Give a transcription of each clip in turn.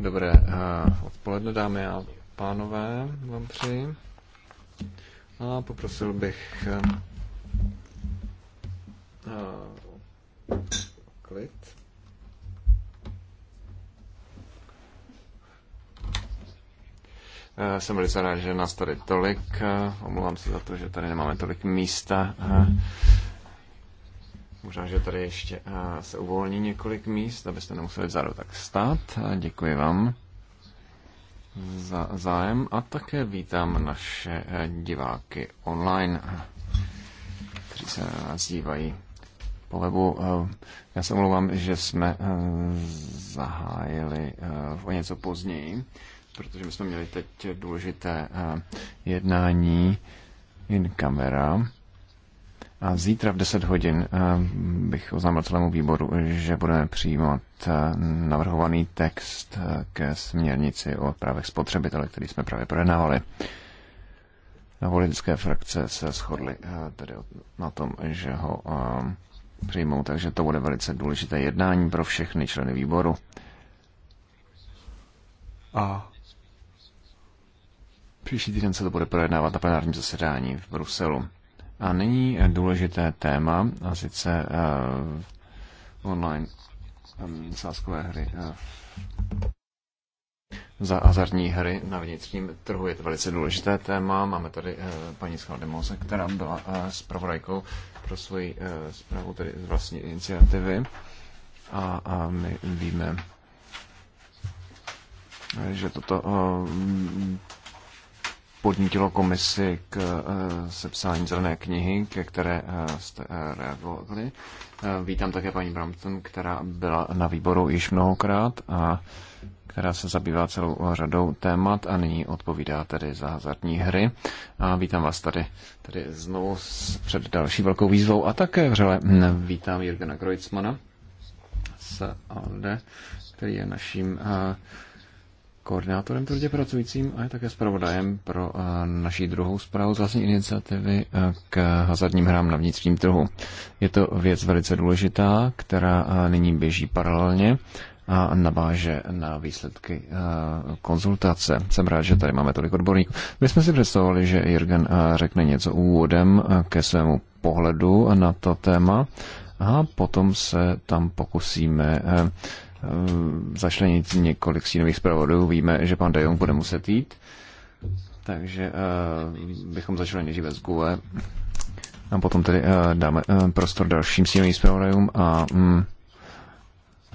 Dobré odpoledne, dámy a pánové, vám přeji. A poprosil bych uh, uh klid. Uh, jsem velice rád, že nás tady tolik. Uh, omlouvám se za to, že tady nemáme tolik místa. Možná, že tady ještě eh, se uvolní několik míst, abyste nemuseli vzadu tak stát. Děkuji vám za zájem a také vítám naše eh, diváky online, kteří se na nás dívají po webu. Eh, já se omlouvám, že jsme zahájili o něco později, protože my jsme měli teď důležité jednání in camera a zítra v 10 hodin eh, bych oznámil celému výboru, že budeme přijímat eh, navrhovaný text eh, ke směrnici o právech spotřebitele, který jsme právě projednávali. Na politické frakce se shodly tedy na tom, že ho přijmou, takže to bude velice důležité jednání pro všechny členy výboru. A příští týden se to bude projednávat na plenárním zasedání v Bruselu. A nyní eh, důležité téma, a sice uh, online um, sáskové hry. Uh, za azartní hry na vnitřním trhu je to velice důležité téma. Máme tady uh, paní Schaldemose, která byla uh, zpravodajkou pro svoji uh, zprávu, tedy z vlastní iniciativy. A, a my víme, že toto podnítilo komisi k eh, sepsání zelené knihy, ke které eh, jste eh, reagovali. Vítám také paní Brampton, která byla na výboru již mnohokrát a která se zabývá celou řadou témat a nyní odpovídá tedy za hazardní hry. A vítám vás tady, tady znovu před další velkou výzvou a také vřele vítám Jirgena Kreutzmana z ALDE, který je naším koordinátorem trudě pracujícím a je také zpravodajem pro eh, naší druhou zprávu z vlastní iniciativy eh, k hazardním hrám na vnitřním trhu. Je to věc velice důležitá, která eh, nyní běží paralelně a nabáže na výsledky konzultace. Jsem rád, že tady máme tolik odborníků. My jsme si představovali, že Jürgen řekne něco úvodem ke svému pohledu na to téma a potom se tam pokusíme eh, Eh, zašlenit několik sínových zpravodů. Víme, že pan De Jong bude muset jít, takže eh, bychom začali nejdříve z GUE a potom tedy eh, dáme prostor dalším sínovým zpravodajům a mm,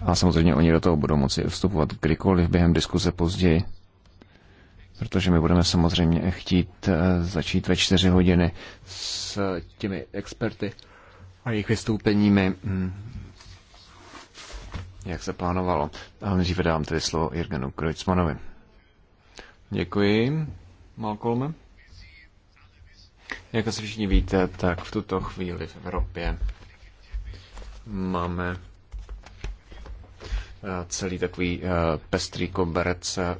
a samozřejmě oni do toho budou moci vstupovat kdykoliv během diskuze později, protože my budeme samozřejmě chtít začít ve čtyři hodiny s těmi experty a jejich vystoupeními mm, jak se plánovalo. A nejdříve dám tedy slovo Jirgenu Kreutzmanovi. Děkuji, Malcolm, Jak asi všichni víte, tak v tuto chvíli v Evropě máme eh, celý takový eh, pestrý koberec eh,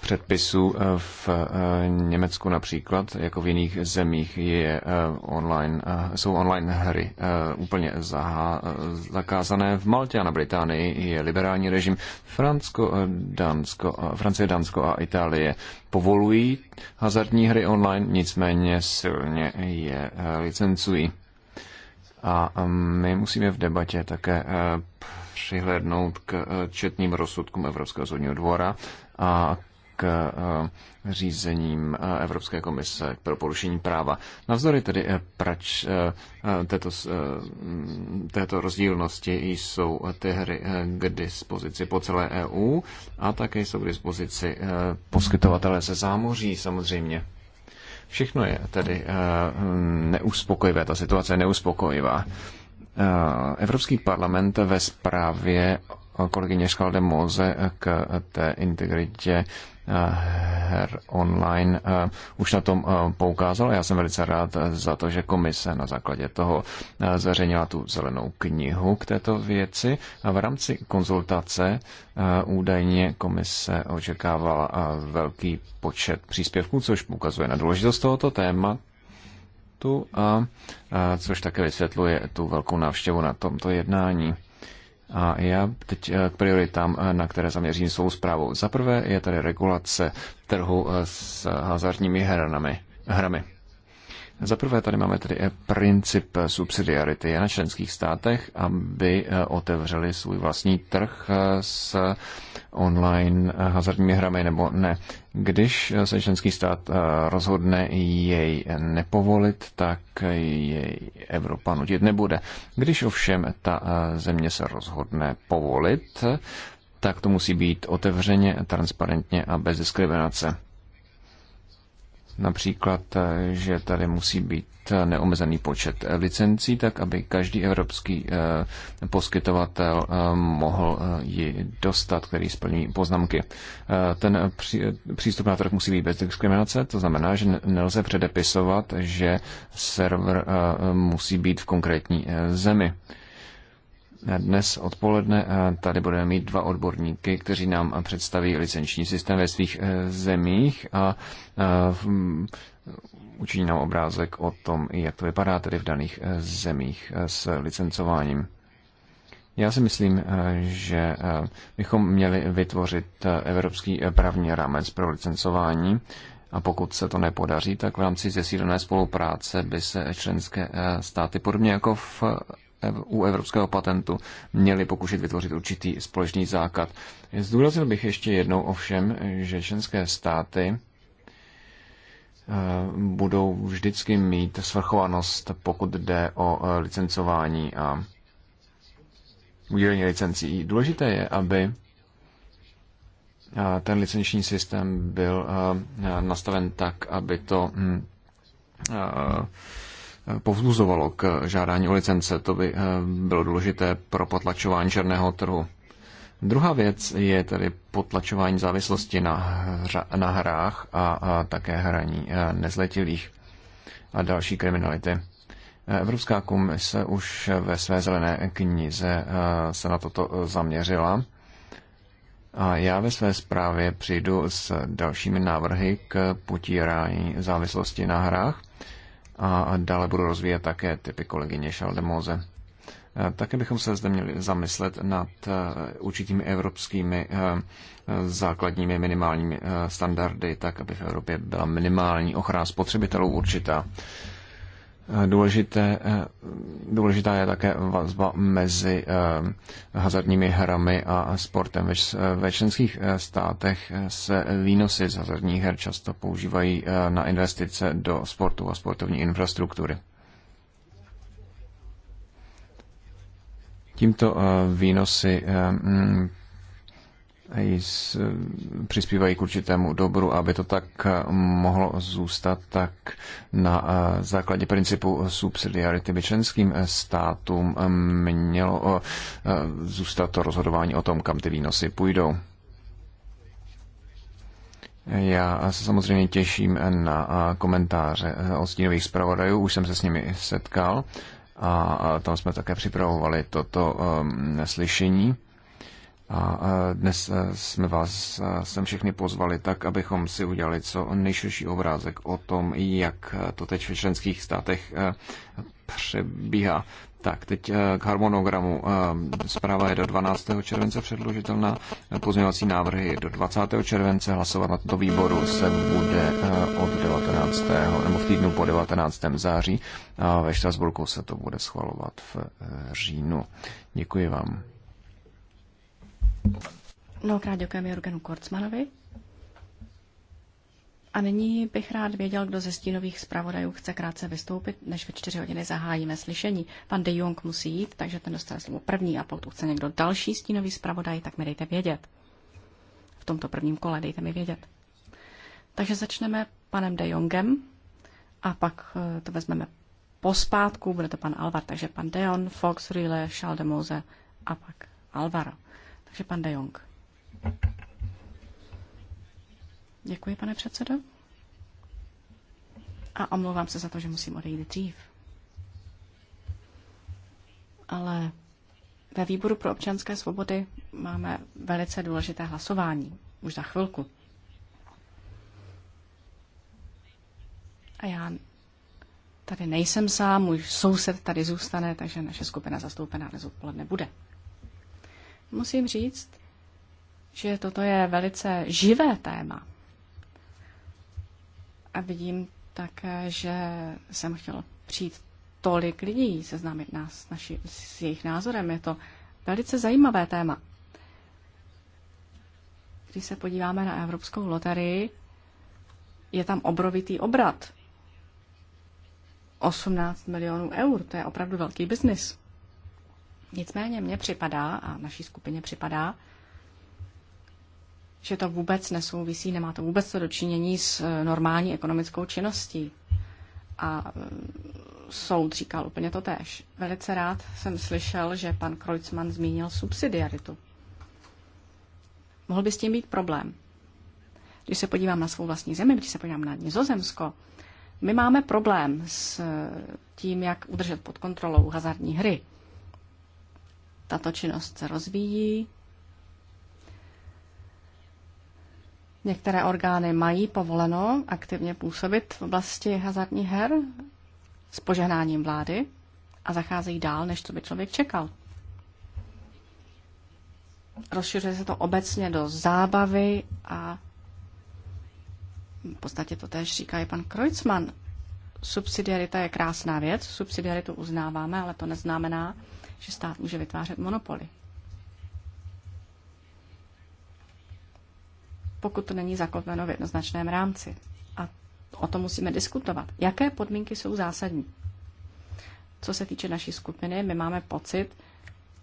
předpisů eh, v eh, Německu například, jako v jiných zemích, je eh, online, jsou online hry úplně zakázané. V Maltě a na Británii je liberální režim. Francko, Dansko, Francie, Dánsko a Itálie povolují hazardní hry online, nicméně silně je licencují. A my musíme v debatě také přihlédnout k četným rozsudkům Evropského soudního dvora a k eh, řízením eh, Evropské komise pro porušení práva. Navzory tedy eh, prač této, této rozdílnosti jsou ty hry k dispozici po celé EU a také jsou k dispozici poskytovatelé ze zámoří samozřejmě. Všechno je tedy neuspokojivé, ta situace je neuspokojivá. Evropský parlament ve zprávě kolegyně Škalde Moze k té integritě her online eh, už na tom eh, poukázal. Já jsem velice rád eh, za to, že komise na základě toho zveřejnila tu zelenou knihu k této věci. A v rámci konzultace údajně komise očekávala velký počet příspěvků, což ukazuje na důležitost tohoto téma, a, a což také vysvětluje tu velkou návštěvu na tomto jednání. A já teď eh, k prioritám, eh, na které zaměřím svou zprávu. Za prvé je tady regulace trhu eh, s hazardními hranami. hrami. Za prvé tady máme tedy princip subsidiarity. na členských státech, aby eh, otevřeli svůj vlastní trh eh, s online eh, hazardními hrami nebo ne. Když se členský stát rozhodne jej nepovolit, tak jej Evropa nutit nebude. Když ovšem ta země se rozhodne povolit, tak to musí být otevřeně, transparentně a bez diskriminace. Například, eh, že tady musí být eh, neomezený počet eh, licencí, tak aby každý evropský poskytovatel mohl ji dostat, který splní poznámky. Ten přístup na trh musí být bez diskriminace, to znamená, že nelze předepisovat, že server musí být v konkrétní zemi. Dnes odpoledne eh, tady budeme mít dva odborníky, kteří nám eh, představí licenční systém ve svých eh, zemích a učiní nám obrázek o tom, jak to vypadá tedy v daných zemích s licencováním. Já si myslím, že bychom měli vytvořit evropský právní rámec pro licencování a pokud se to nepodaří, tak v rámci zesílené spolupráce by se členské státy, podobně jako v u evropského patentu měli pokusit vytvořit určitý společný základ. Zdůraznil bych ještě jednou ovšem, že členské státy eh, budou vždycky mít svrchovanost, pokud jde o eh, licencování a udělení licencí. Důležité je, aby eh, ten licenční systém byl nastaven tak, aby to hm, povzbuzovalo k žádání o licence. To by eh, bylo důležité pro potlačování černého trhu. Druhá věc je tedy potlačování závislosti na, hra, na hrách a, a také hraní eh, nezletilých a další kriminality. Evropská komise už ve své zelené knize eh, se na toto zaměřila. A já ve své zprávě přijdu s dalšími návrhy k potírání závislosti na hrách a dále budu rozvíjet také typy kolegyně Šaldemóze. Také bychom se zde měli zamyslet nad e, určitými evropskými e, základními minimálními e, standardy, tak aby v Evropě byla minimální ochrana spotřebitelů určitá. Důležité, důležitá je také vazba mezi eh, hazardními hrami a sportem. Ve členských eh, státech eh, se výnosy z hazardních her často používají na investice do sportu a sportovní infrastruktury. Tímto výnosy přispívají k určitému dobru, aby to tak eh, mohlo zůstat, tak na eh, základě principu subsidiarity by členským eh, státům mělo zůstat to rozhodování o tom, kam ty výnosy půjdou. Já se samozřejmě těším na komentáře od stínových zpravodajů, už jsem se s nimi setkal a tam jsme také připravovali toto slyšení a dnes e, jsme vás e, sem všechny pozvali tak, abychom si udělali co nejširší obrázek o tom, jak e, to teď ve členských státech přebíhá. Tak, teď k harmonogramu. Zpráva je do 12. července předložitelná, pozměňovací návrhy do 20. července, hlasovat na tomto výboru se bude od 19. nebo v týdnu po 19. září a ve Štrasburku se to bude schvalovat v říjnu. Děkuji vám. Mnohokrát děkujeme Jorgenu Korcmanovi. A nyní bych rád věděl, kdo ze stínových zpravodajů chce krátce vystoupit, než ve čtyři hodiny zahájíme slyšení. Pan De Jong musí jít, takže ten dostane slovo první a pokud chce někdo další stínový zpravodaj, tak mi dejte vědět. V tomto prvním kole dejte mi vědět. Takže začneme panem De Jongem a pak eh, to vezmeme pospátku, bude to pan Alvar, takže pan Deon, Fox, Rile, Schaldemose a pak Alvaro. Takže pan De Jong. Děkuji, pane předsedo. A omlouvám se za to, že musím odejít dřív. Ale ve výboru pro občanské svobody máme velice důležité hlasování. Už za chvilku. A já tady nejsem sám, můj soused tady zůstane, takže naše skupina zastoupená dnes odpoledne bude. Musím říct, že toto je velice živé téma. A vidím také, že jsem chtěl přijít tolik lidí, seznámit nás s, naši, s jejich názorem. Je to velice zajímavé téma. Když se podíváme na Evropskou loterii, je tam obrovitý obrat. 18 milionů eur, to je opravdu velký biznis. Nicméně mně připadá, a naší skupině připadá, že to vůbec nesouvisí, nemá to vůbec to dočinění s eh, normální ekonomickou činností. A eh, soud říkal úplně to tež. Velice rád jsem slyšel, že pan Kreutzmann zmínil subsidiaritu. Mohl by s tím být problém. Když se podívám na svou vlastní zemi, když se podívám na Nizozemsko, my máme problém s eh, tím, jak udržet pod kontrolou hazardní hry. Tato činnost se rozvíjí. Některé orgány mají povoleno aktivně působit v oblasti hazardních her s požehnáním vlády a zacházejí dál, než co by člověk čekal. Rozšiřuje se to obecně do zábavy a v podstatě to též říká i pan Kreutzmann. Subsidiarita je krásná věc, subsidiaritu uznáváme, ale to neznamená, že stát může vytvářet monopoly. Pokud to není zakotveno v jednoznačném rámci. A o tom musíme diskutovat. Jaké podmínky jsou zásadní? Co se týče naší skupiny, my máme pocit,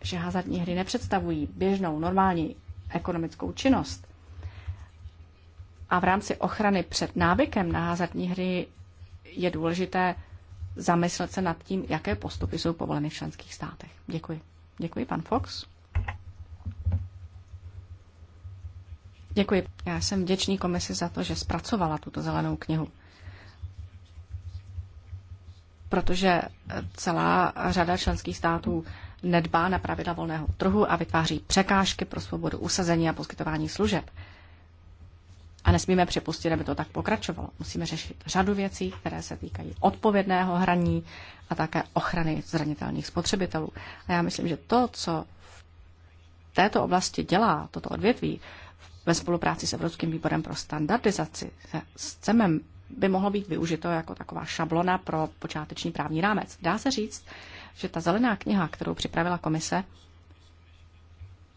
že hazardní hry nepředstavují běžnou, normální ekonomickou činnost. A v rámci ochrany před návykem na hazardní hry je důležité zamyslet se nad tím, jaké postupy jsou povoleny v členských státech. Děkuji. Děkuji, pan Fox. Děkuji. Já jsem vděčný komisi za to, že zpracovala tuto zelenou knihu. Protože celá řada členských států nedbá na pravidla volného trhu a vytváří překážky pro svobodu usazení a poskytování služeb. A nesmíme připustit, aby to tak pokračovalo. Musíme řešit řadu věcí, které se týkají odpovědného hraní a také ochrany zranitelných spotřebitelů. A já myslím, že to, co v této oblasti dělá toto odvětví, ve spolupráci s Evropským výborem pro standardizaci s CEMem by mohlo být využito jako taková šablona pro počáteční právní rámec. Dá se říct, že ta zelená kniha, kterou připravila komise,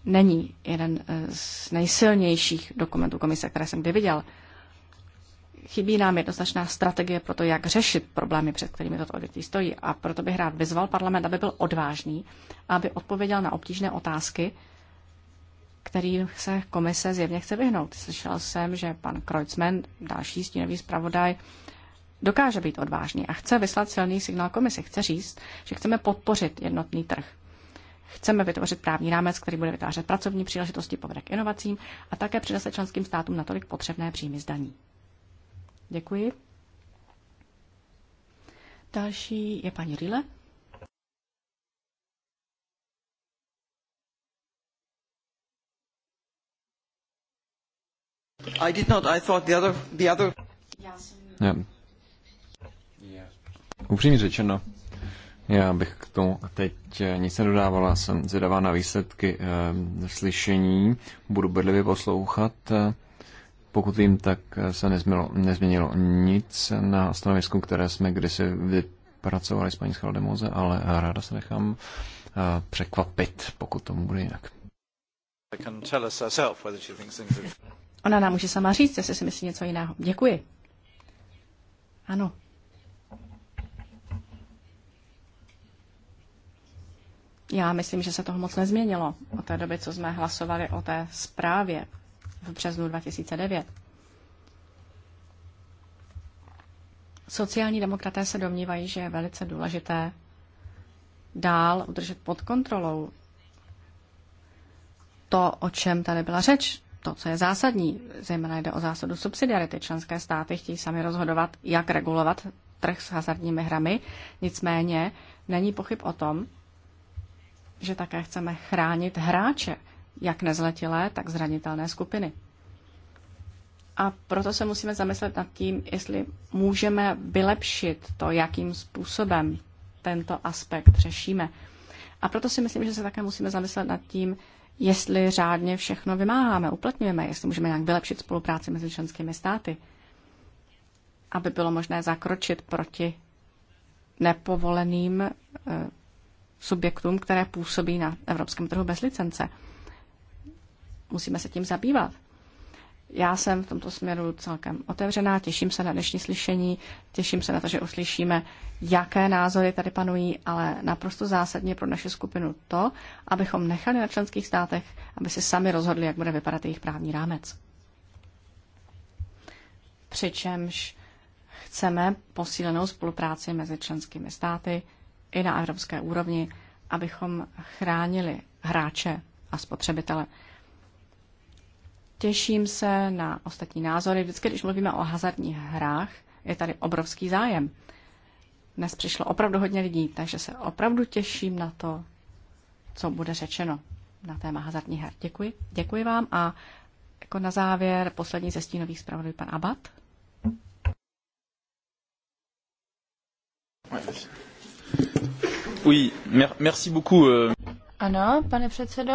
není jeden eh, z nejsilnějších dokumentů komise, které jsem kdy viděl. Chybí nám jednoznačná strategie pro to, jak řešit problémy, před kterými toto odvětví stojí. A proto bych rád vyzval parlament, aby byl odvážný, aby odpověděl na obtížné otázky, kterým se komise zjevně chce vyhnout. Slyšel jsem, že pan Kreutzmann, další stínový zpravodaj, dokáže být odvážný a chce vyslat silný signál komisi. Chce říct, že chceme podpořit jednotný trh. Chceme vytvořit právní rámec, který bude vytvářet pracovní příležitosti, povede k inovacím a také přinese členským státům natolik potřebné příjmy zdaní. Děkuji. Další je paní Rile. I did not. I thought the other, the other... Yeah. Yeah. Upřímně řečeno, já bych k tomu teď eh, nic nedodávala. Jsem zvědavá na výsledky eh, slyšení. Budu bedlivě poslouchat. Eh, pokud vím, tak se nezměnilo, nezměnilo nic na stanovisku, které jsme kdysi vypracovali s paní Schaldemoze, ale ráda se nechám překvapit, pokud tomu bude jinak. Ona nám může sama říct, jestli si myslí něco jiného. Děkuji. Ano, Já myslím, že se toho moc nezměnilo od té doby, co jsme hlasovali o té zprávě v březnu 2009. Sociální demokraté se domnívají, že je velice důležité dál udržet pod kontrolou to, o čem tady byla řeč, to, co je zásadní, zejména jde o zásadu subsidiarity. Členské státy chtějí sami rozhodovat, jak regulovat trh s hazardními hrami. Nicméně není pochyb o tom, že také chceme chránit hráče, jak nezletilé, tak zranitelné skupiny. A proto se musíme zamyslet nad tím, jestli můžeme vylepšit to, jakým způsobem tento aspekt řešíme. A proto si myslím, že se také musíme zamyslet nad tím, jestli řádně všechno vymáháme, uplatňujeme, jestli můžeme nějak vylepšit spolupráci mezi členskými státy, aby bylo možné zakročit proti nepovoleným eh, subjektům, které působí na evropském trhu bez licence. Musíme se tím zabývat. Já jsem v tomto směru celkem otevřená, těším se na dnešní slyšení, těším se na to, že uslyšíme, jaké názory tady panují, ale naprosto zásadně pro naši skupinu to, abychom nechali na členských státech, aby si sami rozhodli, jak bude vypadat jejich právní rámec. Přičemž chceme posílenou spolupráci mezi členskými státy, i na evropské úrovni, abychom chránili hráče a spotřebitele. Těším se na ostatní názory. Vždycky, když mluvíme o hazardních hrách, je tady obrovský zájem. Dnes přišlo opravdu hodně lidí, takže se opravdu těším na to, co bude řečeno na téma hazardních her. Děkuji. Děkuji vám a jako na závěr poslední ze stínových zpravodajů pan Abad. Oui, merci beaucoup. Euh. Ano, pane předsedo.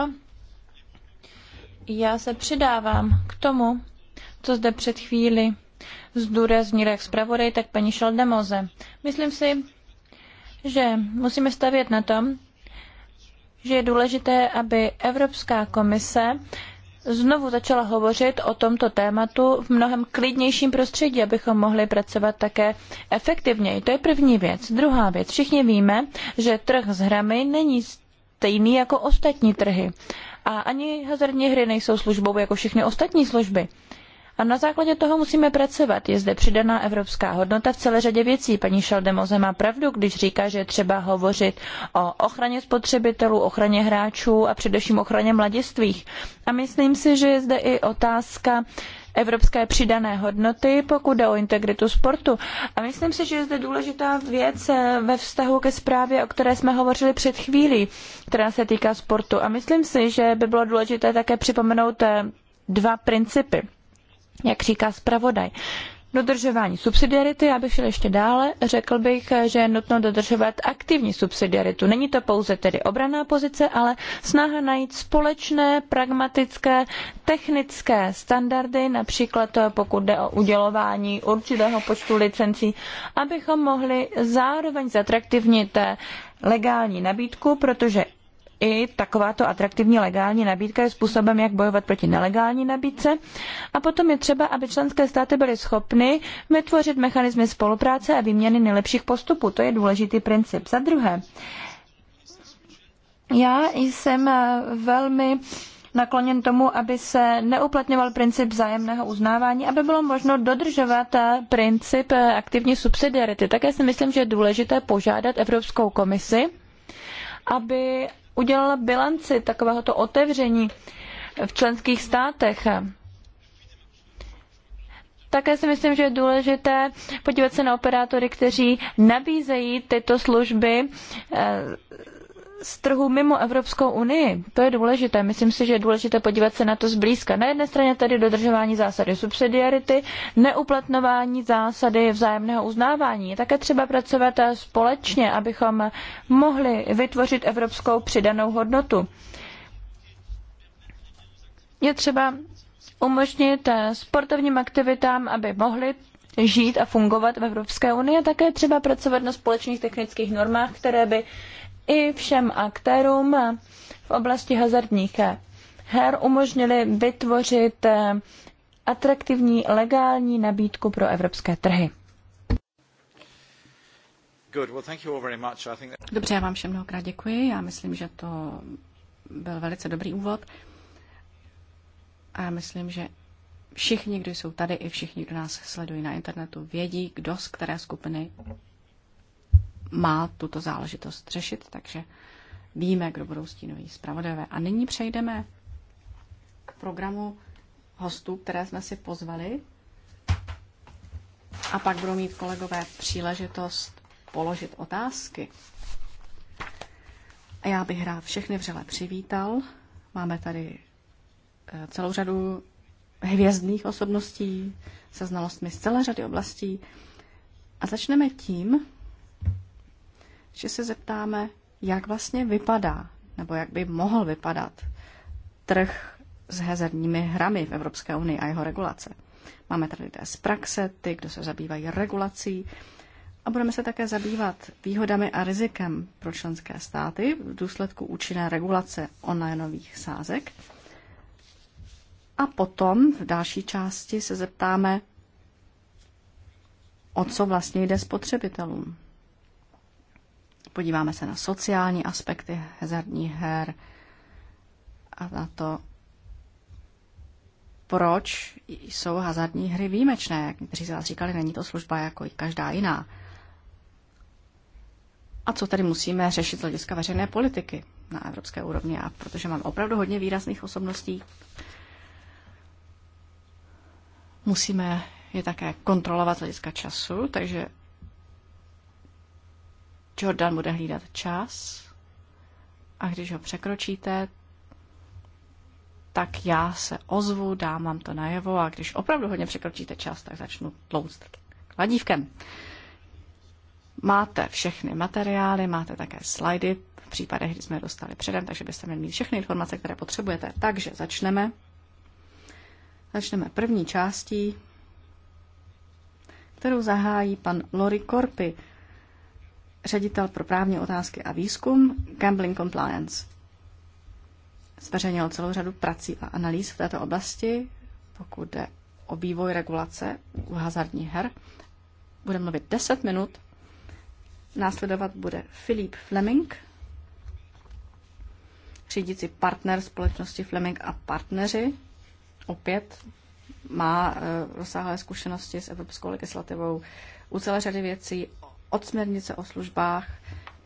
Já se přidávám k tomu, co zde před chvíli zdůraznil jak zpravodaj, tak paní Šaldemoze. Myslím si, že musíme stavět na tom, že je důležité, aby Evropská komise znovu začala hovořit o tomto tématu v mnohem klidnějším prostředí, abychom mohli pracovat také efektivněji. To je první věc. Druhá věc. Všichni víme, že trh s hrami není stejný jako ostatní trhy. A ani hazardní hry nejsou službou jako všechny ostatní služby. A na základě toho musíme pracovat. Je zde přidaná evropská hodnota v celé řadě věcí. Paní Šaldemoze má pravdu, když říká, že je třeba hovořit o ochraně spotřebitelů, ochraně hráčů a především ochraně mladistvých. A myslím si, že je zde i otázka evropské přidané hodnoty, pokud jde o integritu sportu. A myslím si, že je zde důležitá věc eh, ve vztahu ke zprávě, o které jsme hovořili před chvílí, která se týká sportu. A myslím si, že by bylo důležité také připomenout eh, dva principy jak říká zpravodaj. Dodržování subsidiarity, já bych šel ještě dále, řekl bych, že je nutno dodržovat aktivní subsidiaritu. Není to pouze tedy obraná pozice, ale snaha najít společné, pragmatické, technické standardy, například eh, pokud jde o udělování určitého počtu licencí, abychom mohli zároveň zatraktivnit eh, legální nabídku, protože i takováto atraktivní legální nabídka je způsobem, jak bojovat proti nelegální nabídce. A potom je třeba, aby členské státy byly schopny vytvořit mechanismy spolupráce a výměny nejlepších postupů. To je důležitý princip. Za druhé, já jsem velmi nakloněn tomu, aby se neuplatňoval princip vzájemného uznávání, aby bylo možno dodržovat princip aktivní subsidiarity. Také si myslím, že je důležité požádat Evropskou komisi, aby udělala bilanci takovéhoto otevření v členských státech. Také si myslím, že je důležité podívat se na operátory, kteří nabízejí tyto služby eh, z trhu mimo Evropskou unii. To je důležité. Myslím si, že je důležité podívat se na to zblízka. Na jedné straně tady dodržování zásady subsidiarity, neuplatnování zásady vzájemného uznávání. Je také třeba pracovat společně, abychom mohli vytvořit evropskou přidanou hodnotu. Je třeba umožnit sportovním aktivitám, aby mohly žít a fungovat v Evropské unii, také třeba pracovat na společných technických normách, které by i všem aktérům v oblasti hazardních her umožnili vytvořit eh, atraktivní legální nabídku pro evropské trhy. Dobře, já vám všem mnohokrát děkuji. Já myslím, že to byl velice dobrý úvod. A já myslím, že všichni, kdo jsou tady i všichni, kdo nás sledují na internetu, vědí, kdo z které skupiny má tuto záležitost řešit, takže víme, kdo budou stínoví zpravodajové. A nyní přejdeme k programu hostů, které jsme si pozvali. A pak budou mít kolegové příležitost položit otázky. A já bych rád všechny vřele přivítal. Máme tady eh, celou řadu hvězdných osobností se znalostmi z celé řady oblastí. A začneme tím, že se zeptáme, jak vlastně vypadá, nebo jak by mohl vypadat trh s hazardními hrami v Evropské unii a jeho regulace. Máme tady lidé z praxe, ty, kdo se zabývají regulací, a budeme se také zabývat výhodami a rizikem pro členské státy v důsledku účinné regulace onlineových sázek. A potom v další části se zeptáme, o co vlastně jde spotřebitelům. Podíváme se na sociální aspekty hazardních her a na to, proč jsou hazardní hry výjimečné. Jak někteří z vás říkali, není to služba jako i každá jiná. A co tady musíme řešit z hlediska veřejné politiky na evropské úrovni? A protože mám opravdu hodně výrazných osobností, musíme je také kontrolovat z hlediska času, takže Jordan bude hlídat čas a když ho překročíte, tak já se ozvu, dám vám to najevo a když opravdu hodně překročíte čas, tak začnu tlouct kladívkem. Máte všechny materiály, máte také slajdy v případech, kdy jsme je dostali předem, takže byste měli mít všechny informace, které potřebujete. Takže začneme. Začneme první částí, kterou zahájí pan Lori Korpy, ředitel pro právní otázky a výzkum Gambling Compliance. Zveřejnil celou řadu prací a analýz v této oblasti, pokud jde o vývoj regulace u hazardních her. Bude mluvit 10 minut. Následovat bude Filip Fleming, řídící partner společnosti Fleming a partneři. Opět má eh, rozsáhlé zkušenosti s evropskou legislativou u celé řady věcí od směrnice o službách,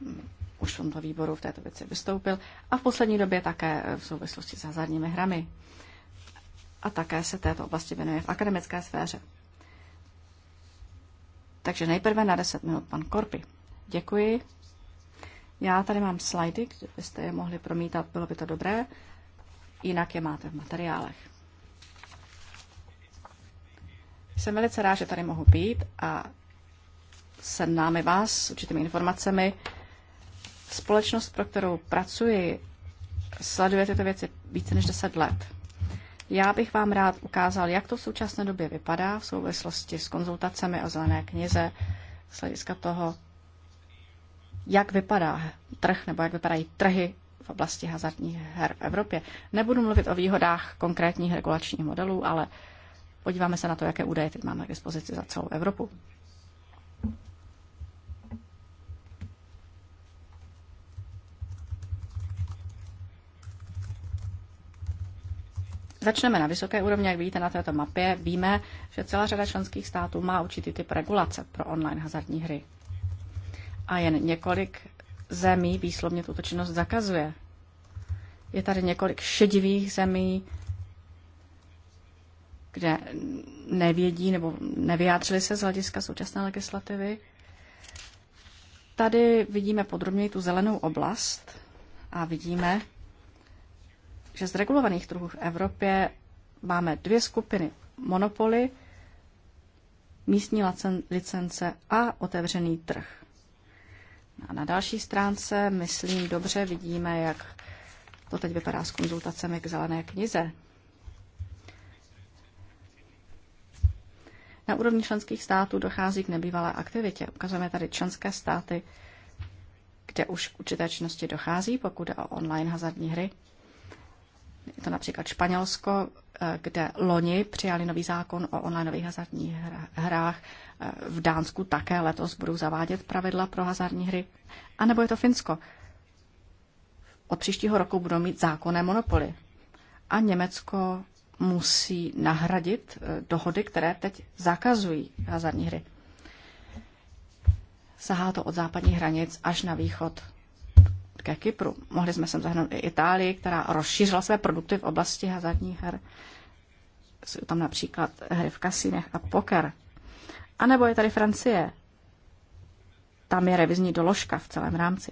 hm, už v tomto výboru v této věci vystoupil, a v poslední době také v souvislosti s hazardními hrami. A také se této oblasti věnuje v akademické sféře. Takže nejprve na 10 minut pan Korpy. Děkuji. Já tady mám slajdy, kdybyste je mohli promítat, bylo by to dobré. Jinak je máte v materiálech. Jsem velice rád, že tady mohu být a seznámit vás s určitými informacemi. Společnost, pro kterou pracuji, sleduje tyto věci více než 10 let. Já bych vám rád ukázal, jak to v současné době vypadá v souvislosti s konzultacemi o zelené knize, z hlediska toho, jak vypadá trh nebo jak vypadají trhy v oblasti hazardních her v Evropě. Nebudu mluvit o výhodách konkrétních regulačních modelů, ale podíváme se na to, jaké údaje teď máme k dispozici za celou Evropu. Začneme na vysoké úrovni, jak vidíte na této mapě. Víme, že celá řada členských států má určitý typ regulace pro online hazardní hry. A jen několik zemí výslovně tuto činnost zakazuje. Je tady několik šedivých zemí, kde nevědí nebo nevyjádřili se z hlediska současné legislativy. Tady vidíme podrobněji tu zelenou oblast a vidíme, že z regulovaných trhů v Evropě máme dvě skupiny monopoly, místní licence a otevřený trh. No a na další stránce, myslím, dobře vidíme, jak to teď vypadá s konzultacemi k zelené knize. Na úrovni členských států dochází k nebývalé aktivitě. Ukazujeme tady členské státy, kde už k určité činnosti dochází, pokud je o online hazardní hry. Je to například Španělsko, eh, kde loni přijali nový zákon o onlineových hazardních hrách. Eh, v Dánsku také letos budou zavádět pravidla pro hazardní hry. A nebo je to Finsko. Od příštího roku budou mít zákonné monopoly. A Německo musí nahradit eh, dohody, které teď zakazují hazardní hry. Sahá to od západních hranic až na východ ke Kypru. Mohli jsme sem zahrnout i Itálii, která rozšířila své produkty v oblasti hazardních her. Jsou tam například hry v kasínech a poker. A nebo je tady Francie. Tam je revizní doložka v celém rámci.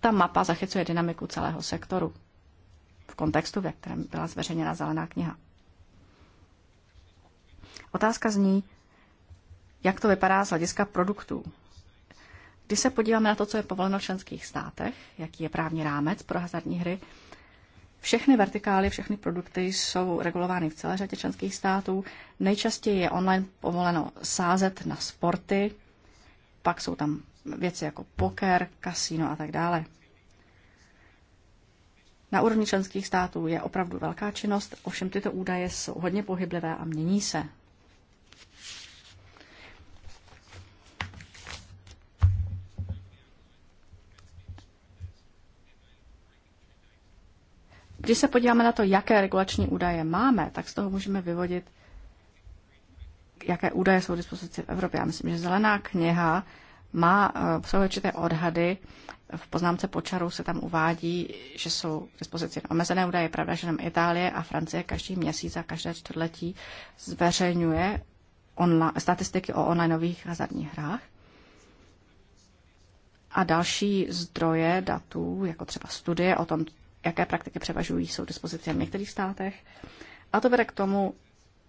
Ta mapa zachycuje dynamiku celého sektoru v kontextu, ve kterém byla zveřejněna zelená kniha. Otázka zní, jak to vypadá z hlediska produktů. Když se podíváme na to, co je povoleno v členských státech, jaký je právní rámec pro hazardní hry, všechny vertikály, všechny produkty jsou regulovány v celé řadě členských států. Nejčastěji je online povoleno sázet na sporty, pak jsou tam věci jako poker, kasino a tak dále. Na úrovni členských států je opravdu velká činnost, ovšem tyto údaje jsou hodně pohyblivé a mění se Když se podíváme na to, jaké regulační údaje máme, tak z toho můžeme vyvodit, jaké údaje jsou v dispozici v Evropě. Já myslím, že zelená kniha má, eh, určité odhady. V poznámce počaru se tam uvádí, že jsou k dispozici omezené údaje. Je pravda, že nám Itálie a Francie každý měsíc a každé čtvrtletí zveřejňuje online, statistiky o onlineových hazardních hrách. A další zdroje datů, jako třeba studie o tom, jaké praktiky převažují, jsou dispozice v některých státech. A to vede k tomu,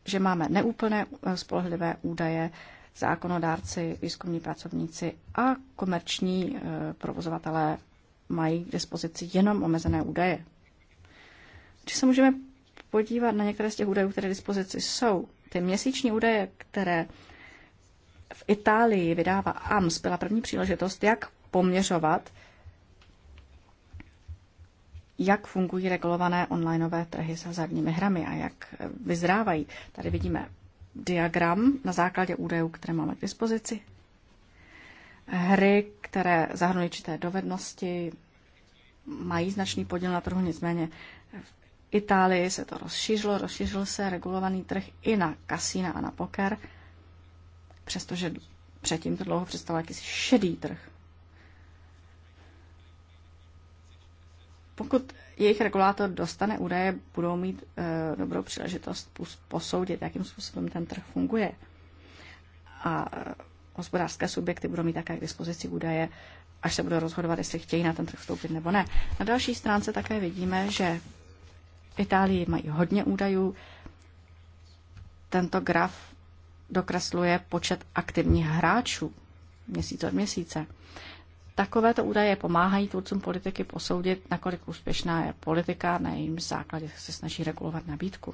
že máme neúplné eh, spolehlivé údaje, zákonodárci, výzkumní pracovníci a komerční eh, provozovatelé mají k dispozici jenom omezené údaje. Když se můžeme podívat na některé z těch údajů, které k dispozici jsou, ty měsíční údaje, které v Itálii vydává AMS, byla první příležitost, jak poměřovat, jak fungují regulované onlineové trhy s hazardními hrami a jak vyzrávají. Tady vidíme diagram na základě údajů, které máme k dispozici. Hry, které zahrnují čité dovednosti, mají značný podíl na trhu, nicméně v Itálii se to rozšířilo, rozšířil se regulovaný trh i na kasína a na poker, přestože předtím to dlouho představoval jakýsi šedý trh. Pokud jejich regulátor dostane údaje, budou mít e, dobrou příležitost posoudit, jakým způsobem ten trh funguje. A eh, hospodářské subjekty budou mít také k dispozici údaje, až se budou rozhodovat, jestli chtějí na ten trh vstoupit nebo ne. Na další stránce také vidíme, že v Itálii mají hodně údajů. Tento graf dokresluje počet aktivních hráčů měsíc od měsíce. Takovéto údaje pomáhají tvůrcům politiky posoudit, nakolik úspěšná je politika, na jejím základě se snaží regulovat nabídku.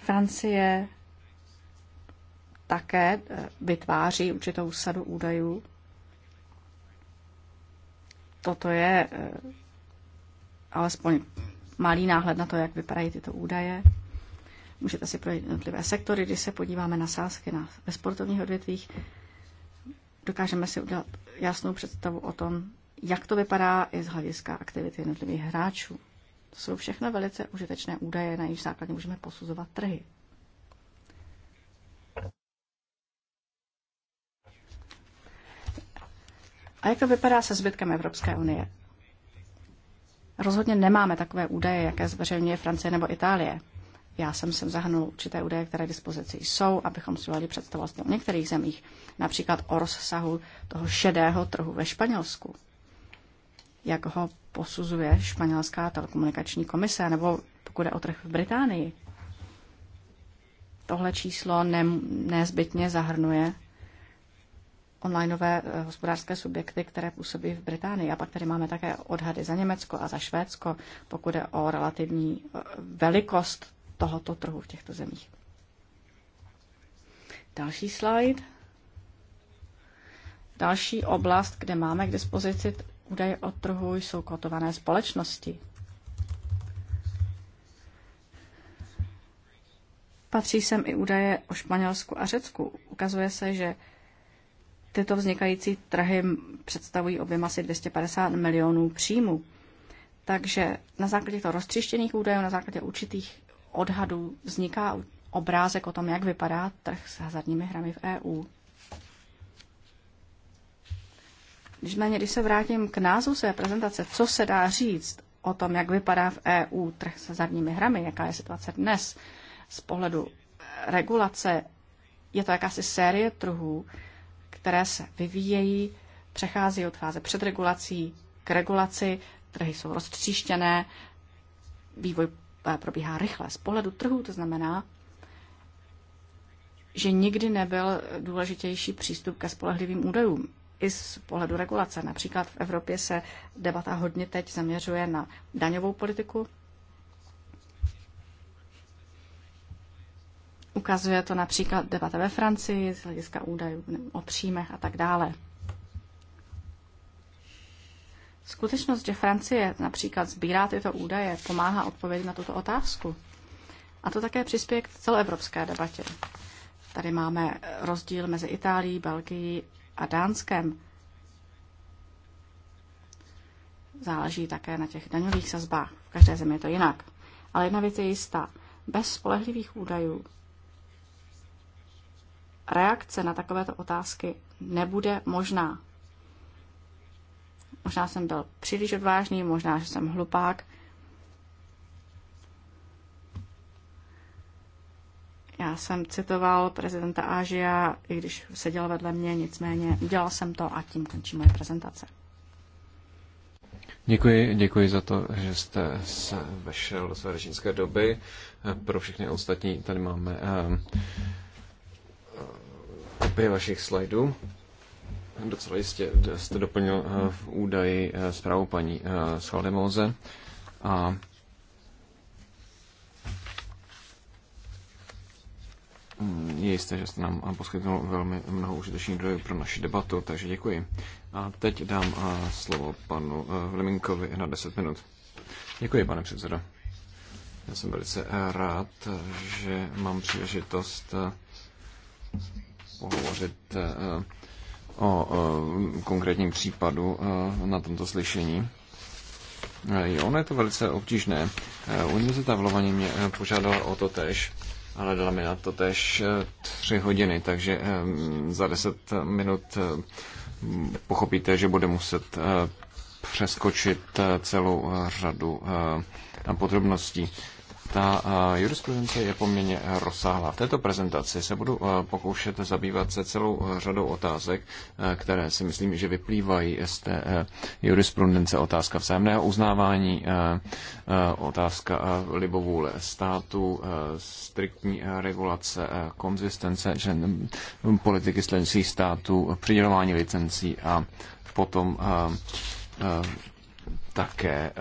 Francie také eh, vytváří určitou sadu údajů. Toto je eh, alespoň malý náhled na to, jak vypadají tyto údaje. Můžete si projít jednotlivé sektory, když se podíváme na sázky na, ve sportovních odvětvích, dokážeme si udělat jasnou představu o tom, jak to vypadá i z hlediska aktivity jednotlivých hráčů. To jsou všechno velice užitečné údaje, na jejich základě můžeme posuzovat trhy. A jak to vypadá se zbytkem Evropské unie? Rozhodně nemáme takové údaje, jaké zveřejňuje Francie nebo Itálie. Já jsem sem zahrnul určité údaje, které k dispozici jsou, abychom si udělali představovat o některých zemích, například o rozsahu toho šedého trhu ve Španělsku, jak ho posuzuje španělská telekomunikační komise, nebo pokud je o trh v Británii. Tohle číslo ne, nezbytně zahrnuje onlineové eh, hospodářské subjekty, které působí v Británii. A pak tady máme také odhady za Německo a za Švédsko, pokud je o relativní eh, velikost tohoto trhu v těchto zemích. Další slide. Další oblast, kde máme k dispozici údaje o trhu, jsou kotované společnosti. Patří sem i údaje o Španělsku a Řecku. Ukazuje se, že tyto vznikající trhy představují objem asi 250 milionů příjmů. Takže na základě toho roztřištěných údajů, na základě určitých Odhadu vzniká obrázek o tom, jak vypadá trh s hazardními hrami v EU. méně, když se vrátím k názvu své prezentace, co se dá říct o tom, jak vypadá v EU trh s hazardními hrami, jaká je situace dnes z pohledu regulace, je to jakási série trhů, které se vyvíjejí, přechází od fáze před regulací k regulaci, trhy jsou roztříštěné, vývoj Eh, probíhá rychle. Z pohledu trhu to znamená, že nikdy nebyl důležitější přístup ke spolehlivým údajům. I z pohledu regulace. Například v Evropě se debata hodně teď zaměřuje na daňovou politiku. Ukazuje to například debata ve Francii z hlediska údajů o příjmech a tak dále. Skutečnost, že Francie například sbírá tyto údaje, pomáhá odpovědět na tuto otázku. A to také přispěje k celoevropské debatě. Tady máme rozdíl mezi Itálií, Belgií a Dánskem. Záleží také na těch daňových sazbách. V každé zemi je to jinak. Ale jedna věc je jistá. Bez spolehlivých údajů reakce na takovéto otázky nebude možná. Možná jsem byl příliš odvážný, možná, že jsem hlupák. Já jsem citoval prezidenta Ážia, i když seděl vedle mě, nicméně udělal jsem to a tím končí moje prezentace. Děkuji, děkuji za to, že jste se vešel do své doby. Pro všechny ostatní tady máme ehm, kopie vašich slajdů. Docela jistě jste doplnil eh, v údaji eh, zprávu paní eh, Schaldemose a mm, je jisté, že jste nám poskytnul velmi mnoho užitečných dojů pro naši debatu, takže děkuji. A teď dám slovo panu Vleminkovi na 10 minut. Děkuji, pane předsedo. Já jsem velice rád, že mám příležitost pohovořit o konkrétním případu na tomto slyšení. E, ono je to velice obtížné. E, univerzita v Lovaně mě e, požádala o to tež, ale dala mi na to tež tři hodiny, takže za deset minut pochopíte, že bude muset přeskočit celou řadu podrobností ta eh, jurisprudence je poměrně eh, rozsáhlá. V této prezentaci se budu eh, pokoušet zabývat se celou řadou otázek, které si myslím, že vyplývají z té jurisprudence. Otázka vzájemného uznávání, otázka libovůle státu, striktní regulace, konzistence člen, politiky členských států, přidělování licencí a potom také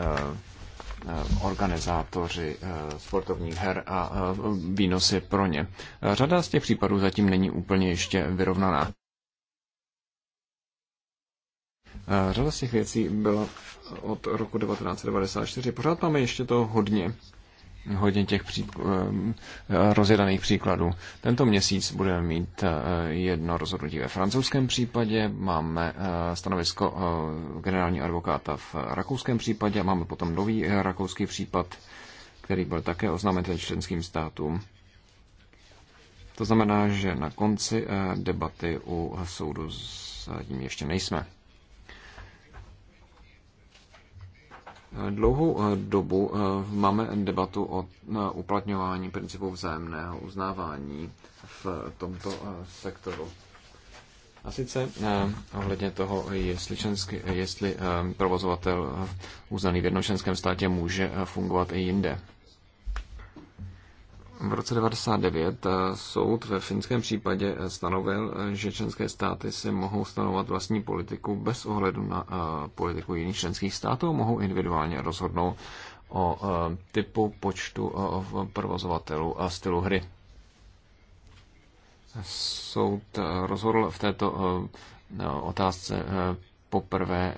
Eh, organizátoři eh, sportovních her a eh, výnosy pro ně. Řada z těch případů zatím není úplně ještě vyrovnaná. Řada z těch věcí byla od roku 1994. Pořád máme ještě to hodně hodně těch pří, eh, rozjedaných příkladů. Tento měsíc budeme mít eh, jedno rozhodnutí ve francouzském případě, máme eh, stanovisko generální advokáta v rakouském případě a máme potom nový rakouský případ, který byl také oznámen členským státům. To znamená, že na konci debaty u soudu zatím ještě nejsme. Dlouhou eh, dobu eh, máme debatu o eh, uplatňování principu vzájemného uznávání v tomto sektoru. A sice ohledně toho, jestli, členský, jestli provozovatel uznaný v jednom státě může fungovat i jinde. V roce 1999 eh, soud ve finském případě eh, stanovil, eh, že členské státy si mohou stanovat vlastní politiku bez ohledu na politiku jiných členských států a mohou individuálně rozhodnout o typu, počtu provozovatelů a stylu hry. Soud rozhodl v této otázce poprvé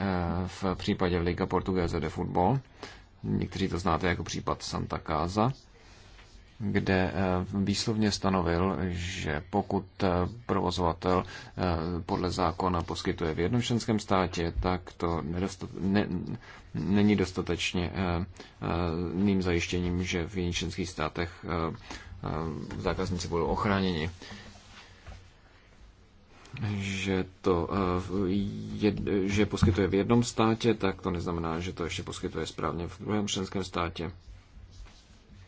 v případě Liga Portuguesa de Futbol. Někteří to znáte jako případ Santa Casa kde eh, výslovně stanovil, že pokud eh, provozovatel eh, podle zákona poskytuje v jednom členském státě, tak to nedostat, ne, není dostatečně ným zajištěním, že v jiných členských státech zákazníci budou ochráněni že to je, že poskytuje v jednom státě, tak to neznamená, že to ještě poskytuje správně v druhém členském státě.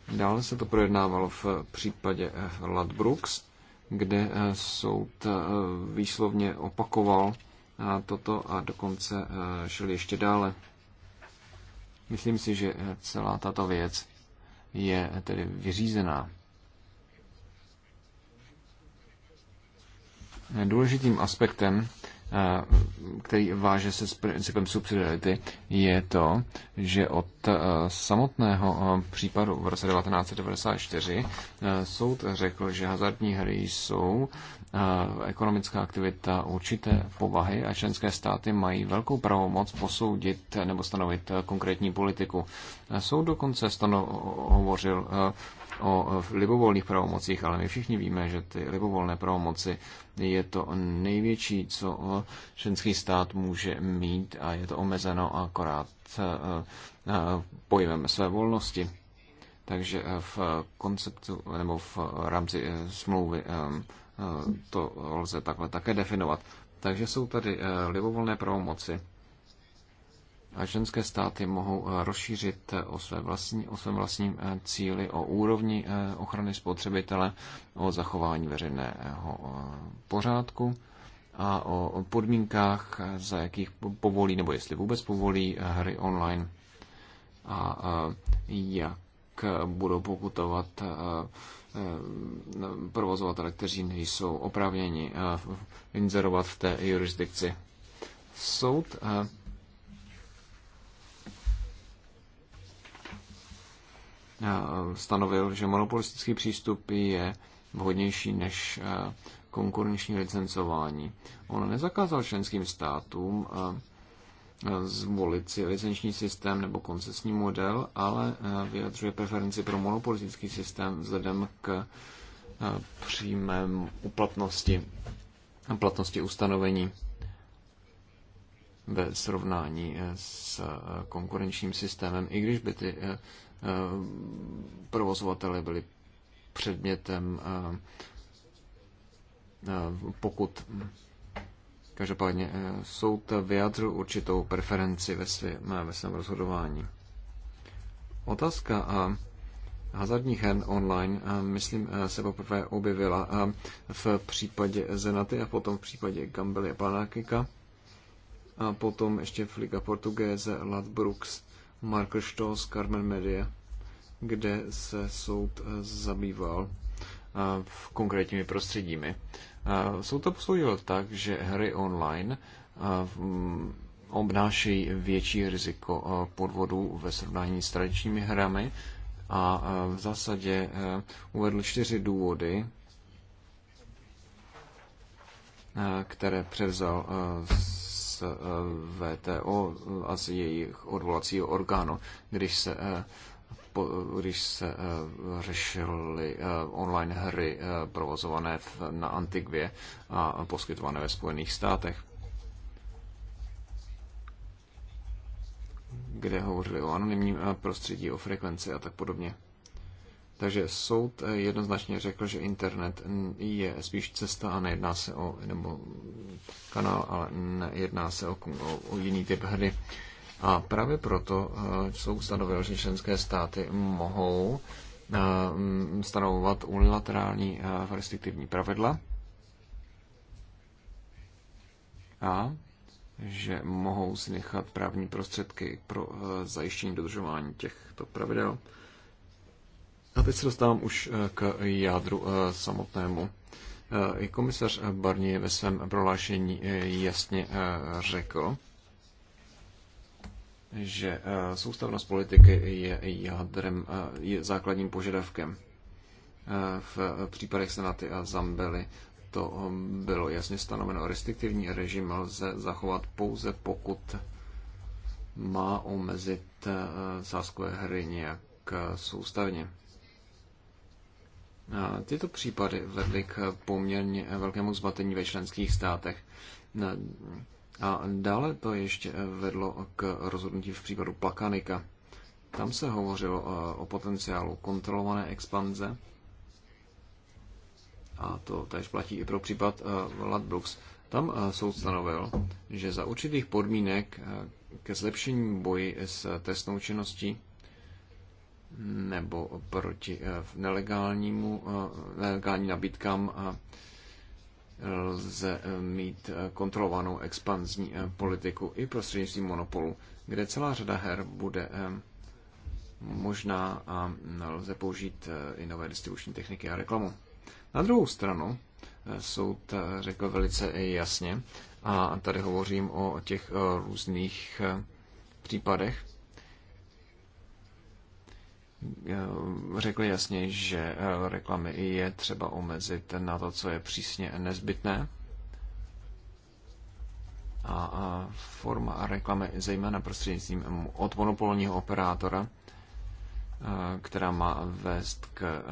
Dále se to projednávalo v případě Ladbrooks, kde eh, soud eh, výslovně opakoval eh, toto a dokonce šel ještě dále. Myslím si, že celá tato věc je tedy vyřízená. Důležitým aspektem který váže se s principem subsidiarity, je to, že od e, samotného e, případu v roce 1994 e, soud řekl, že hazardní hry jsou ekonomická aktivita určité povahy a členské státy mají velkou pravomoc posoudit nebo stanovit konkrétní politiku. Soud dokonce stano- hovořil o libovolných pravomocích, ale my všichni víme, že ty libovolné pravomoci je to největší, co členský stát může mít a je to omezeno akorát e, e, pojmem své volnosti. Takže e, v konceptu nebo v rámci smlouvy to lze takhle také definovat. Takže jsou tady libovolné pravomoci a ženské státy mohou eh, rozšířit eh, o, své vlastní, o svém vlastním eh, cíli, o úrovni ochrany spotřebitele, o zachování veřejného pořádku a o podmínkách, za jakých povolí, nebo jestli vůbec povolí hry online a jak budou pokutovat provozovatele, kteří nejsou oprávněni inzerovat v té jurisdikci. Soud Eh, stanovil, že monopolistický přístup je vhodnější než eh, konkurenční licencování. On nezakázal členským státům eh, zvolit si licenční systém nebo koncesní model, ale vyjadřuje preferenci pro monopolistický systém vzhledem k přímém uplatnosti, platnosti ustanovení ve srovnání s konkurenčním systémem, i když by ty Eh, provozovatele byli předmětem eh, eh, pokud Každopádně soud vyjádřil určitou preferenci ve svém, ve svém rozhodování. Otázka a hazardních her online, myslím, se poprvé objevila v případě Zenaty a potom v případě Gambely a Panakika a potom ještě v Liga Portugéze Ladbrooks Markel Stoss, Carmen Media, kde se soud eh, zabýval eh, v konkrétními prostředími. Eh, soud to posoudil tak, že hry online obnášejí větší riziko podvodů ve srovnání s tradičními hrami a v zásadě uvedl čtyři důvody, které převzal z Eh, VTO eh, a z jejich odvolacího orgánu, když se eh, když se řešily online hry provozované na Antigvě a poskytované ve Spojených státech. kde hovořili o anonimním prostředí, o frekvenci a tak podobně. Takže soud eh, jednoznačně řekl, že internet je spíš cesta a nejedná se o nebo kanál, ale nejedná se o, o, o jiný typ hry. A právě proto jsou eh, stanovil, že členské státy mohou eh, stanovovat unilaterální restriktivní pravidla a že mohou si nechat právní prostředky pro zajištění dodržování těchto pravidel a teď se dostávám už eh, k jádru eh, samotnému. Eh, I komisař Barnier ve svém prohlášení jasně řekl, že soustavnost politiky je jádrem, je základním požadavkem. V případech Senaty a Zambely to bylo jasně stanoveno. Restriktivní režim lze zachovat pouze pokud má omezit sáskové hry nějak soustavně. Tyto případy vedly k poměrně velkému zmatení ve členských státech. A dále to ještě vedlo k rozhodnutí v případu Plakanika. Tam se hovořilo eh, o potenciálu kontrolované expanze. A to tež platí i pro případ eh, Ladbrokes. Tam eh, soud stanovil, že za určitých podmínek ke zlepšení boji s trestnou činností nebo proti eh, nelegálnímu, eh, nelegální nabídkám eh, lze mít kontrolovanou expanzní politiku i prostřednictvím monopolu, kde celá řada her bude možná a lze použít i nové distribuční techniky a reklamu. Na druhou stranu soud řekl velice jasně, a tady hovořím o těch různých případech, Eh, řekli jasně, že eh, reklamy je třeba omezit na to, co je přísně nezbytné. A forma reklamy, zejména prostřednictvím od monopolního operátora, eh, která má vést k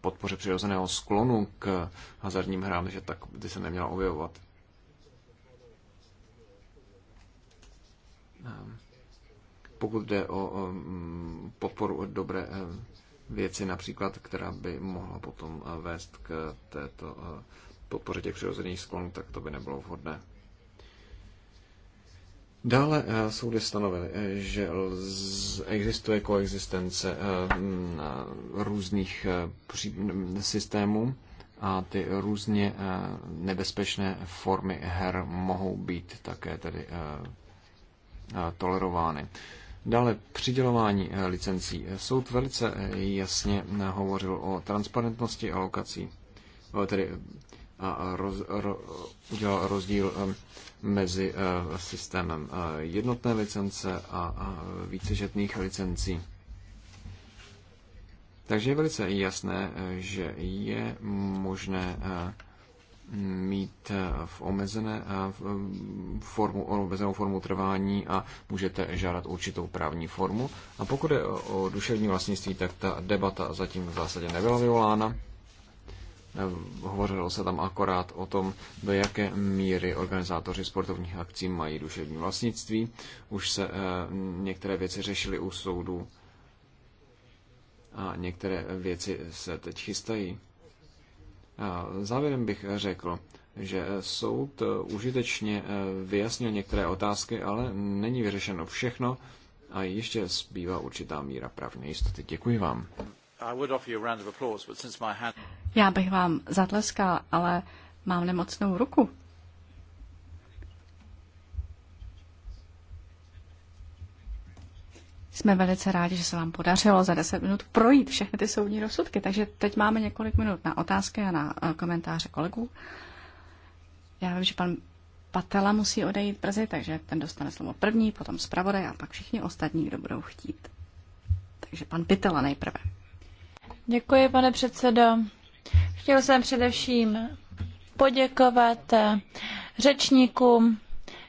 podpoře přirozeného sklonu k hazardním hrám, že tak by se neměla objevovat. Ehm pokud jde o mm, podporu dobré eh, věci například, která by mohla potom eh, vést k této eh, podpoře těch přirozených sklonů, tak to by nebylo vhodné. Dále soudy stanovily, že existuje koexistence mm, různých mm, systémů a ty různě nebezpečné formy her mohou být také tedy tolerovány. Dále přidělování eh, licencí. Soud velice eh, jasně eh, hovořil o transparentnosti alokací, tedy a roz, ro, udělal rozdíl mezi systémem jednotné licence a vícežetných licencí. Takže je velice jasné, že je možné mít eh, v omezené eh, eh, formu, omezenou formu trvání a můžete žádat určitou právní formu. A pokud je o duševní vlastnictví, tak ta debata zatím v zásadě nebyla vyvolána. Hovořilo se tam akorát o tom, do jaké míry organizátoři sportovních akcí mají duševní vlastnictví. Už se některé věci řešily u soudu a některé věci se teď chystají závěrem bych řekl, že soud užitečně eh, vyjasnil některé otázky, ale není vyřešeno všechno a ještě zbývá určitá míra právní jistoty. Děkuji vám. Já bych vám zatleskal, ale mám nemocnou ruku, Jsme velice rádi, že se vám podařilo za 10 minut projít všechny ty soudní rozsudky. Takže teď máme několik minut na otázky a na eh, komentáře kolegů. Já vím, že pan Patela musí odejít brzy, takže ten dostane slovo první, potom zpravodaj a pak všichni ostatní, kdo budou chtít. Takže pan Pitela nejprve. Děkuji, pane předsedo. Chtěl jsem především poděkovat eh, řečníkům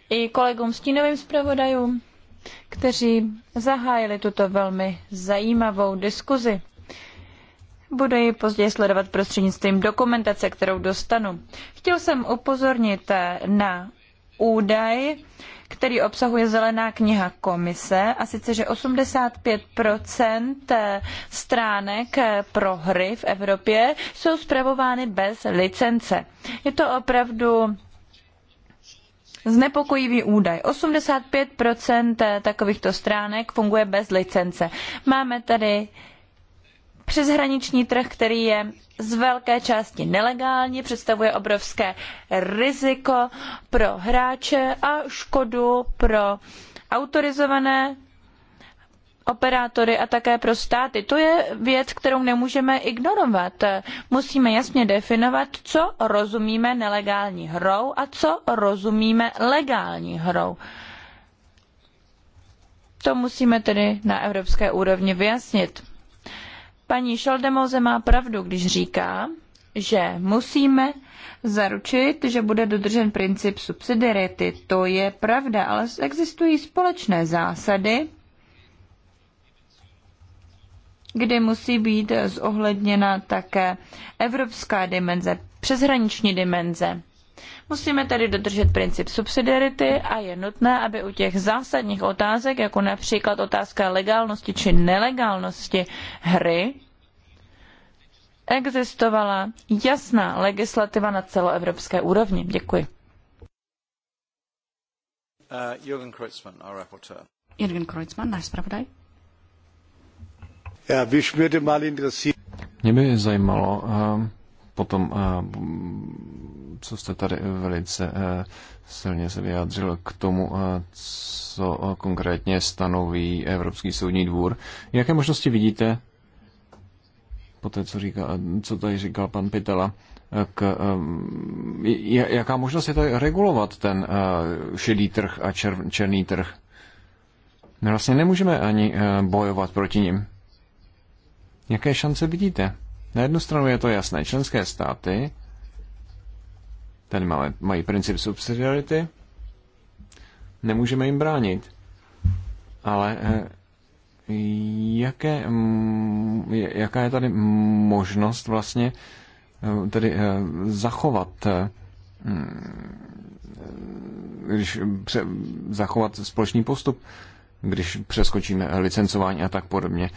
i kolegům stínovým zpravodajům kteří zahájili tuto velmi zajímavou diskuzi. Budu ji později sledovat prostřednictvím dokumentace, kterou dostanu. Chtěl jsem upozornit na údaj, který obsahuje zelená kniha komise, a sice, že 85 stránek pro hry v Evropě jsou zpravovány bez licence. Je to opravdu znepokojivý údaj. 85% takovýchto stránek funguje bez licence. Máme tady přeshraniční trh, který je z velké části nelegální, představuje obrovské riziko pro hráče a škodu pro autorizované operátory a také pro státy. To je věc, kterou nemůžeme ignorovat. Musíme jasně definovat, co rozumíme nelegální hrou a co rozumíme legální hrou. To musíme tedy na evropské úrovni vyjasnit. Paní Šoldemoze má pravdu, když říká, že musíme zaručit, že bude dodržen princip subsidiarity. To je pravda, ale existují společné zásady, kdy musí být zohledněna také evropská dimenze, přeshraniční dimenze. Musíme tedy dodržet princip subsidiarity a je nutné, aby u těch zásadních otázek, jako například otázka legálnosti či nelegálnosti hry, existovala jasná legislativa na celoevropské úrovni. Děkuji. Uh, Jürgen Kreuzmann, náš zpravodaj. Mě by zajímalo eh, potom, eh, co jste tady velice eh, silně se vyjádřil k tomu, co konkrétně stanoví Evropský soudní dvůr. Jaké možnosti vidíte po té, co, říká, co tady říkal pan Pitela, k, jaká možnost je tady regulovat ten šedý trh a čer, černý trh? My vlastně nemůžeme ani bojovat proti nim. Jaké šance vidíte? Na jednu stranu je to jasné, členské státy, ten malé, mají princip subsidiarity, nemůžeme jim bránit. Ale eh, jaké, mm, jaká je tady možnost vlastně eh, tedy eh, zachovat mm, když pře, zachovat společný postup, když přeskočíme licencování a tak podobně.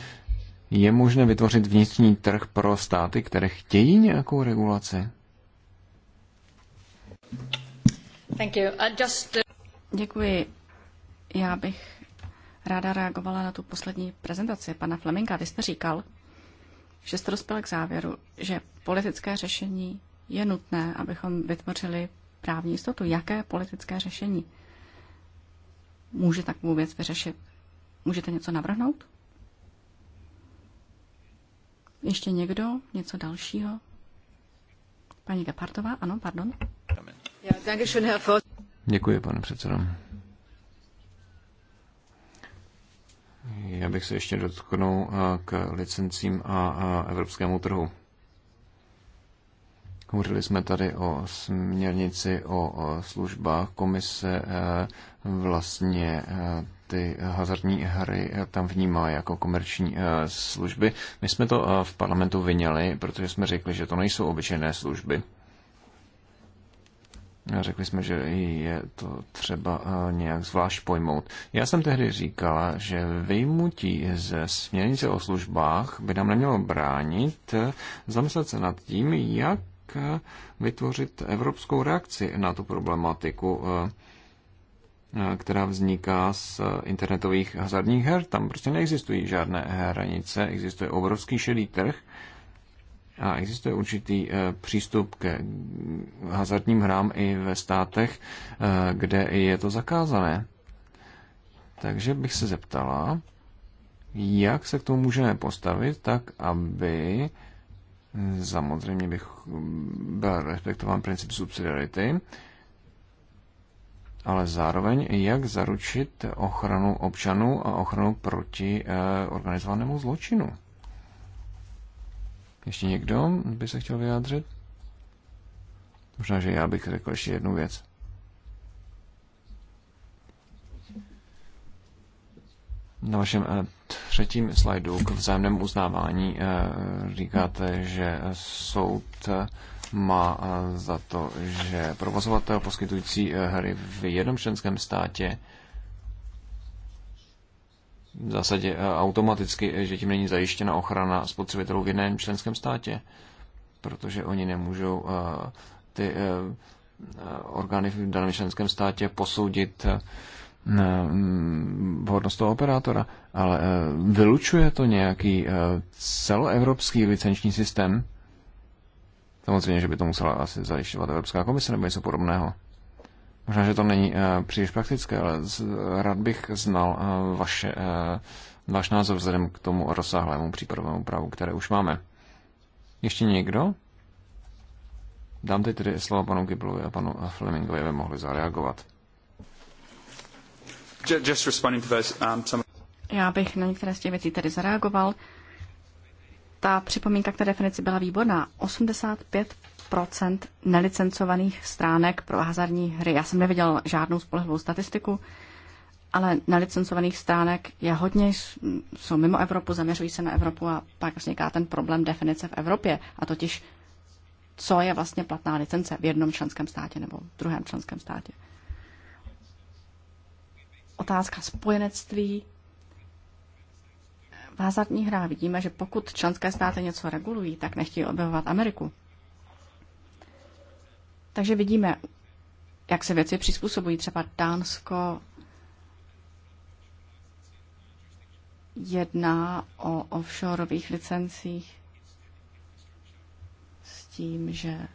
Je možné vytvořit vnitřní trh pro státy, které chtějí nějakou regulaci? Thank you. Uh, just... Děkuji. Já bych ráda reagovala na tu poslední prezentaci pana Fleminka. Vy jste říkal, že jste dospěl k závěru, že politické řešení je nutné, abychom vytvořili právní jistotu. Jaké politické řešení může takovou věc vyřešit? Můžete něco navrhnout? Ještě někdo? Něco dalšího? Paní Gepardová, ano, pardon. Děkuji, pane předsedo. Já bych se ještě dotknul eh, k licencím a evropskému trhu. Hovořili jsme tady o směrnici o službách komise e, vlastně e, ty hazardní hry tam vnímá jako komerční e, služby. My jsme to v parlamentu vyněli, protože jsme řekli, že to nejsou obyčejné služby. Řekli jsme, že je to třeba nějak zvlášť pojmout. Já jsem tehdy říkala, že vyjmutí ze směrnice o službách by nám nemělo bránit zamyslet se nad tím, jak vytvořit evropskou reakci na tu problematiku, eh, eh, která vzniká z internetových hazardních her. Tam prostě neexistují žádné hranice, existuje obrovský šedý trh a existuje určitý eh, přístup ke hazardním hrám i ve státech, kde je to zakázané. Takže bych se zeptala, jak se k tomu můžeme postavit tak, aby Samozřejmě bych byl respektován princip subsidiarity, ale zároveň jak zaručit ochranu občanů a ochranu proti eh, organizovanému zločinu. Ještě někdo by se chtěl vyjádřit? Možná, že já bych řekl ještě jednu věc. Na vašem eh, třetím slajdu k vzájemnému uznávání eh, říkáte, že soud eh, má eh, za to, že provozovatel poskytující hry v jednom členském státě v zásadě automaticky, že tím není zajištěna ochrana spotřebitelů v jiném členském státě, protože oni nemůžou ty orgány v daném členském státě posoudit Mm, vhodnost toho operátora, ale eh, vylučuje to nějaký eh, celoevropský licenční systém? Samozřejmě, že by to musela asi zajišťovat Evropská komise nebo něco podobného. Možná, že to není eh, příliš praktické, ale rád bych znal vaše, váš názor vzhledem k tomu rozsáhlému přípravovému právu, které už máme. Ještě někdo? Dám teď tedy slovo panu Giblovi a panu Flemingovi, aby mohli zareagovat. Just responding to those, um, some... Já bych na některé z těch věcí tady zareagoval. Ta připomínka k té definici byla výborná. 85 nelicencovaných stránek pro hazardní hry. Já jsem neviděl žádnou spolehlivou statistiku, ale nelicencovaných stránek je hodně, jsou mimo Evropu, zaměřují se na Evropu a pak vzniká ten problém definice v Evropě, a totiž co je vlastně platná licence v jednom členském státě nebo v druhém členském státě otázka spojenectví. V hra. hrách vidíme, že pokud členské státy něco regulují, tak nechtějí objevovat Ameriku. Takže vidíme, jak se věci přizpůsobují. Třeba Dánsko jedná o offshoreových licencích s tím, že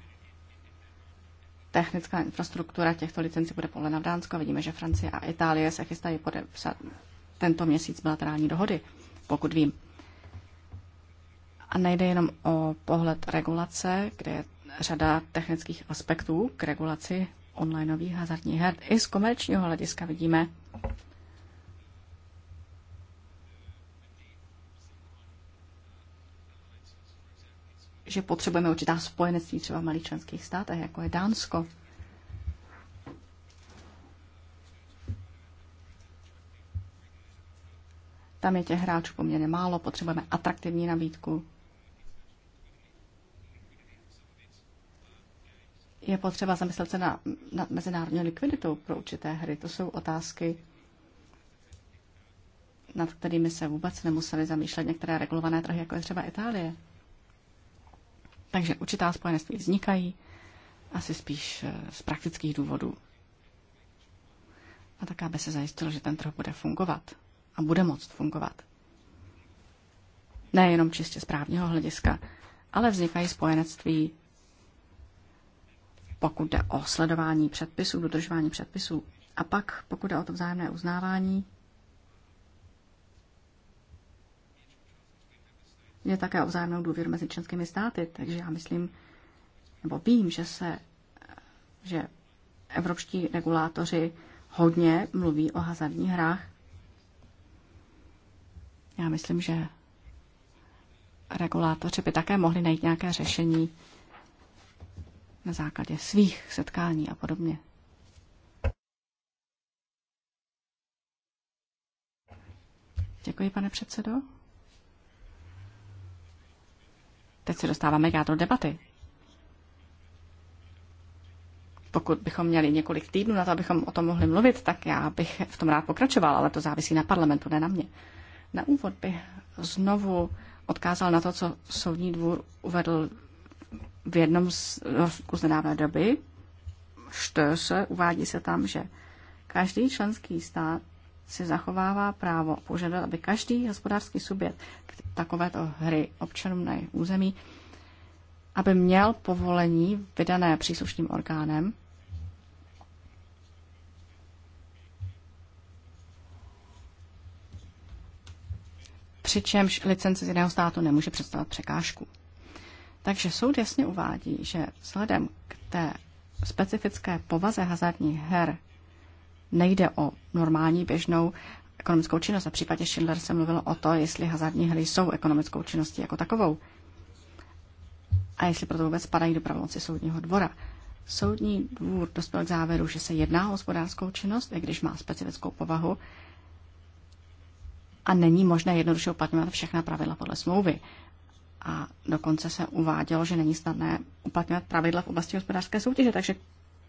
technická infrastruktura těchto licencí bude povolena v Dánsku vidíme, že Francie a Itálie se chystají podepsat tento měsíc bilaterální dohody, pokud vím. A nejde jenom o pohled regulace, kde je řada technických aspektů k regulaci onlineových hazardních her. I z komerčního hlediska vidíme, že potřebujeme určitá spojenectví třeba v malých členských státech, jako je Dánsko. Tam je těch hráčů poměrně málo, potřebujeme atraktivní nabídku. Je potřeba zamyslet se na, na mezinárodní likviditu pro určité hry. To jsou otázky, nad kterými se vůbec nemuseli zamýšlet některé regulované trhy, jako je třeba Itálie. Takže určitá spojenství vznikají, asi spíš eh, z praktických důvodů. A tak, aby se zajistilo, že ten trh bude fungovat a bude moct fungovat. Nejenom čistě z právního hlediska, ale vznikají spojenectví, pokud jde o sledování předpisů, dodržování předpisů. A pak, pokud jde o to vzájemné uznávání, je také o vzájemnou důvěru mezi členskými státy. Takže já myslím, nebo vím, že se, že evropští regulátoři hodně mluví o hazardních hrách. Já myslím, že regulátoři by také mohli najít nějaké řešení na základě svých setkání a podobně. Děkuji, pane předsedo. Teď se dostáváme k jádru debaty. Pokud bychom měli několik týdnů na to, abychom o tom mohli mluvit, tak já bych v tom rád pokračoval, ale to závisí na parlamentu, ne na mě. Na úvod bych znovu odkázal na to, co soudní dvůr uvedl v jednom z rozsudků z nedávné doby. se, uvádí se tam, že každý členský stát si zachovává právo požadovat, aby každý hospodářský subjekt takovéto hry občanům na území, aby měl povolení vydané příslušným orgánem, přičemž licence z jiného státu nemůže představovat překážku. Takže soud jasně uvádí, že vzhledem k té specifické povaze hazardních her nejde o normální běžnou ekonomickou činnost. A v případě Schindler se mluvilo o to, jestli hazardní hry jsou ekonomickou činností jako takovou. A jestli proto vůbec spadají do pravomoci soudního dvora. Soudní dvůr dospěl k závěru, že se jedná o hospodářskou činnost, i když má specifickou povahu, a není možné jednoduše uplatňovat všechna pravidla podle smlouvy. A dokonce se uvádělo, že není snadné uplatňovat pravidla v oblasti hospodářské soutěže, takže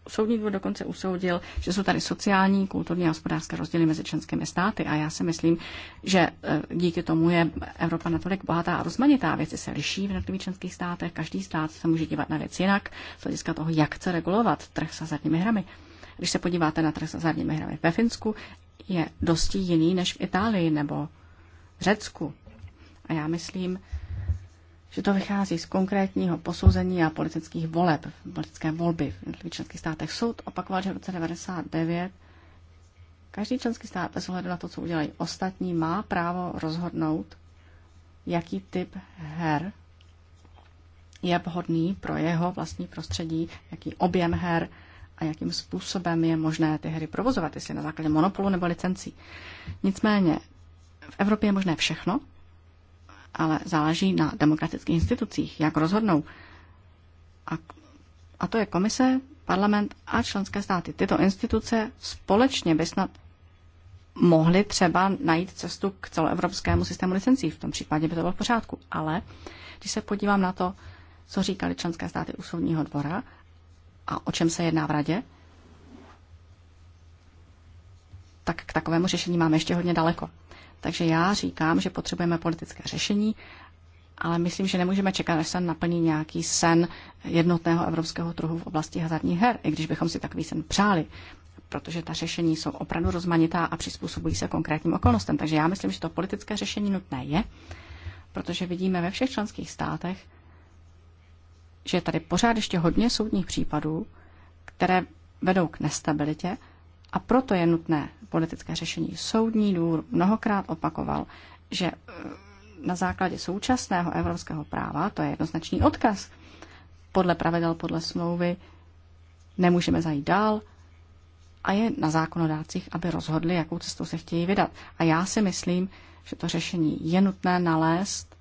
soudní dvůr dokonce usoudil, že jsou tady sociální, kulturní a hospodářské rozdíly mezi členskými státy a já si myslím, že e, díky tomu je Evropa natolik bohatá a rozmanitá. Věci se liší v jednotlivých členských státech, každý stát se může dívat na věc jinak z hlediska toho, jak chce regulovat trh s hazardními hrami. Když se podíváte na trh s hazardními hrami ve Finsku, je dosti jiný než v Itálii nebo v Řecku. A já myslím, že to vychází z konkrétního posouzení a politických voleb, politické volby v členských státech. Soud opakoval, že v roce 99 každý členský stát bez ohledu na to, co udělají ostatní, má právo rozhodnout, jaký typ her je vhodný pro jeho vlastní prostředí, jaký objem her a jakým způsobem je možné ty hry provozovat, jestli na základě monopolu nebo licencí. Nicméně v Evropě je možné všechno, ale záleží na demokratických institucích, jak rozhodnou. A, a to je komise, parlament a členské státy. Tyto instituce společně by snad mohly třeba najít cestu k celoevropskému systému licencí. V tom případě by to bylo v pořádku. Ale když se podívám na to, co říkali členské státy u soudního dvora a o čem se jedná v radě, tak k takovému řešení máme ještě hodně daleko. Takže já říkám, že potřebujeme politické řešení, ale myslím, že nemůžeme čekat, až se naplní nějaký sen jednotného evropského trhu v oblasti hazardních her, i když bychom si takový sen přáli, protože ta řešení jsou opravdu rozmanitá a přizpůsobují se konkrétním okolnostem. Takže já myslím, že to politické řešení nutné je, protože vidíme ve všech členských státech, že je tady pořád ještě hodně soudních případů, které vedou k nestabilitě a proto je nutné politické řešení. Soudní důr mnohokrát opakoval, že eh, na základě současného evropského práva, to je jednoznačný odkaz, podle pravidel, podle smlouvy, nemůžeme zajít dál a je na zákonodácích, aby rozhodli, jakou cestou se chtějí vydat. A já si myslím, že to řešení je nutné nalézt.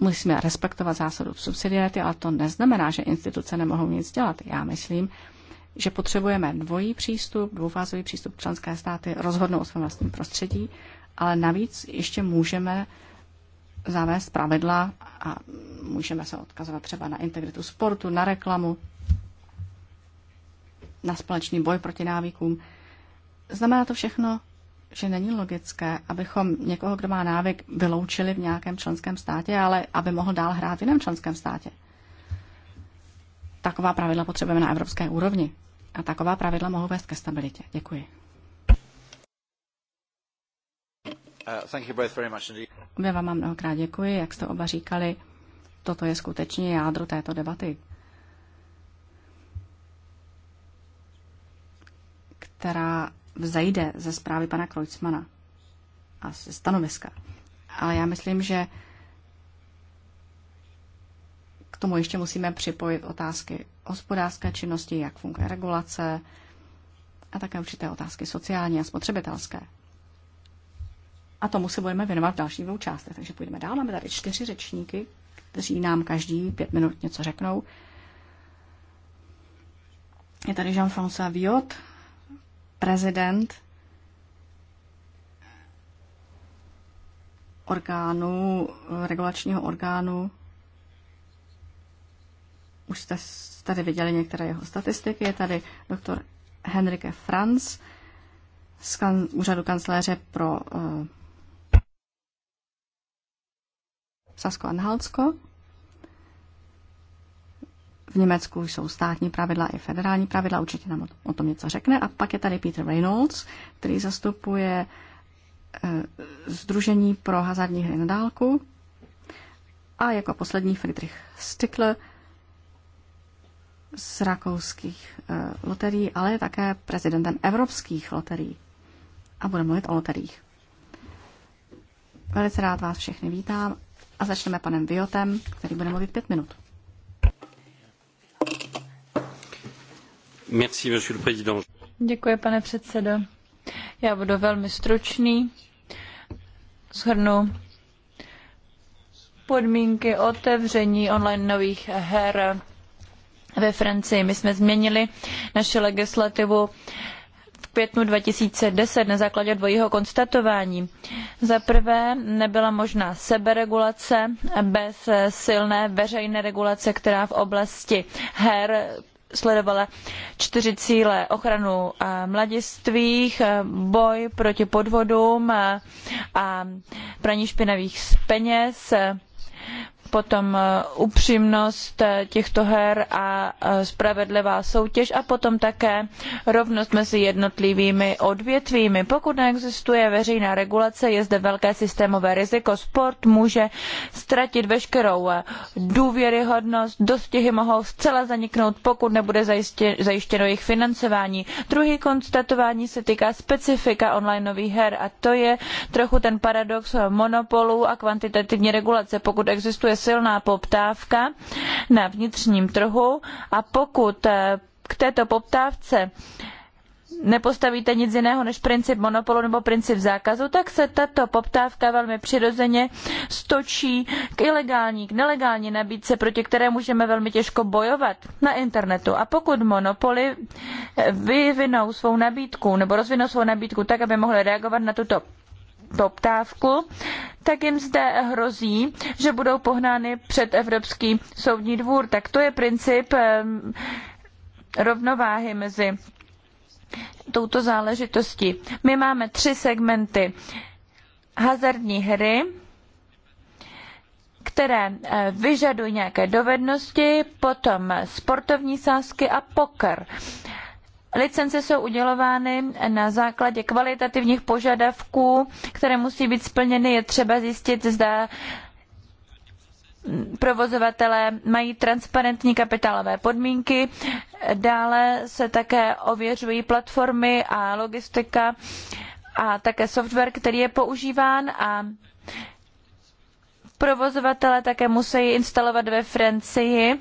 Musíme respektovat zásadu subsidiarity, ale to neznamená, že instituce nemohou nic dělat. Já myslím, že potřebujeme dvojí přístup, dvoufázový přístup. Členské státy rozhodnou o svém vlastním prostředí, ale navíc ještě můžeme zavést pravidla a můžeme se odkazovat třeba na integritu sportu, na reklamu, na společný boj proti návykům. Znamená to všechno, že není logické, abychom někoho, kdo má návyk, vyloučili v nějakém členském státě, ale aby mohl dál hrát v jiném členském státě. Taková pravidla potřebujeme na evropské úrovni. A taková pravidla mohou vést ke stabilitě. Děkuji. Uh, Oběma vám mnohokrát děkuji, jak jste oba říkali. Toto je skutečně jádro této debaty, která vzejde ze zprávy pana Kreutzmana a ze stanoviska. Ale já myslím, že k tomu ještě musíme připojit otázky hospodářské činnosti, jak funguje regulace a také určité otázky sociální a spotřebitelské. A tomu se budeme věnovat v dalších dvou částech. Takže půjdeme dál. Máme tady čtyři řečníky, kteří nám každý pět minut něco řeknou. Je tady Jean-François Viot, prezident orgánu, regulačního orgánu už jste tady viděli některé jeho statistiky. Je tady doktor Henrike Franz z kan- úřadu kanceláře pro uh, eh, Sasko-Anhaltsko. V Německu jsou státní pravidla i federální pravidla, určitě nám o tom něco řekne. A pak je tady Peter Reynolds, který zastupuje eh, Združení pro hazardní hry na dálku. A jako poslední Friedrich Stickler, z rakouských eh, loterií, ale je také prezidentem evropských loterií a bude mluvit o loteriích. Velice rád vás všechny vítám a začneme panem Viotem, který bude mluvit pět minut. Merci, monsieur le président. Děkuji, pane předsedo. Já budu velmi stručný. Shrnu podmínky otevření online nových her ve Francii. My jsme změnili naši legislativu v květnu 2010 na základě dvojího konstatování. Za prvé nebyla možná seberegulace bez silné veřejné regulace, která v oblasti her sledovala čtyři cíle ochranu eh, mladistvých, eh, boj proti podvodům eh, a praní špinavých peněz, potom eh, upřímnost eh, těchto her a eh, spravedlivá soutěž a potom také rovnost mezi jednotlivými odvětvími. Pokud neexistuje veřejná regulace, je zde velké systémové riziko. Sport může ztratit veškerou důvěryhodnost, dostihy mohou zcela zaniknout, pokud nebude zajištěno jejich financování. Druhý konstatování se týká specifika nových her a to je trochu ten paradox monopolu a kvantitativní regulace. Pokud existuje silná poptávka na vnitřním trhu a pokud eh, k této poptávce nepostavíte nic jiného než princip monopolu nebo princip zákazu, tak se tato poptávka velmi přirozeně stočí k ilegální, k nelegální nabídce, proti které můžeme velmi těžko bojovat na internetu. A pokud monopoly eh, vyvinou svou nabídku nebo rozvinou svou nabídku tak, aby mohly reagovat na tuto poptávku, tak jim zde hrozí, že budou pohnány před Evropský soudní dvůr. Tak to je princip rovnováhy mezi touto záležitostí. My máme tři segmenty hazardní hry, které eh, vyžadují nějaké dovednosti, potom sportovní sázky a poker. Licence jsou udělovány na základě kvalitativních požadavků, které musí být splněny. Je třeba zjistit, zda provozovatelé mají transparentní kapitálové podmínky. Dále se také ověřují platformy a logistika a také software, který je používán a provozovatelé také musí instalovat ve Francii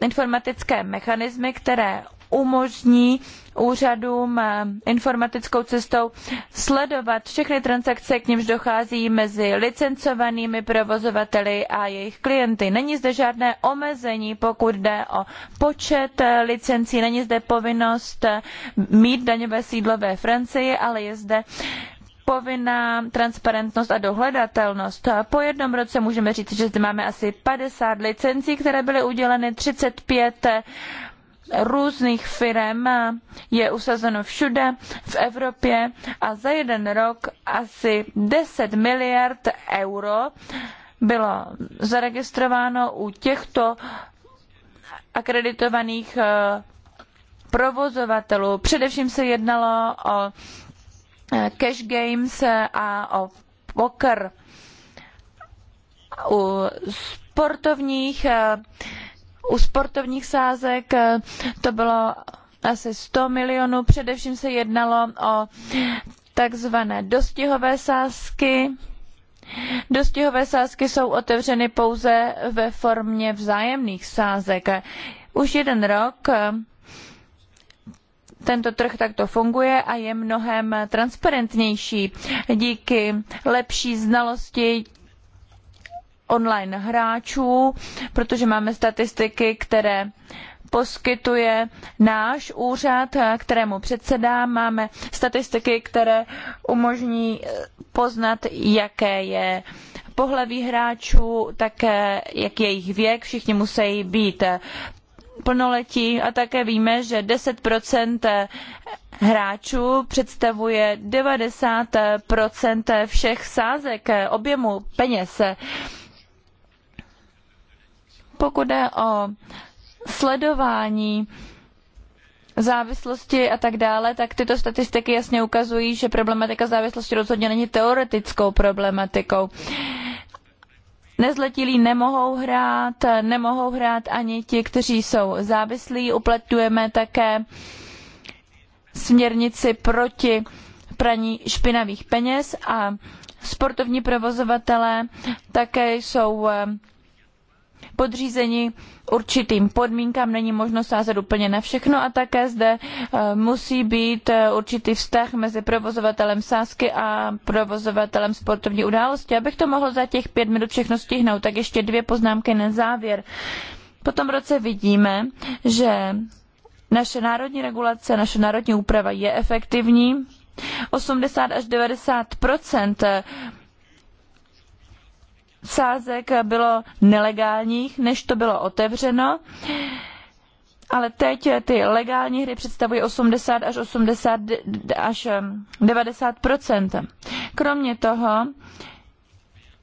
informatické mechanismy, které umožní úřadům eh, informatickou cestou sledovat všechny transakce, k nimž dochází mezi licencovanými provozovateli a jejich klienty. Není zde žádné omezení, pokud jde o počet eh, licencí, není zde povinnost eh, mít daňové sídlo ve Francii, ale je zde povinná transparentnost a dohledatelnost. Po jednom roce můžeme říct, že zde máme asi 50 licencí, které byly uděleny 35 různých firm eh, je usazeno všude v Evropě a za jeden rok asi 10 miliard euro bylo zaregistrováno u těchto akreditovaných eh, provozovatelů. Především se jednalo o eh, cash games a o poker. U sportovních u sportovních sázek eh, to bylo asi 100 milionů. Především se jednalo o takzvané dostihové sázky. Dostihové sázky jsou otevřeny pouze ve formě vzájemných sázek. Už jeden rok eh, tento trh takto funguje a je mnohem transparentnější díky lepší znalosti online hráčů, protože máme statistiky, které poskytuje náš úřad, kterému předsedám. Máme statistiky, které umožní poznat, jaké je pohlaví hráčů, také jak je jejich věk. Všichni musí být plnoletí a také víme, že 10 hráčů představuje 90 všech sázek objemu peněz pokud jde o sledování závislosti a tak dále, tak tyto statistiky jasně ukazují, že problematika závislosti rozhodně není teoretickou problematikou. Nezletilí nemohou hrát, nemohou hrát ani ti, kteří jsou závislí. Uplatňujeme také směrnici proti praní špinavých peněz a sportovní provozovatelé také jsou eh, podřízeni určitým podmínkám, není možno sázet úplně na všechno a také zde eh, musí být eh, určitý vztah mezi provozovatelem sázky a provozovatelem sportovní události. Abych to mohl za těch pět minut všechno stihnout, tak ještě dvě poznámky na závěr. Po tom roce vidíme, že naše národní regulace, naše národní úprava je efektivní. 80 až 90 sázek bylo nelegálních, než to bylo otevřeno. Ale teď ty legální hry představují 80 až 80 až 90 Kromě toho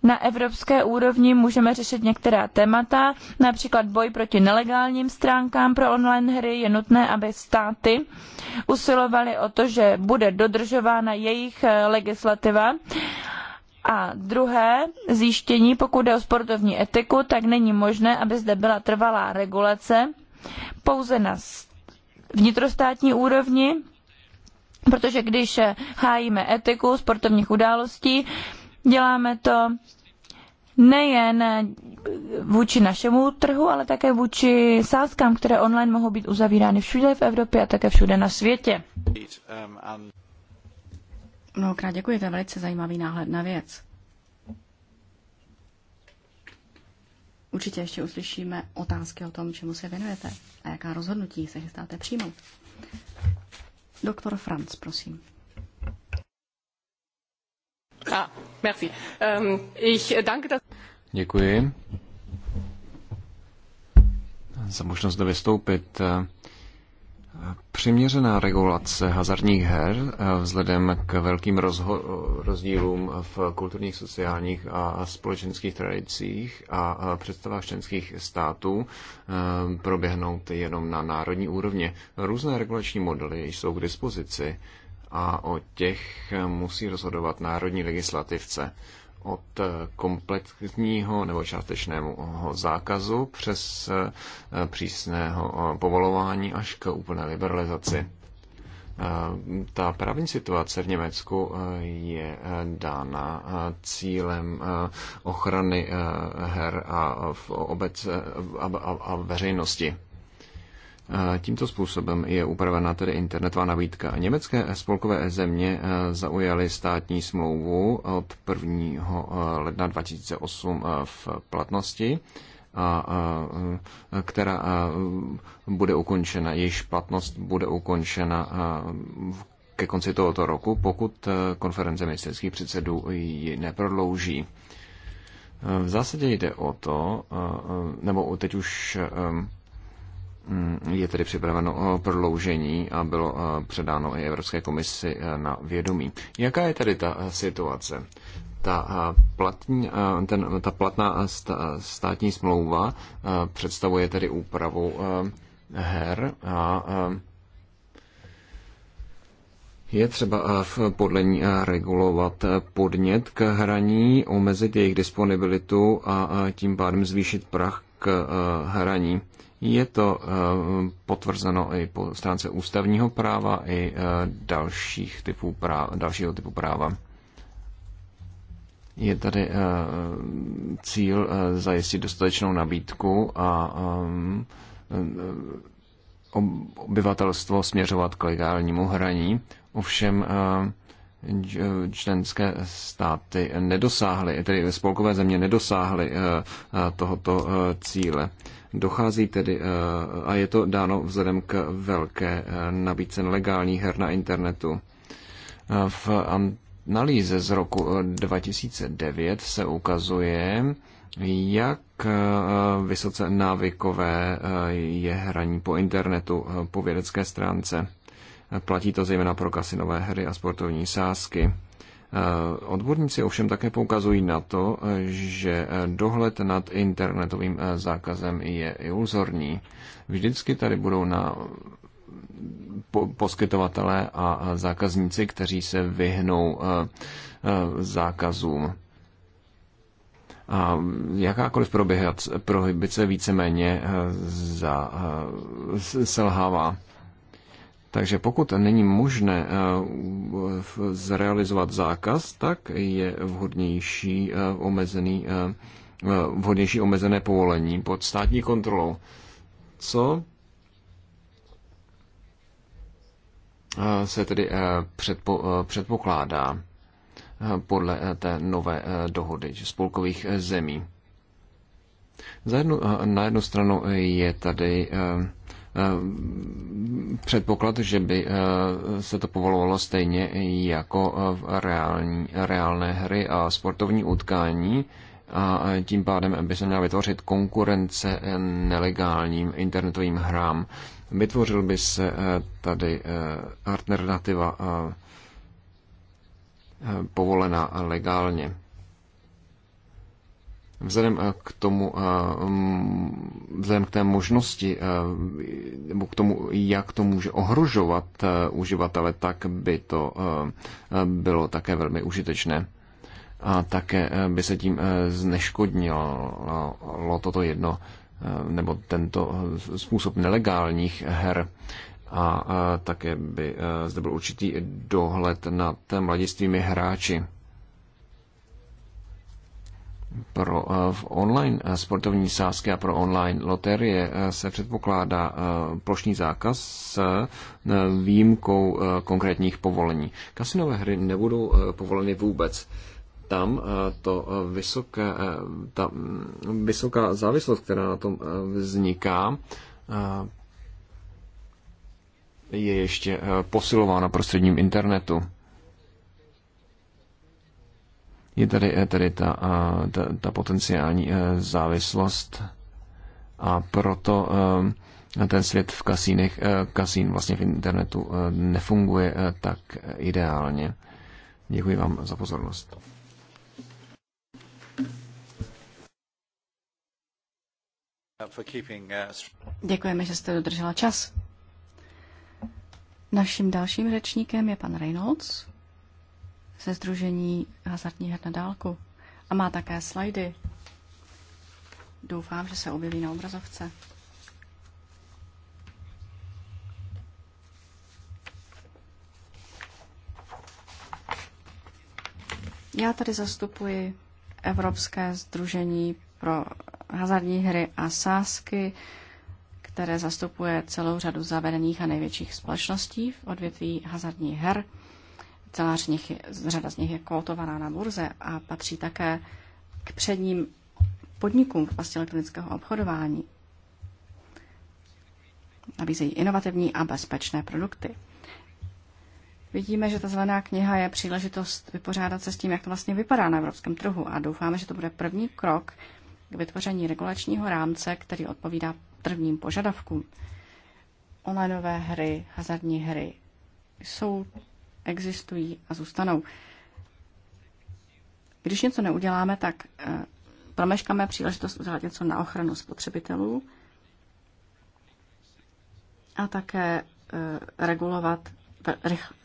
na evropské úrovni můžeme řešit některá témata, například boj proti nelegálním stránkám pro online hry. Je nutné, aby státy usilovaly o to, že bude dodržována jejich eh, legislativa a druhé zjištění, pokud jde o sportovní etiku, tak není možné, aby zde byla trvalá regulace pouze na vnitrostátní úrovni, protože když eh, hájíme etiku sportovních událostí, děláme to nejen eh, vůči našemu trhu, ale také vůči sázkám, které online mohou být uzavírány všude v Evropě a také všude na světě. Um, Mnohokrát děkuji, to je velice zajímavý náhled na věc. Určitě ještě uslyšíme otázky o tom, čemu se věnujete a jaká rozhodnutí se chystáte přijmout. Doktor Franz, prosím. Ah, merci. Um, ich danke, dass... Děkuji za možnost do vystoupit. Přiměřená regulace hazardních her eh, vzhledem k velkým rozdílům v kulturních, sociálních a společenských tradicích a eh, představách členských států eh, proběhnout jenom na národní úrovni. Různé regulační modely jsou k dispozici a o těch musí rozhodovat národní legislativce od komplexního nebo částečnému zákazu přes eh, přísného eh, povolování až k úplné liberalizaci. Eh, ta právní situace v Německu je dána cílem ochrany her a, v obec, a, a, a veřejnosti. Tímto způsobem je upravena tedy internetová nabídka. Německé spolkové země e, zaujaly státní smlouvu od 1. E, ledna 2008 e, v platnosti, a, která bude ukončena, jejíž platnost bude ukončena ke konci tohoto roku, pokud konference ministerských předsedů ji neprodlouží. V zásadě jde o to, nebo teď už Mm, je tedy připraveno eh, prodloužení a bylo eh, předáno i Evropské komisi eh, na vědomí. Jaká je tedy ta situace? Ta, platní, ten, ta platná státní smlouva představuje tedy úpravu her a je třeba v podle ní regulovat podnět k hraní, omezit jejich disponibilitu a tím pádem zvýšit prach k hraní. Je to eh, potvrzeno i po stránce ústavního práva i eh, dalších typů práva, dalšího typu práva. Je tady eh, cíl zajistit dostatečnou nabídku a obyvatelstvo směřovat k legálnímu hraní. Ovšem členské státy nedosáhly, tedy spolkové země nedosáhly tohoto cíle. Dochází tedy eh, a je to dáno vzhledem k velké eh, nabídce nelegálních her na internetu. Eh, v analýze z roku 2009 se ukazuje, jak vysoce návykové je hraní po internetu po vědecké stránce. Platí to zejména pro kasinové hry a sportovní sázky. Eh, odborníci ovšem také poukazují na to, že eh, dohled nad internetovým eh, zákazem je iluzorní. Vždycky tady budou na poskytovatele a zákazníci, kteří se vyhnou zákazům. A jakákoliv prohibice víceméně za, selhává. Takže pokud není možné eh, zrealizovat zákaz, tak je vhodnější eh, omezený eh, vhodnější omezené povolení pod státní kontrolou. Co se tedy předpo, předpokládá podle té nové dohody spolkových zemí. Za jednu, na jednu stranu je tady Eh, předpoklad, že by eh, se to povolovalo stejně jako eh, v reální, reálné hry a sportovní utkání a tím pádem by se měla vytvořit konkurence nelegálním internetovým hrám. Vytvořil by se tady alternativa povolená legálně. Vzhledem eh, k tomu, eh, vzhledem k té možnosti, eh, nebo k tomu, jak to může ohrožovat uživatele, tak by to bylo také velmi užitečné. A také by se tím zneškodnilo toto jedno, nebo tento způsob nelegálních her a také by zde byl určitý dohled nad mladistvými hráči pro eh, v online eh, sportovní sázky a pro online loterie eh, se předpokládá plošný zákaz s výjimkou konkrétních povolení. Kasinové hry nebudou povoleny vůbec. Tam to vysoké, ta mm, vysoká závislost, která na tom vzniká, je ještě posilována prostředním internetu je tady, eh, tady ta, eh, ta, ta potenciální eh, závislost a proto ten svět v kasínech, kasín vlastně v internetu nefunguje tak ideálně. Děkuji vám za pozornost. Děkujeme, že jste dodržela čas. Naším dalším řečníkem je pan Reynolds ze Združení hazardních her na dálku. A má také slajdy. Doufám, že se objeví na obrazovce. Já tady zastupuji Evropské združení pro hazardní hry a sázky, které zastupuje celou řadu zavedených a největších společností v odvětví hazardních her – Celá z nich, řada z nich je kotovaná na burze a patří také k předním podnikům v oblasti elektronického obchodování. Nabízejí inovativní a bezpečné produkty. Vidíme, že ta zelená kniha je příležitost vypořádat se s tím, jak to vlastně vypadá na evropském trhu a doufáme, že to bude první krok k vytvoření regulačního rámce, který odpovídá trvním požadavkům. Onlineové hry, hazardní hry jsou existují a zůstanou. Když něco neuděláme, tak eh, promeškáme příležitost udělat něco na ochranu spotřebitelů a také eh, regulovat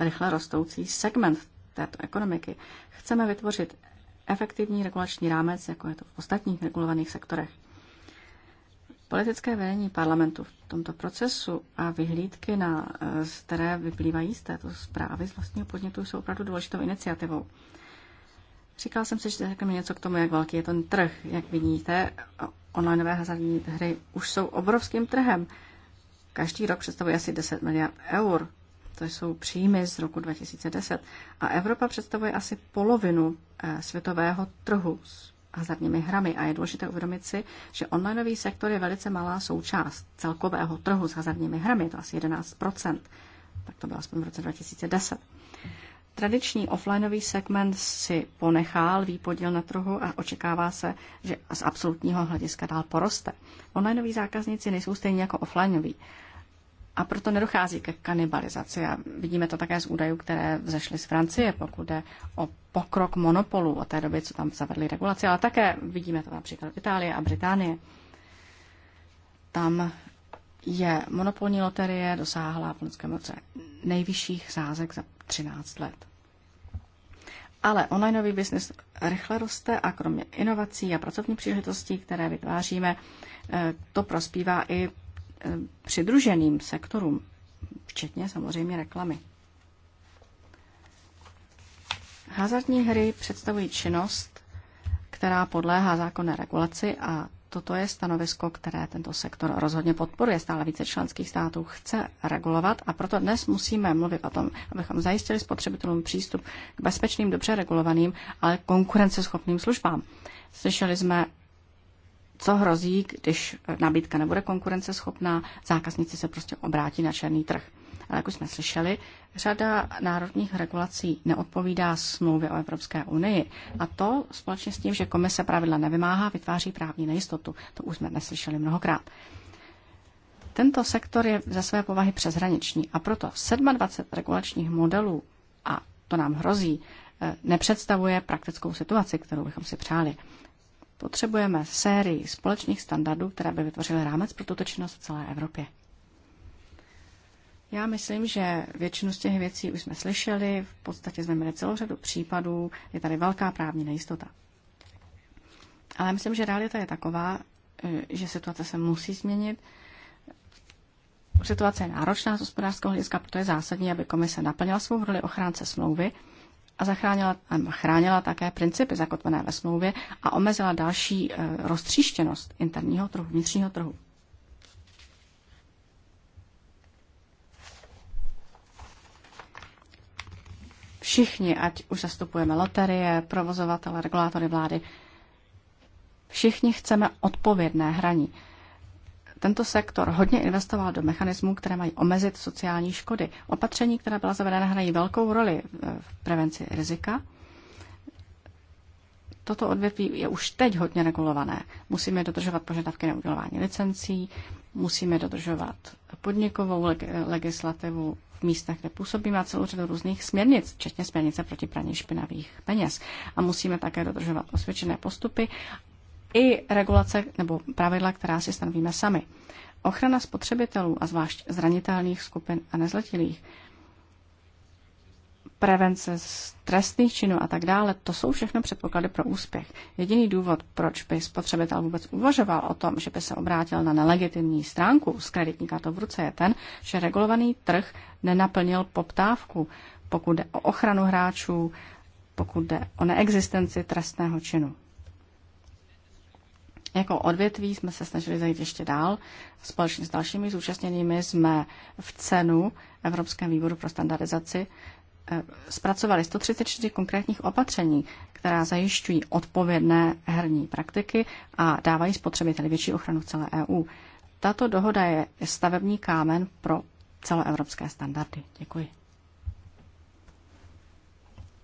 rychle rostoucí segment této ekonomiky. Chceme vytvořit efektivní regulační rámec, jako je to v ostatních regulovaných sektorech. Politické vedení parlamentu v tomto procesu a vyhlídky, na, eh, z které vyplývají z této zprávy z vlastního podnětu, jsou opravdu důležitou iniciativou. Říkal jsem si, že řekneme něco k tomu, jak velký je ten trh. Jak vidíte, onlineové hazardní hry už jsou obrovským trhem. Každý rok představuje asi 10 miliard eur. To jsou příjmy z roku 2010. A Evropa představuje asi polovinu eh, světového trhu s hazardními hrami a je důležité uvědomit si, že onlineový sektor je velice malá součást celkového trhu s hazardními hrami, to asi 11 tak to bylo aspoň v roce 2010. Tradiční offlineový segment si ponechal výpodíl na trhu a očekává se, že z absolutního hlediska dál poroste. Onlineoví zákazníci nejsou stejně jako offlineoví. A proto nedochází ke kanibalizaci. A vidíme to také z údajů, které vzešly z Francie, pokud jde o pokrok monopolu od té doby, co tam zavedli regulaci, ale také vidíme to například v Itálii a Británii. Tam je monopolní loterie dosáhla v loňském roce nejvyšších sázek za 13 let. Ale onlineový biznis rychle roste a kromě inovací a pracovní příležitostí, které vytváříme, eh, to prospívá i Eh, přidruženým sektorům, včetně samozřejmě reklamy. Hazardní hry představují činnost, která podléhá zákonné regulaci a toto je stanovisko, které tento sektor rozhodně podporuje. Stále více členských států chce regulovat a proto dnes musíme mluvit o tom, abychom zajistili spotřebitelům přístup k bezpečným, dobře regulovaným, ale konkurenceschopným službám. Slyšeli jsme co hrozí, když eh, nabídka nebude konkurenceschopná, zákazníci se prostě obrátí na černý trh. Ale jak už jsme slyšeli, řada národních regulací neodpovídá smlouvě o Evropské unii. A to společně s tím, že komise pravidla nevymáhá, vytváří právní nejistotu. To už jsme neslyšeli mnohokrát. Tento sektor je ze své povahy přeshraniční a proto 27 regulačních modelů, a to nám hrozí, eh, nepředstavuje praktickou situaci, kterou bychom si přáli. Potřebujeme sérii společných standardů, které by vytvořily rámec pro tuto činnost v celé Evropě. Já myslím, že většinu z těch věcí už jsme slyšeli, v podstatě jsme měli celou řadu případů, je tady velká právní nejistota. Ale myslím, že realita je taková, eh, že situace se musí změnit. Situace je náročná z hospodářského hlediska, proto je zásadní, aby komise naplnila svou roli ochránce smlouvy a zachránila, chránila také principy zakotvené ve smlouvě a omezila další eh, roztříštěnost interního trhu, vnitřního trhu. Všichni, ať už zastupujeme loterie, provozovatele, regulátory vlády, všichni chceme odpovědné hraní. Tento sektor hodně investoval do mechanismů, které mají omezit sociální škody. Opatření, která byla zavedena, hrají velkou roli v prevenci rizika. Toto odvětví je už teď hodně regulované. Musíme dodržovat požadavky na udělování licencí, musíme dodržovat podnikovou legislativu v místech, kde působíme a celou řadu různých směrnic, včetně směrnice proti praní špinavých peněz. A musíme také dodržovat osvědčené postupy i regulace nebo pravidla, která si stanovíme sami. Ochrana spotřebitelů a zvlášť zranitelných skupin a nezletilých, prevence z trestných činů a tak dále, to jsou všechno předpoklady pro úspěch. Jediný důvod, proč by spotřebitel vůbec uvažoval o tom, že by se obrátil na nelegitimní stránku s kreditní kartou v ruce, je ten, že regulovaný trh nenaplnil poptávku, pokud jde o ochranu hráčů, pokud jde o neexistenci trestného činu. Jako odvětví jsme se snažili zajít ještě dál. Společně s dalšími zúčastněnými jsme v cenu Evropském výboru pro standardizaci eh, zpracovali 134 konkrétních opatření, která zajišťují odpovědné herní praktiky a dávají spotřebiteli větší ochranu v celé EU. Tato dohoda je stavební kámen pro celoevropské standardy. Děkuji.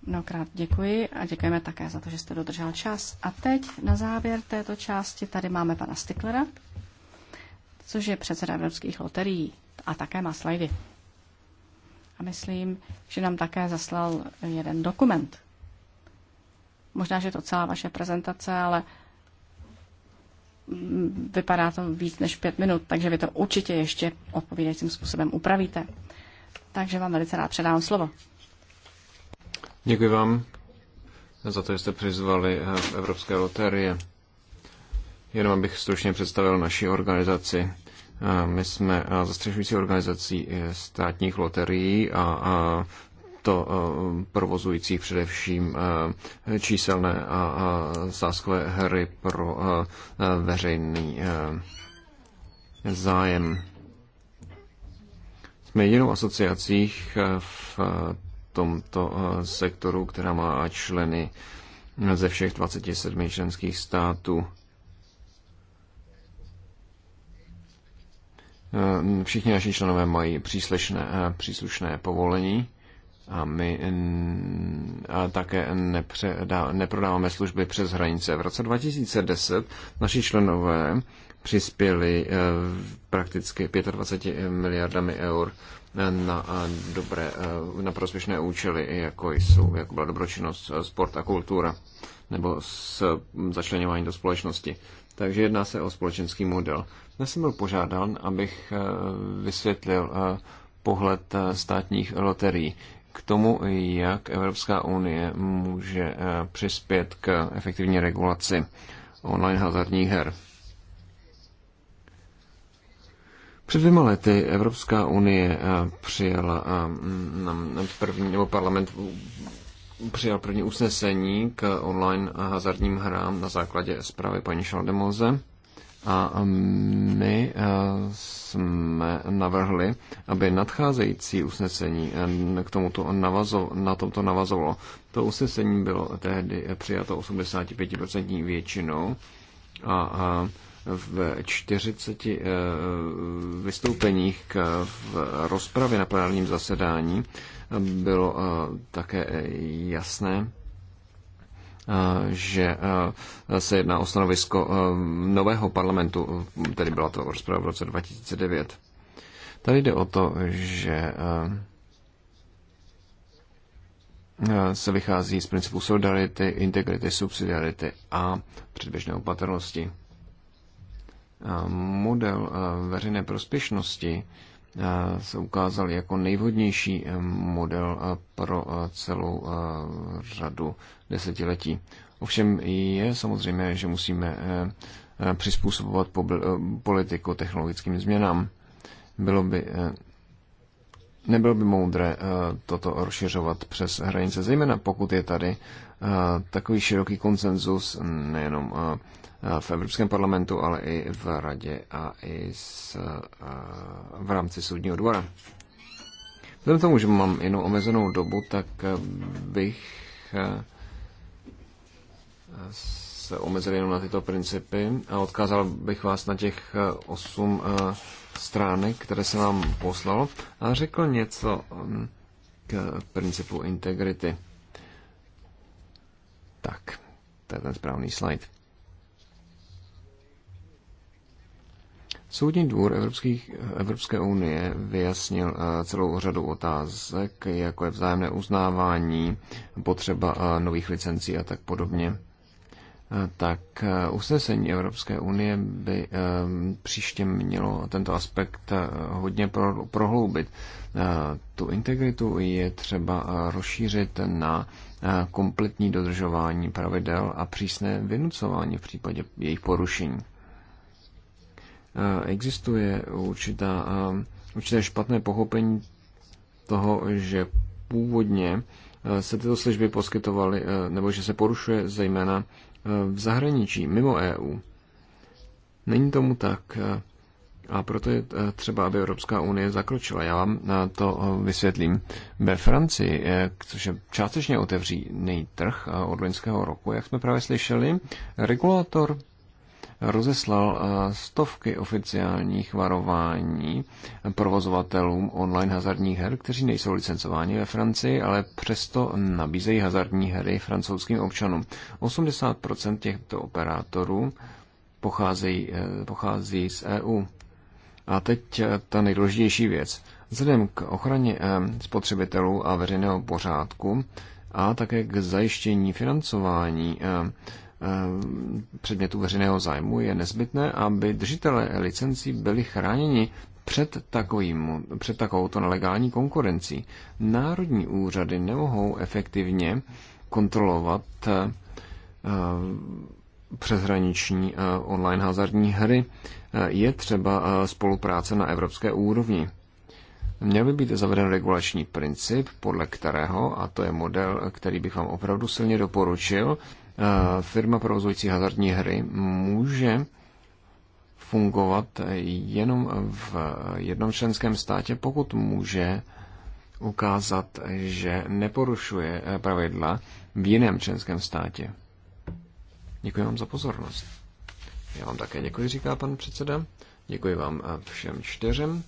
Mnohokrát děkuji a děkujeme také za to, že jste dodržel čas. A teď na závěr této části tady máme pana Stiklera, což je předseda Evropských loterií a také má slajdy. A myslím, že nám také zaslal jeden dokument. Možná, že to celá vaše prezentace, ale vypadá to víc než pět minut, takže vy to určitě ještě odpovídajícím způsobem upravíte. Takže vám velice rád předám slovo. Děkuji vám za to, že jste přizvali eh, v Evropské loterie. Jenom abych stručně představil naši organizaci. Eh, my jsme eh, zastřešující organizací státních loterií a to provozujících především číselné a sáskové hry pro veřejný zájem. Jsme jedinou asociací v tomto eh, sektoru, která má členy ze všech 27 členských států. Eh, všichni naši členové mají příslušné, eh, příslušné povolení a my a také nepředá, neprodáváme služby přes hranice. V roce 2010 naši členové přispěli eh, prakticky 25 miliardami eur eh, na, eh, dobré, na prospěšné účely, jako, jsou, jako byla dobročinnost, sport a kultura, nebo s začlenování do společnosti. Takže jedná se o společenský model. Dnes jsem byl požádán, abych vysvětlil pohled státních loterií k tomu, jak Evropská unie může přispět k efektivní regulaci online hazardních her. Před dvěma lety Evropská unie eh, přijala eh, mm, mm, první, nebo parlament přijal první usnesení k online hazardním hrám na základě zprávy paní Šaldemoze. A my eh, jsme navrhli, aby nadcházející usnesení k tomuto navazo, na tomto navazovalo. To usnesení bylo tehdy přijato 85% většinou a, a v 40 eh, vystoupeních v rozpravě na plenárním zasedání eh, bylo eh, také jasné, že se jedná o stanovisko nového parlamentu, tedy byla to rozprava v roce 2009. Tady jde o to, že se vychází z principu solidarity, integrity, subsidiarity a předběžné opatrnosti model veřejné prospěšnosti se ukázal jako nejvhodnější model pro celou řadu desetiletí. Ovšem je samozřejmé, že musíme přizpůsobovat politiku technologickým změnám. Bylo by nebylo by moudré eh, toto rozšiřovat přes hranice, zejména pokud je tady eh, takový široký konsenzus nejenom eh, v Evropském parlamentu, ale i v Radě a i s, v rámci soudního dvora. Vzhledem tomu, že mám jenom omezenou dobu, tak bych s se omezil jenom na tyto principy a odkázal bych vás na těch eh, osm eh, stránek, které se nám poslalo a řekl něco mm, k principu integrity. Tak, to je ten správný slide. Soudní dvůr Evropských, Evropské unie vyjasnil eh, celou řadu otázek, jako je vzájemné uznávání, potřeba nových licencí a tak podobně. Eh, tak eh, usnesení Evropské unie by eh, příště mělo tento aspekt hodně prohloubit. Tu integritu je třeba rozšířit na kompletní dodržování pravidel a přísné vynucování v případě jejich porušení. Existuje určitá, určité špatné pochopení toho, že původně se tyto služby poskytovaly, nebo že se porušuje zejména v zahraničí, mimo EU. Není tomu tak eh, a proto je eh, třeba, aby Evropská unie zakročila. Já vám eh, to vysvětlím. Ve Francii, což je částečně otevřený trh od loňského roku, jak jsme právě slyšeli, regulator rozeslal eh, stovky oficiálních varování provozovatelům online hazardních her, kteří nejsou licencováni ve Francii, ale přesto nabízejí hazardní hry francouzským občanům. 80% těchto operátorů pocházejí, eh, pochází z EU. A teď eh, ta nejdůležitější věc. Vzhledem k ochraně spotřebitelů a veřejného pořádku a také k zajištění financování Eh, předmětů veřejného zájmu, je nezbytné, aby držitelé licencí byli chráněni před, takovým, před takovouto nelegální konkurencí. Národní úřady nemohou efektivně kontrolovat eh, přeshraniční eh, online hazardní hry. Je třeba spolupráce na evropské úrovni. Měl by být zaveden regulační princip, podle kterého, a to je model, který bych vám opravdu silně doporučil, Eh, firma provozující hazardní hry může fungovat jenom v jednom členském státě, pokud může ukázat, že neporušuje eh, pravidla v jiném členském státě. Děkuji vám za pozornost. Já vám také děkuji, říká pan předseda. Děkuji vám eh, všem čtyřem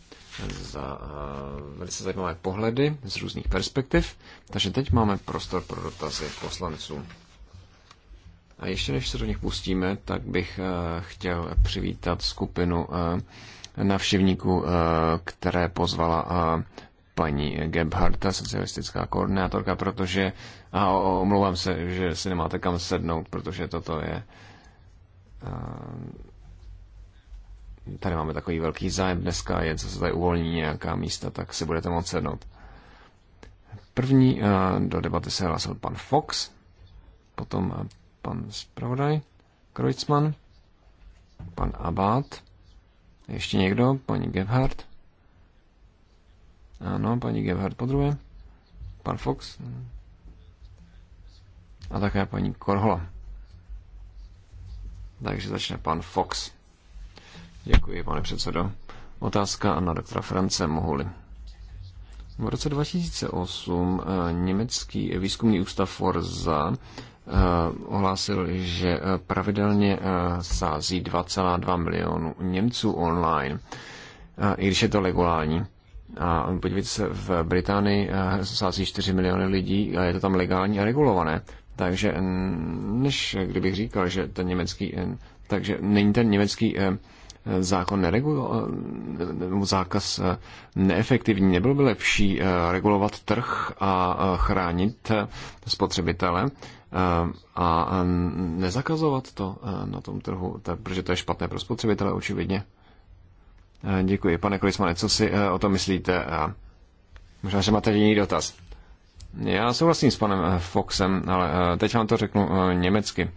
za velice zajímavé pohledy z různých perspektiv. Takže teď máme prostor pro dotazy poslanců. A ještě než se do nich pustíme, tak bych eh, chtěl přivítat skupinu eh, navštěvníků, eh, které pozvala paní Gebharta, socialistická koordinátorka, protože, a omlouvám se, že si nemáte kam sednout, protože toto je tady máme takový velký zájem dneska, jen co se tady uvolní nějaká místa, tak si budete moct sednout. První do debaty se hlásil pan Fox, potom pan zpravodaj, Kreutzmann, pan Abad, ještě někdo, paní Gebhardt. Ano, paní Gebhardt po druhé, pan Fox a také paní Korhola. Takže začne pan Fox. Děkuji, pane předsedo. Otázka na doktora France, Mohuly. V roce 2008 eh, německý výzkumný ústav Forza Eh, ohlásil, že eh, pravidelně eh, sází 2,2 milionu Němců online, i když je to legální. A podívejte se, v Británii sází 4 miliony lidí a je to tam legální a regulované. Takže než kdybych říkal, že ten německý, takže není ten německý zákon neregulo, nebo zákaz eh, neefektivní. Nebylo by lepší eh, regulovat trh a eh, chránit spotřebitele a nezakazovat to na tom trhu, tak, protože to je špatné pro spotřebitele očividně. Děkuji. Pane Kolismane, co si o tom myslíte? Možná, že máte jiný dotaz. Já souhlasím s panem Foxem, ale teď vám to řeknu německy.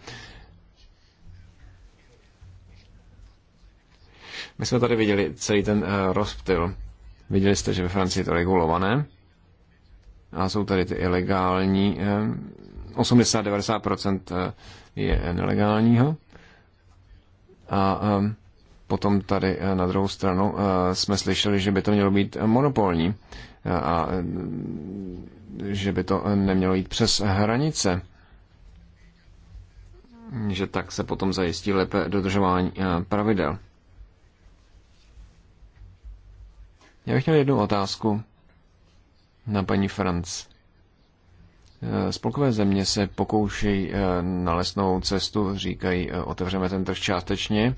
My jsme tady viděli celý ten eh, rozptyl. Viděli jste, že ve Francii je to regulované a jsou tady ty ilegální. 80-90% eh, eh, je nelegálního. A potom tady na druhou stranu jsme slyšeli, že by to mělo být monopolní a že by to nemělo jít přes hranice. Že tak se potom zajistí lépe dodržování pravidel. Já bych měl jednu otázku na paní Franc. Eh, spolkové země se pokoušejí eh, na lesnou cestu, říkají, eh, otevřeme ten trh částečně,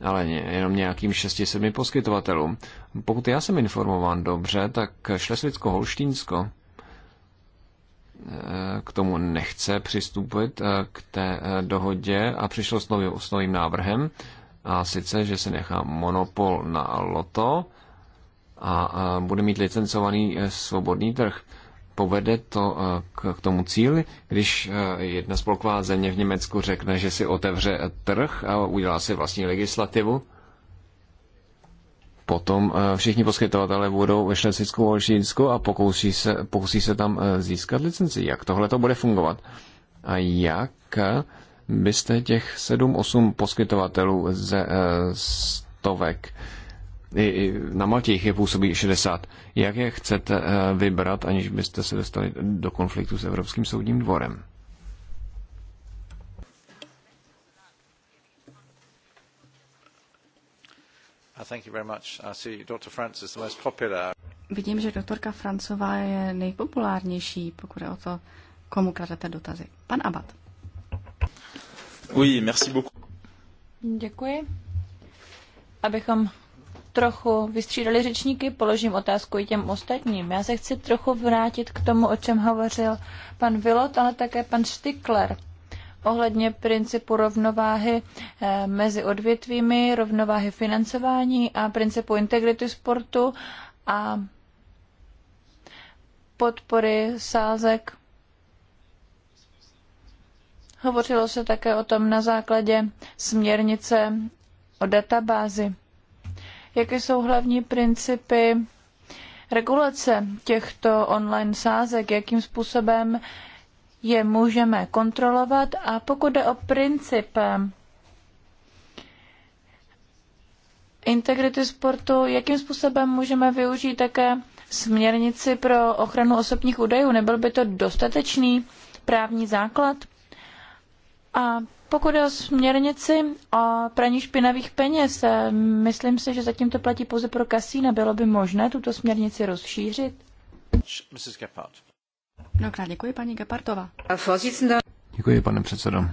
ale jenom nějakým šesti sedmi poskytovatelům. Pokud já jsem informován dobře, tak Šlesvicko-Holštínsko k tomu nechce přistupit k té dohodě a přišlo s novým, s novým návrhem, a sice, že se nechá monopol na loto, a, bude mít licencovaný eh, svobodný trh. Povede to eh, k, tomu cíli, když eh, jedna spolková země v Německu řekne, že si otevře trh a udělá si vlastní legislativu, potom všichni poskytovatelé budou ve Šlesvicku a Olšínsku a pokusí se, pokusí se tam získat licenci. Jak tohle to bude fungovat? A jak byste těch 7-8 poskytovatelů ze stovek i na Maltě jich je působí 60. Jak je chcete eh, vybrat, aniž byste se dostali do konfliktu s Evropským soudním dvorem? Uh, Vidím, že doktorka Francová je nejpopulárnější, pokud je o to, komu kladete dotazy. Pan Abad. Oui, merci beaucoup. Děkuji. Abychom trochu vystřídali řečníky, položím otázku i těm ostatním. Já se chci trochu vrátit k tomu, o čem hovořil pan Vilot, ale také pan Štikler ohledně principu rovnováhy eh, mezi odvětvími, rovnováhy financování a principu integrity sportu a podpory sázek. Hovořilo se také o tom na základě směrnice o databázi jaké jsou hlavní principy regulace těchto online sázek, jakým způsobem je můžeme kontrolovat a pokud jde o princip eh, integrity sportu, jakým způsobem můžeme využít také směrnici pro ochranu osobních údajů? Nebyl by to dostatečný právní základ? A pokud je o směrnici o praní špinavých peněz, eh, myslím si, že zatím to platí pouze pro kasína. Bylo by možné tuto směrnici rozšířit? Mrs. Gephardt. Mnohokrát děkuji, paní Gepardová. Děkuji, pane předsedo.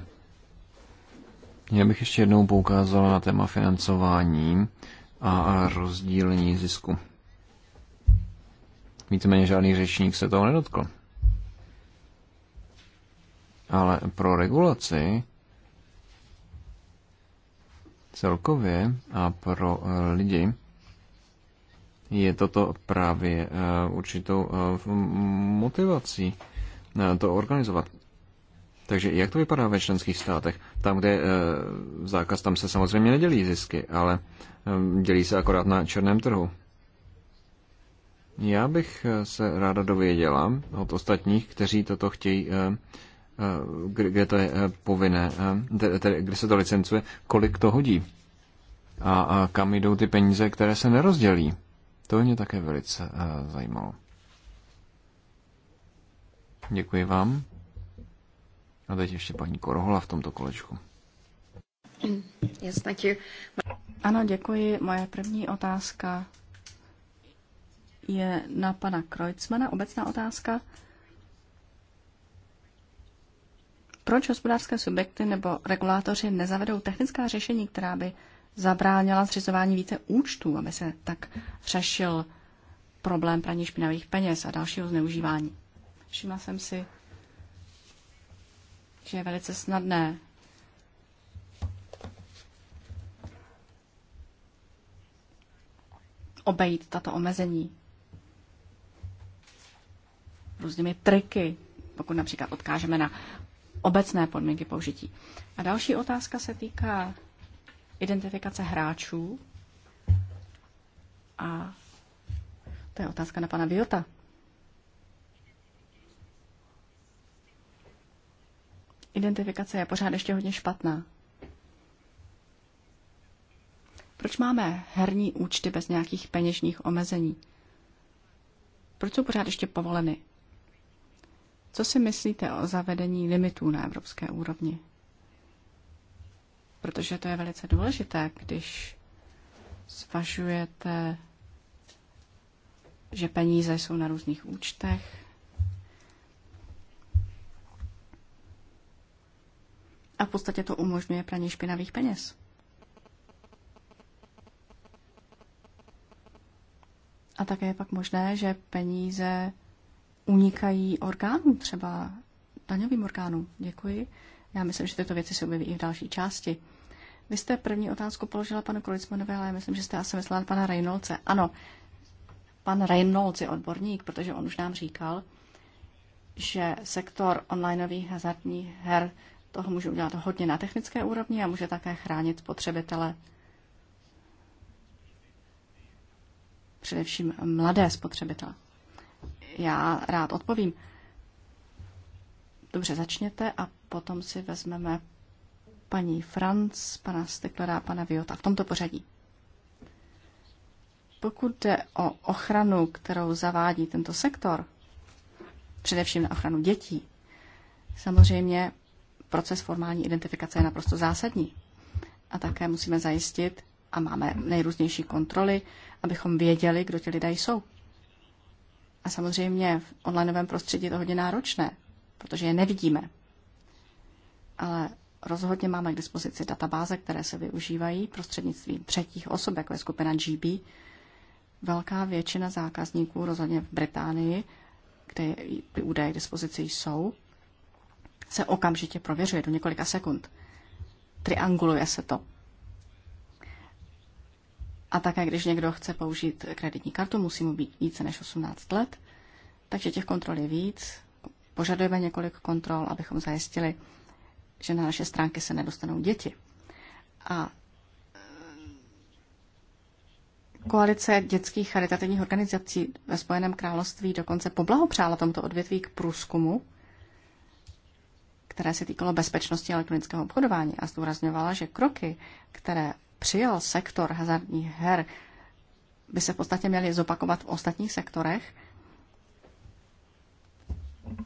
Já bych ještě jednou poukázal na téma financování a rozdílení zisku. Víceméně žádný řečník se toho nedotkl. Ale pro regulaci Celkově a pro eh, lidi je toto právě eh, určitou eh, motivací to organizovat. Takže jak to vypadá ve členských státech? Tam, kde je zákaz, tam se samozřejmě nedělí zisky, ale dělí se akorát na černém trhu. Já bych se ráda dověděla od ostatních, kteří toto chtějí Eh, kde to je eh, povinné, eh, tedy kde se to licencuje, kolik to hodí a, a kam jdou ty peníze, které se nerozdělí. To mě také velice zajímalo. Děkuji vám. A teď ještě paní Korohola v tomto kolečku. Yes, thank you. Ano, děkuji. Moje první otázka je na pana Kreutzmana. Obecná otázka. Proč hospodářské subjekty nebo regulátoři nezavedou technická řešení, která by zabránila zřizování více účtů, aby se tak řešil problém praní špinavých peněz a dalšího zneužívání? Všimla jsem si, že je velice snadné obejít tato omezení různými triky, pokud například odkážeme na obecné podmínky použití. A další otázka se týká identifikace hráčů. A to je otázka na pana Biota. Identifikace je pořád ještě hodně špatná. Proč máme herní účty bez nějakých peněžních omezení? Proč jsou pořád ještě povoleny? Co si myslíte o zavedení limitů na evropské úrovni? Protože to je velice důležité, když zvažujete, že peníze jsou na různých účtech. A v podstatě to umožňuje praní špinavých peněz. A také je pak možné, že peníze unikají orgánům, třeba daňovým orgánům. Děkuji. Já myslím, že tyto věci se objeví i v další části. Vy jste první otázku položila panu Kolicmanovi, ale já myslím, že jste asi myslela pana Reynoldse. Ano, pan Reynolds je odborník, protože on už nám říkal, že sektor onlineových hazardních her toho může udělat hodně na technické úrovni a může také chránit spotřebitele. Především mladé spotřebitele. Já rád odpovím. Dobře, začněte a potom si vezmeme paní Franc, pana Steklera a pana Viota v tomto pořadí. Pokud jde o ochranu, kterou zavádí tento sektor, především na ochranu dětí, samozřejmě proces formální identifikace je naprosto zásadní. A také musíme zajistit, a máme nejrůznější kontroly, abychom věděli, kdo ti lidé jsou. A samozřejmě v onlineovém prostředí je to hodně náročné, protože je nevidíme. Ale rozhodně máme k dispozici databáze, které se využívají prostřednictvím třetích osob, jako je skupina GB. Velká většina zákazníků, rozhodně v Británii, kde ty údaje k dispozici jsou, se okamžitě prověřuje do několika sekund. Trianguluje se to. A také, když někdo chce použít kreditní kartu, musí mu být více než 18 let. Takže těch kontrol je víc. Požadujeme několik kontrol, abychom zajistili, že na naše stránky se nedostanou děti. A eh, koalice dětských charitativních organizací ve Spojeném království dokonce poblahopřála tomto odvětví k průzkumu, které se týkalo bezpečnosti elektronického obchodování a zdůrazňovala, že kroky, které přijal sektor hazardních her, by se v podstatě měly zopakovat v ostatních sektorech,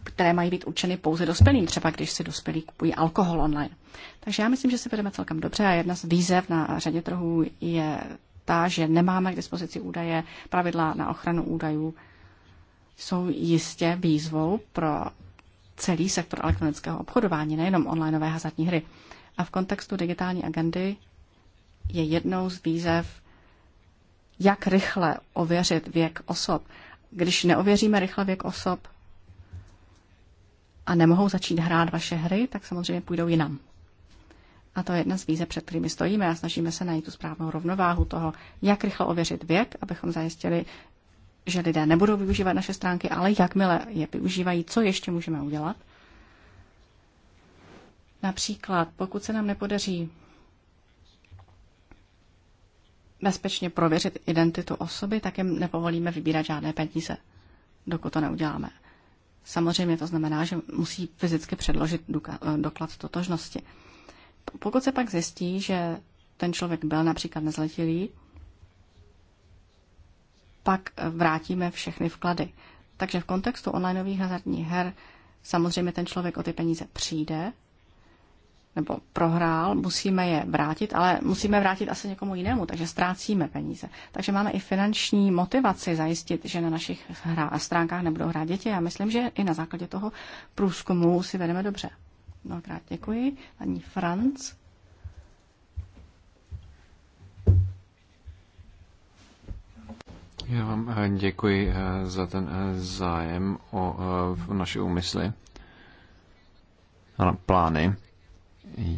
které mají být určeny pouze dospělým, třeba když si dospělí kupují alkohol online. Takže já myslím, že se vedeme celkem dobře a jedna z výzev na řadě trhů je ta, že nemáme k dispozici údaje, pravidla na ochranu údajů jsou jistě výzvou pro celý sektor elektronického obchodování, nejenom onlineové hazardní hry. A v kontextu digitální agendy je jednou z výzev, jak rychle ověřit věk osob. Když neověříme rychle věk osob a nemohou začít hrát vaše hry, tak samozřejmě půjdou jinam. A to je jedna z výzev, před kterými stojíme a snažíme se najít tu správnou rovnováhu toho, jak rychle ověřit věk, abychom zajistili, že lidé nebudou využívat naše stránky, ale jakmile je využívají, co ještě můžeme udělat. Například, pokud se nám nepodaří bezpečně prověřit identitu osoby, tak jim nepovolíme vybírat žádné peníze, dokud to neuděláme. Samozřejmě to znamená, že musí fyzicky předložit eh, doklad totožnosti. Pokud se pak zjistí, že ten člověk byl například nezletilý, pak eh, vrátíme všechny vklady. Takže v kontextu onlineových hazardních her samozřejmě ten člověk o ty peníze přijde, nebo prohrál, musíme je vrátit, ale musíme vrátit asi někomu jinému, takže ztrácíme peníze. Takže máme i finanční motivaci zajistit, že na našich hra a stránkách nebudou hrát děti. Já myslím, že i na základě toho průzkumu si vedeme dobře. Mnohokrát děkuji. Paní Franc. Já vám eh, děkuji eh, za ten eh, zájem o naše úmysly a plány.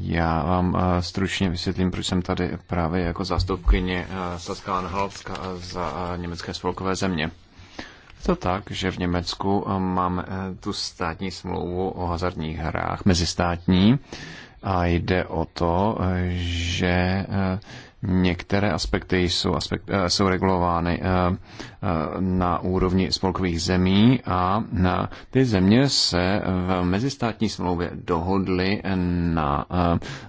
Já vám eh, stručně vysvětlím, proč jsem tady právě jako zastupkyně eh, Saska Anhalpska eh, za německé spolkové země. Je to tak, že v Německu máme tu státní smlouvu o hazardních hrách, mezistátní, a jde o to, že Některé aspekty jsou, aspekt, eh, jsou regulovány eh, eh, na úrovni spolkových zemí a na ty země se v mezistátní smlouvě dohodly na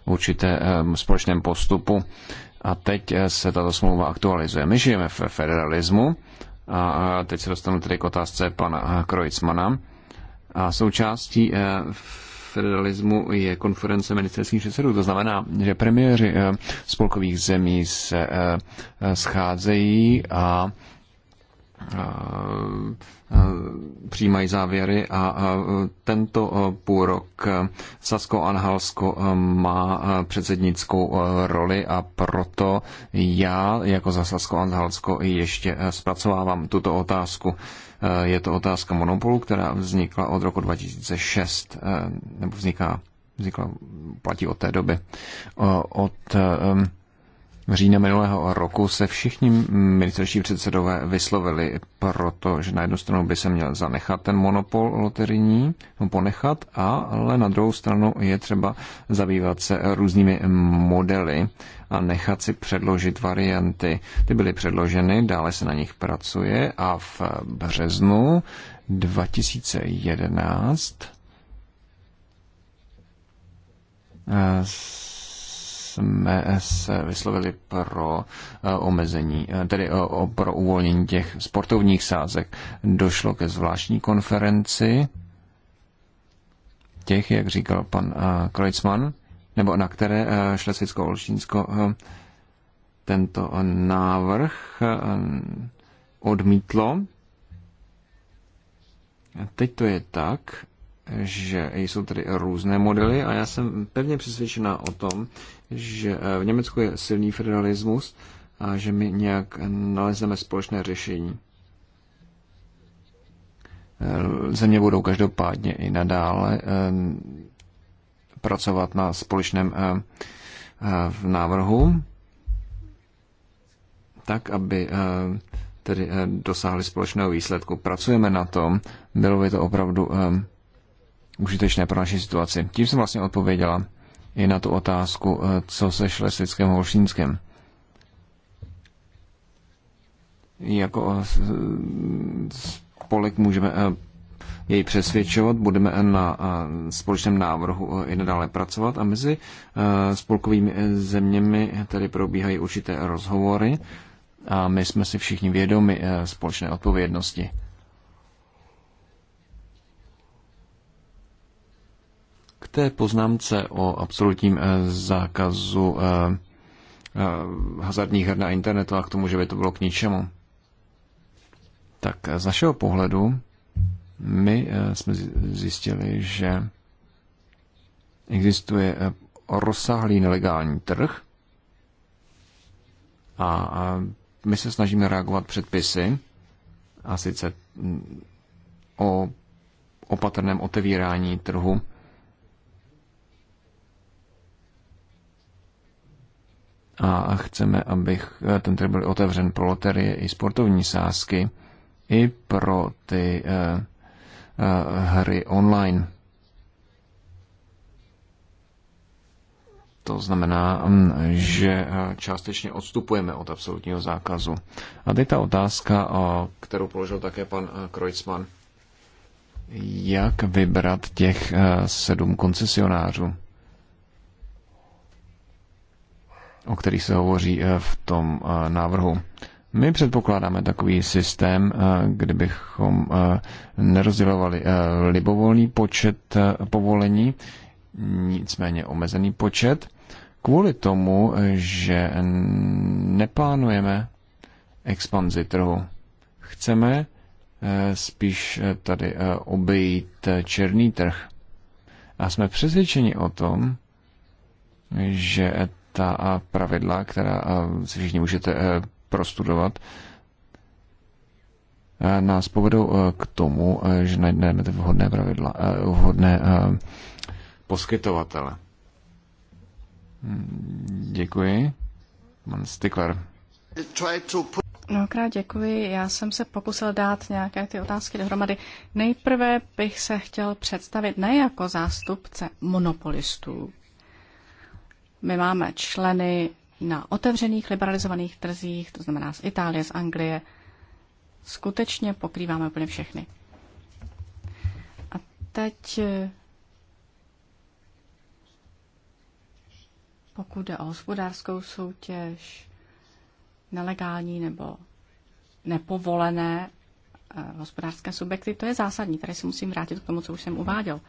určité společném postupu a teď se tato smlouva aktualizuje. My žijeme v federalismu a teď se dostanu tedy k otázce pana Krojcmana. A součástí federalismu je konference ministerských předsedů. To znamená, že premiéři eh, spolkových zemí se eh, eh, scházejí a přijímají závěry a tento půrok Sasko-Anhalsko má předsednickou roli a proto já jako za Sasko-Anhalsko ještě zpracovávám tuto otázku. Je to otázka monopolu, která vznikla od roku 2006, eh, nebo vzniká, vznikla, platí od té doby. Od eh, října minulého roku se všichni ministerští předsedové vyslovili proto, že na jednu stranu by se měl zanechat ten monopol loterijní, no ponechat, a, ale na druhou stranu je třeba zabývat se různými modely a nechat si předložit varianty. Ty byly předloženy, dále se na nich pracuje a v březnu 2011 jsme se vyslovili pro eh, omezení, eh, tedy eh, pro uvolnění těch sportovních sázek. Došlo ke zvláštní konferenci těch, jak říkal pan Kreutzmann, nebo na které šlesvicko olšínsko tento návrh odmítlo. Teď to je tak, že jsou tady různé modely a já jsem pevně přesvědčena o tom, že eh, v Německu je silný federalismus a že my nějak nalezneme společné řešení. Eh, země budou každopádně i nadále eh, pracovat na společném v návrhu, tak, aby tedy dosáhli společného výsledku. Pracujeme na tom, bylo by to opravdu užitečné pro naši situaci. Tím jsem vlastně odpověděla i na tu otázku, eh, co se Šlesvickem Holšínskem. Jako eh, spolek můžeme eh, jej přesvědčovat, budeme na společném návrhu i nadále pracovat a mezi spolkovými zeměmi tedy probíhají určité rozhovory a my jsme si všichni vědomi společné odpovědnosti. té poznámce o absolutním eh, zákazu eh, eh, hazardních her na internetu a k tomu, že by to bylo k ničemu. Tak z našeho pohledu my jsme zjistili, že existuje rozsáhlý nelegální trh a my se snažíme reagovat předpisy a sice mm, o opatrném otevírání trhu a chceme, abych eh, ten trh byl otevřen pro loterie i sportovní sázky, i pro ty uh, uh, hry online. To znamená, mm, že částečně odstupujeme od absolutního zákazu. A teď ta otázka, kterou položil také pan Kreutzmann. Jak vybrat těch sedm koncesionářů? o kterých se hovoří eh, v tom eh, návrhu. My předpokládáme takový systém, eh, kdybychom nerozdělovali libovolný počet povolení, nicméně omezený počet, kvůli tomu, že neplánujeme expanzi trhu. Chceme spíš tady obejít černý trh. A jsme přesvědčeni o tom, že ta pravidla, která si všichni můžete e, prostudovat, e, nás povedou e, k tomu, že najdeme ty vhodné pravidla, vhodné poskytovatele. Hmm, děkuji. Pan Stikler. Mnohokrát děkuji. Já jsem se pokusil dát nějaké ty otázky dohromady. Nejprve bych se chtěl představit ne jako zástupce monopolistů, my máme členy na otevřených liberalizovaných trzích, to znamená z Itálie, z Anglie. Skutečně pokrýváme úplně všechny. A teď, eh, pokud jde o hospodářskou soutěž, nelegální nebo nepovolené eh, hospodářské subjekty, to je zásadní. Tady se musím vrátit k tomu, co už jsem uváděl.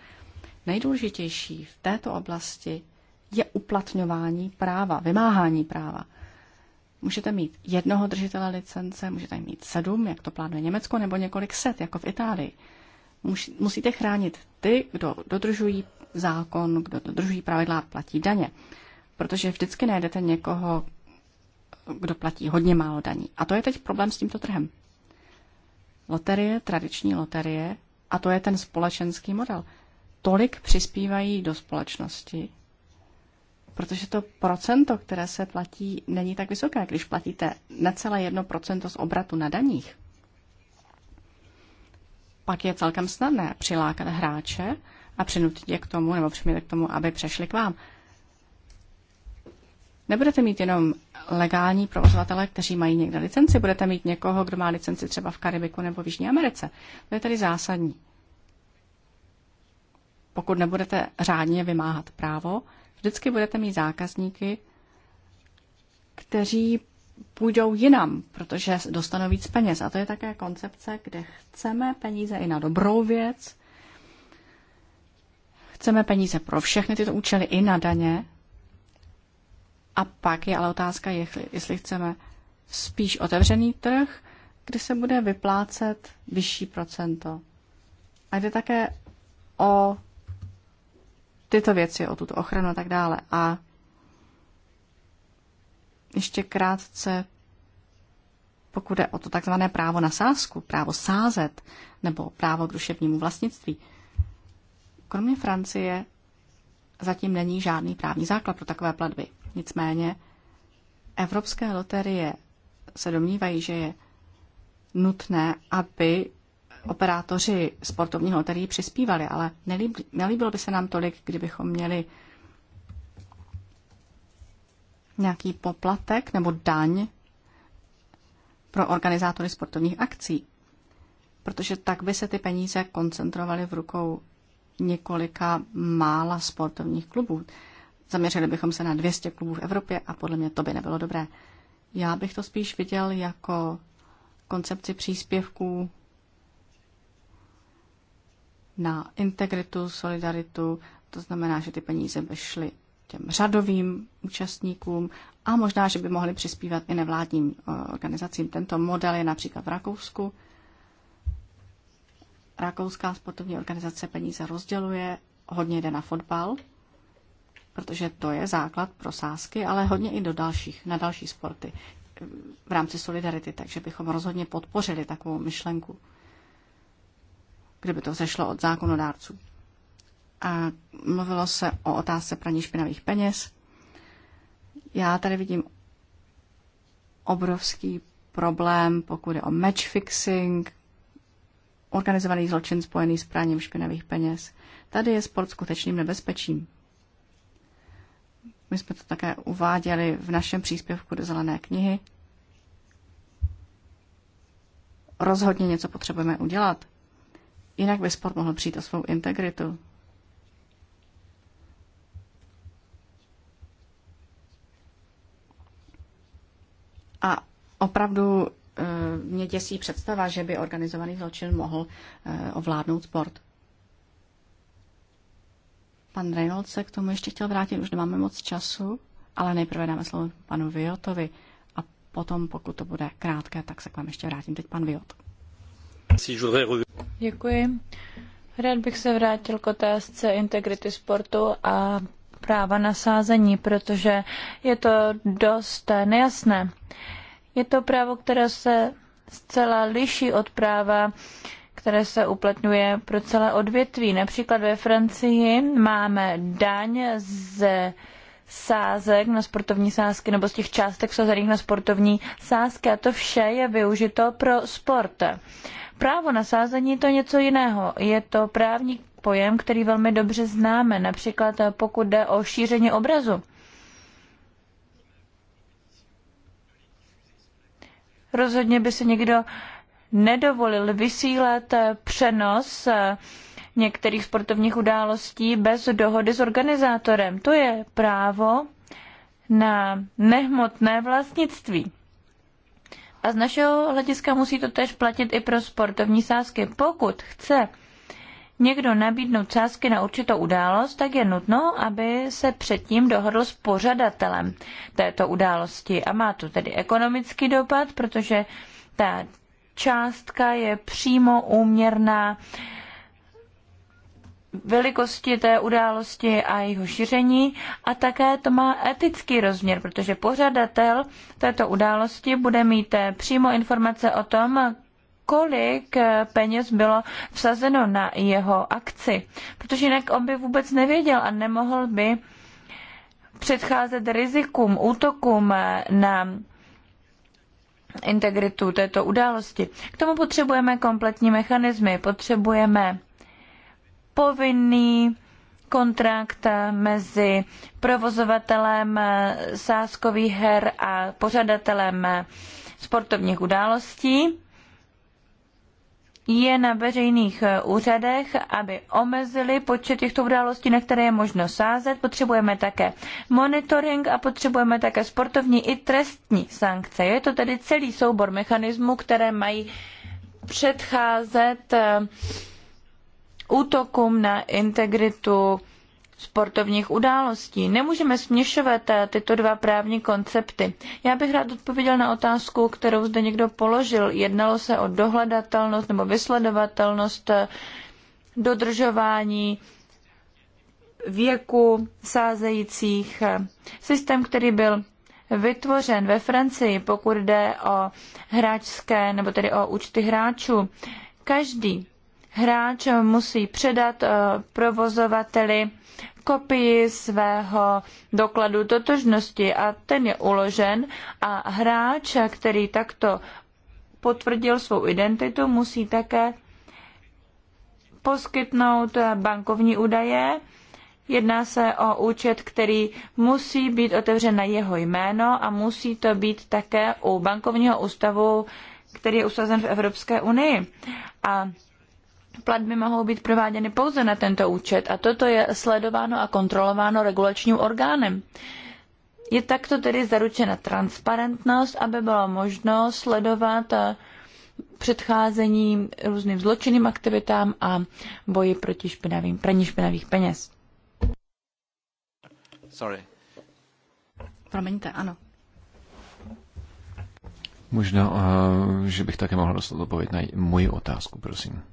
Nejdůležitější v této oblasti je uplatňování práva, vymáhání práva. Můžete mít jednoho držitele licence, můžete mít sedm, jak to plánuje Německo, nebo několik set, jako v Itálii. Musíte chránit ty, kdo dodržují zákon, kdo dodržují pravidla a platí daně. Protože vždycky najdete někoho, kdo platí hodně málo daní. A to je teď problém s tímto trhem. Loterie, tradiční loterie, a to je ten společenský model, tolik přispívají do společnosti, protože to procento, které se platí, není tak vysoké. Když platíte necelé jedno procento z obratu na daních, pak je celkem snadné přilákat hráče a přinutit je k tomu, nebo přimět k tomu, aby přešli k vám. Nebudete mít jenom legální provozovatele, kteří mají někde licenci, budete mít někoho, kdo má licenci třeba v Karibiku nebo v Jižní Americe. To je tedy zásadní. Pokud nebudete řádně vymáhat právo, vždycky budete mít zákazníky, kteří půjdou jinam, protože dostanou víc peněz. A to je také koncepce, kde chceme peníze i na dobrou věc, chceme peníze pro všechny tyto účely i na daně. A pak je ale otázka, jestli chceme spíš otevřený trh, kdy se bude vyplácet vyšší procento. A jde také o tyto věci, o tuto ochranu a tak dále. A ještě krátce, pokud je o to takzvané právo na sázku, právo sázet nebo právo k duševnímu vlastnictví, kromě Francie zatím není žádný právní základ pro takové platby. Nicméně evropské loterie se domnívají, že je nutné, aby operátoři sportovních loterií přispívali, ale nelíb, nelíbilo by se nám tolik, kdybychom měli nějaký poplatek nebo daň pro organizátory sportovních akcí, protože tak by se ty peníze koncentrovaly v rukou několika mála sportovních klubů. Zaměřili bychom se na 200 klubů v Evropě a podle mě to by nebylo dobré. Já bych to spíš viděl jako koncepci příspěvků na integritu, solidaritu, to znamená, že ty peníze by šly těm řadovým účastníkům a možná, že by mohli přispívat i nevládním eh, organizacím. Tento model je například v Rakousku. Rakouská sportovní organizace peníze rozděluje, hodně jde na fotbal, protože to je základ pro sázky, ale hodně i do dalších, na další sporty eh, v rámci solidarity, takže bychom rozhodně podpořili takovou myšlenku kdyby to zešlo od zákonodárců. A mluvilo se o otázce praní špinavých peněz. Já tady vidím obrovský problém, pokud je o match fixing, organizovaný zločin spojený s praním špinavých peněz. Tady je sport skutečným nebezpečím. My jsme to také uváděli v našem příspěvku do Zelené knihy. Rozhodně něco potřebujeme udělat. Jinak by sport mohl přijít o svou integritu. A opravdu eh, mě děsí představa, že by organizovaný zločin mohl eh, ovládnout sport. Pan Reynolds se k tomu ještě chtěl vrátit, už nemáme moc času, ale nejprve dáme slovo panu Viotovi a potom, pokud to bude krátké, tak se k vám ještě vrátím. Teď pan Viot. Děkuji. Rád bych se vrátil k otázce integrity sportu a práva na sázení, protože je to dost nejasné. Je to právo, které se zcela liší od práva, které se uplatňuje pro celé odvětví. Například ve Francii máme daň ze sázek na sportovní sázky nebo z těch částek sazených na sportovní sázky a to vše je využito pro sport právo na sázení je to něco jiného. Je to právní pojem, který velmi dobře známe, například eh, pokud jde o šíření obrazu. Rozhodně by se někdo nedovolil vysílat eh, přenos eh, některých sportovních událostí bez dohody s organizátorem. To je právo na nehmotné vlastnictví. A z našeho hlediska musí to tež platit i pro sportovní sázky. Pokud chce někdo nabídnout sázky na určitou událost, tak je nutno, aby se předtím dohodl s pořadatelem této události. A má to tedy ekonomický dopad, protože ta částka je přímo úměrná uh, velikosti té události a jeho šíření a také to má etický rozměr, protože pořadatel této události bude mít eh, přímo informace o tom, kolik eh, peněz bylo vsazeno na jeho akci, protože jinak on by vůbec nevěděl a nemohl by předcházet rizikům, útokům eh, na integritu této události. K tomu potřebujeme kompletní mechanismy, potřebujeme povinný kontrakt mezi provozovatelem sázkových her a pořadatelem sportovních událostí. Je na veřejných úřadech, aby omezili počet těchto událostí, na které je možno sázet. Potřebujeme také monitoring a potřebujeme také sportovní i trestní sankce. Je to tedy celý soubor mechanismů, které mají předcházet uh, útokům na integritu sportovních událostí. Nemůžeme směšovat eh, tyto dva právní koncepty. Já bych rád odpověděl na otázku, kterou zde někdo položil. Jednalo se o dohledatelnost nebo vysledovatelnost eh, dodržování věku sázejících. Eh, systém, který byl vytvořen ve Francii, pokud jde o hráčské, nebo tedy o účty hráčů. Každý hráč musí předat eh, provozovateli kopii svého dokladu totožnosti a ten je uložen a hráč, který takto potvrdil svou identitu, musí také poskytnout eh, bankovní údaje. Jedná se o účet, který musí být otevřen na jeho jméno a musí to být také u bankovního ústavu, který je usazen v Evropské unii. A Platby mohou být prováděny pouze na tento účet a toto je sledováno a kontrolováno regulačním orgánem. Je takto tedy zaručena transparentnost, aby bylo možno sledovat eh, předcházení různým zločinným aktivitám a boji proti špinavým, praní špinavých peněz. Sorry. Promiňte, ano. Možná, eh, že bych také mohl dostat odpověď na moji otázku, prosím.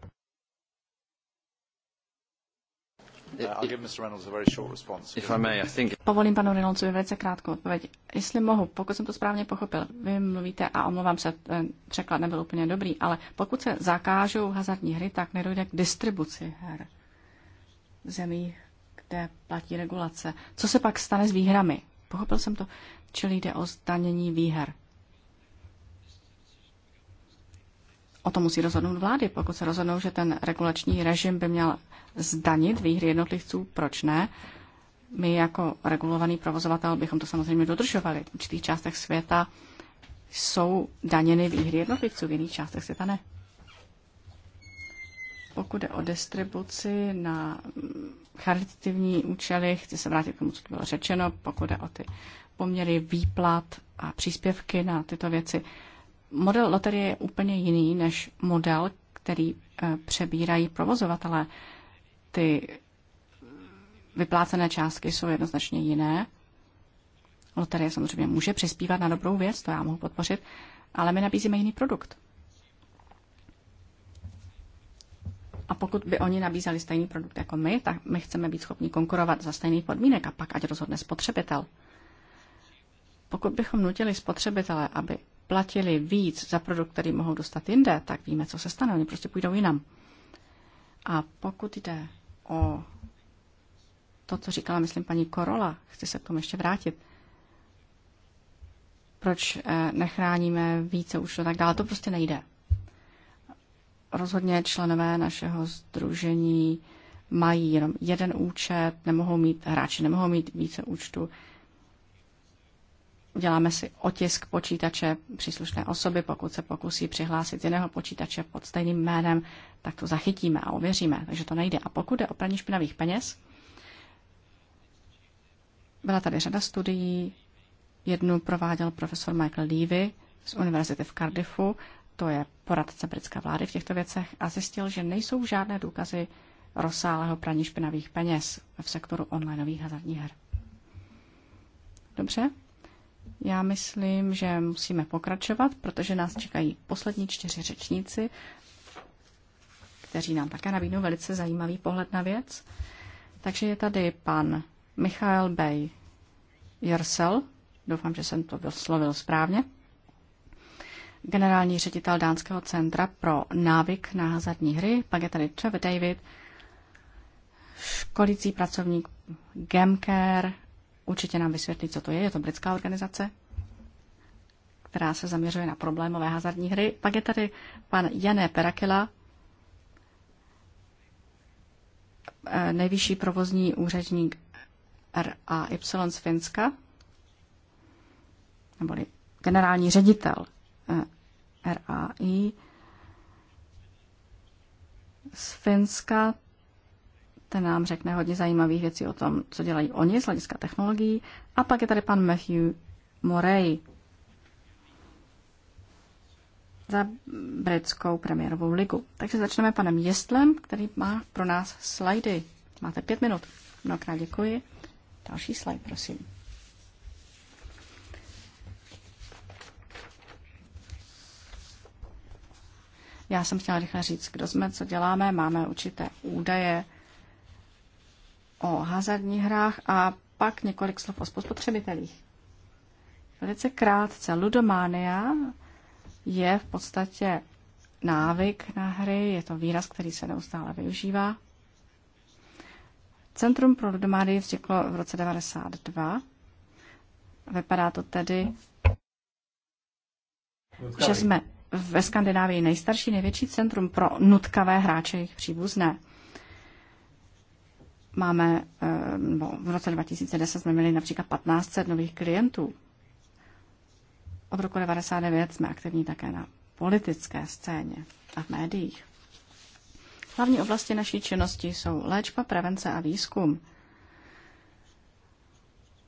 Uh, uh, Povolím panu Reynoldsovi velice krátkou odpověď. Jestli mohu, pokud jsem to správně pochopil, vy mluvíte a omlouvám se, ten překlad nebyl úplně dobrý, ale pokud se zakážou hazardní hry, tak nedojde k distribuci her v zemí, kde platí regulace. Co se pak stane s výhrami? Pochopil jsem to, čili jde o zdanění výher. O to musí rozhodnout vlády. Pokud se rozhodnou, že ten regulační režim by měl zdanit výhry jednotlivců, proč ne? My jako regulovaný provozovatel bychom to samozřejmě dodržovali. V určitých částech světa jsou daněny výhry jednotlivců, v jiných částech světa ne. Pokud je o distribuci na charitativní účely, chci se vrátit k tomu, co to bylo řečeno, pokud je o ty poměry výplat a příspěvky na tyto věci. Model loterie je úplně jiný než model, který eh, přebírají provozovatelé ty vyplácené částky jsou jednoznačně jiné. Loterie samozřejmě může přispívat na dobrou věc, to já mohu podpořit, ale my nabízíme jiný produkt. A pokud by oni nabízeli stejný produkt jako my, tak my chceme být schopni konkurovat za stejných podmínek a pak ať rozhodne spotřebitel. Pokud bychom nutili spotřebitele, aby platili víc za produkt, který mohou dostat jinde, tak víme, co se stane. Oni prostě půjdou jinam. A pokud jde o to, co říkala, myslím, paní Korola. Chci se k tomu ještě vrátit. Proč eh, nechráníme více už a tak dále. To prostě nejde. Rozhodně členové našeho združení mají jenom jeden účet, nemohou mít, hráči nemohou mít více účtu. Děláme si otisk počítače příslušné osoby, pokud se pokusí přihlásit jiného počítače pod stejným jménem, tak to zachytíme a ověříme, takže to nejde. A pokud je o praní špinavých peněz, byla tady řada studií, jednu prováděl profesor Michael Levy z univerzity v Cardiffu, to je poradce britské vlády v těchto věcech, a zjistil, že nejsou žádné důkazy rozsáhlého praní špinavých peněz v sektoru onlineových hazardních her. Dobře? Já myslím, že musíme pokračovat, protože nás čekají poslední čtyři řečníci, kteří nám také nabídnou velice zajímavý pohled na věc. Takže je tady pan Michael Bay Jersel, doufám, že jsem to vyslovil správně, generální ředitel Dánského centra pro návyk na hazardní hry, pak je tady Trevor David, školící pracovník Gemcare Určitě nám vysvětlí, co to je. Je to britská organizace, která se zaměřuje na problémové hazardní hry. Pak je tady pan Jané Perakila, eh, nejvyšší provozní úředník RAY z Finska, neboli generální ředitel eh, RAI z Finska. Ten nám řekne hodně zajímavých věcí o tom, co dělají oni z hlediska technologií. A pak je tady pan Matthew Morey za britskou premiérovou ligu. Takže začneme panem Jestlem, který má pro nás slajdy. Máte pět minut. Mnohokrát děkuji. Další slide, prosím. Já jsem chtěla rychle říct, kdo jsme, co děláme. Máme určité údaje o hazardních hrách a pak několik slov o spotřebitelích. Velice krátce, ludománia je v podstatě návyk na hry, je to výraz, který se neustále využívá. Centrum pro ludománii vzniklo v roce 92. Vypadá to tedy, že jsme ve Skandinávii nejstarší, největší centrum pro nutkavé hráče jejich příbuzné máme, eh, nebo v roce 2010 jsme měli například 1500 nových klientů. Od roku 1999 jsme aktivní také na politické scéně a v médiích. Hlavní oblasti naší činnosti jsou léčba, prevence a výzkum.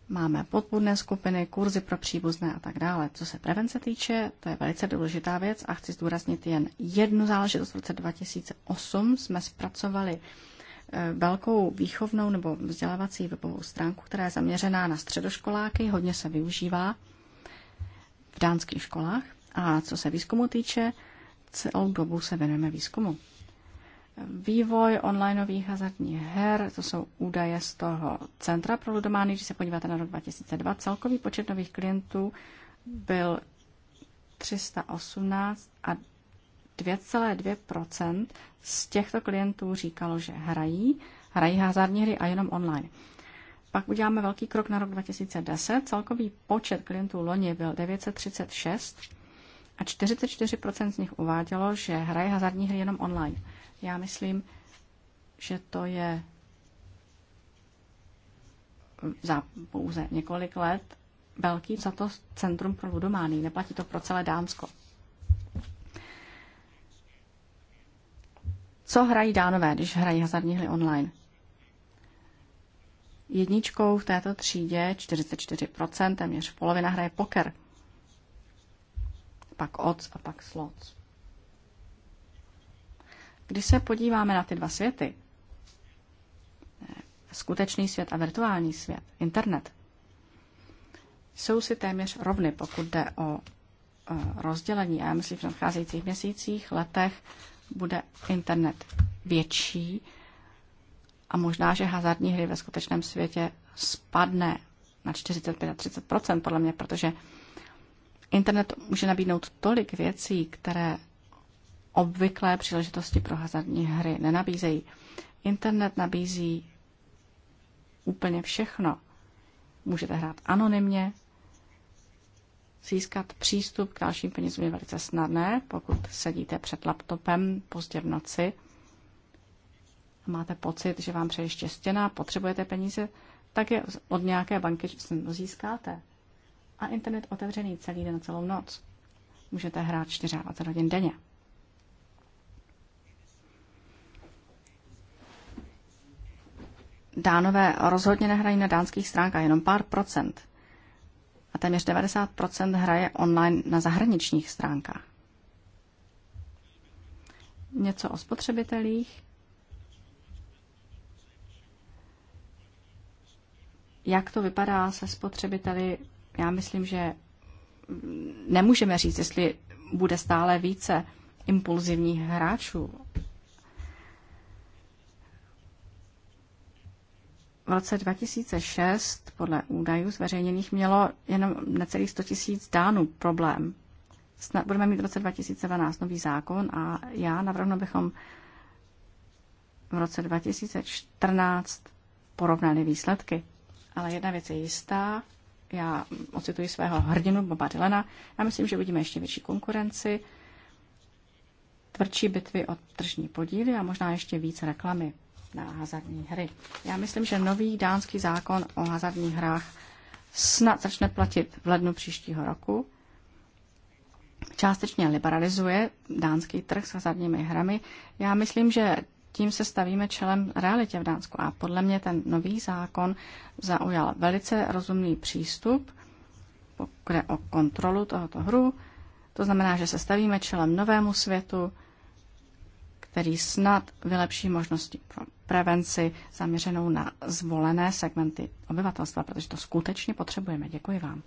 Máme podpůrné skupiny, kurzy pro příbuzné a tak dále. Co se prevence týče, to je velice důležitá věc a chci zdůraznit jen jednu záležitost. V roce 2008 jsme zpracovali velkou výchovnou nebo vzdělávací webovou stránku, která je zaměřená na středoškoláky, hodně se využívá v dánských školách. A co se výzkumu týče, celou dobu se věnujeme výzkumu. Vývoj onlineových hazardních her, to jsou údaje z toho Centra pro ludomány, když se podíváte na rok 2002, celkový počet nových klientů byl 318 a 2,2 z těchto klientů říkalo, že hrají, hrají hazardní hry a jenom online. Pak uděláme velký krok na rok 2010. Celkový počet klientů loni byl 936 a 44% z nich uvádělo, že hraje hazardní hry jenom online. Já myslím, že to je za pouze několik let velký za to Centrum pro ludomány. Neplatí to pro celé Dánsko. Co hrají dánové, když hrají hazardní hry online? Jedničkou v této třídě 44%, téměř polovina hraje poker. Pak odds a pak slots. Když se podíváme na ty dva světy, skutečný svět a virtuální svět, internet, jsou si téměř rovny, pokud jde o eh, rozdělení. A já myslím, v nadcházejících měsících, letech bude internet větší a možná, že hazardní hry ve skutečném světě spadne na 45 30 podle mě, protože internet může nabídnout tolik věcí, které obvyklé příležitosti pro hazardní hry nenabízejí. Internet nabízí úplně všechno. Můžete hrát anonymně, Získat přístup k dalším penězům je velice snadné, pokud sedíte před laptopem pozdě v noci a máte pocit, že vám přeje štěstěná, potřebujete peníze, tak je od nějaké banky získáte. A internet otevřený celý den, celou noc. Můžete hrát 24 hodin denně. Dánové rozhodně nehrají na dánských stránkách, jenom pár procent téměř 90 hraje online na zahraničních stránkách. Něco o spotřebitelích. Jak to vypadá se spotřebiteli? Já myslím, že nemůžeme říct, jestli bude stále více impulzivních hráčů v roce 2006 podle údajů zveřejněných mělo jenom necelých 100 tisíc dánů problém. Snad budeme mít v roce 2012 nový zákon a já navrhnu, bychom v roce 2014 porovnali výsledky. Ale jedna věc je jistá, já ocituji svého hrdinu Boba Dylana, já myslím, že budeme ještě větší konkurenci, tvrdší bitvy o tržní podíly a možná ještě víc reklamy na hazardní hry. Já myslím, že nový dánský zákon o hazardních hrách snad začne platit v lednu příštího roku. Částečně liberalizuje dánský trh s hazardními hrami. Já myslím, že tím se stavíme čelem realitě v Dánsku. A podle mě ten nový zákon zaujal velice rozumný přístup, pokud o kontrolu tohoto hru. To znamená, že se stavíme čelem novému světu, který snad vylepší možnosti pro prevenci zaměřenou na zvolené segmenty obyvatelstva, protože to skutečně potřebujeme. Děkuji vám.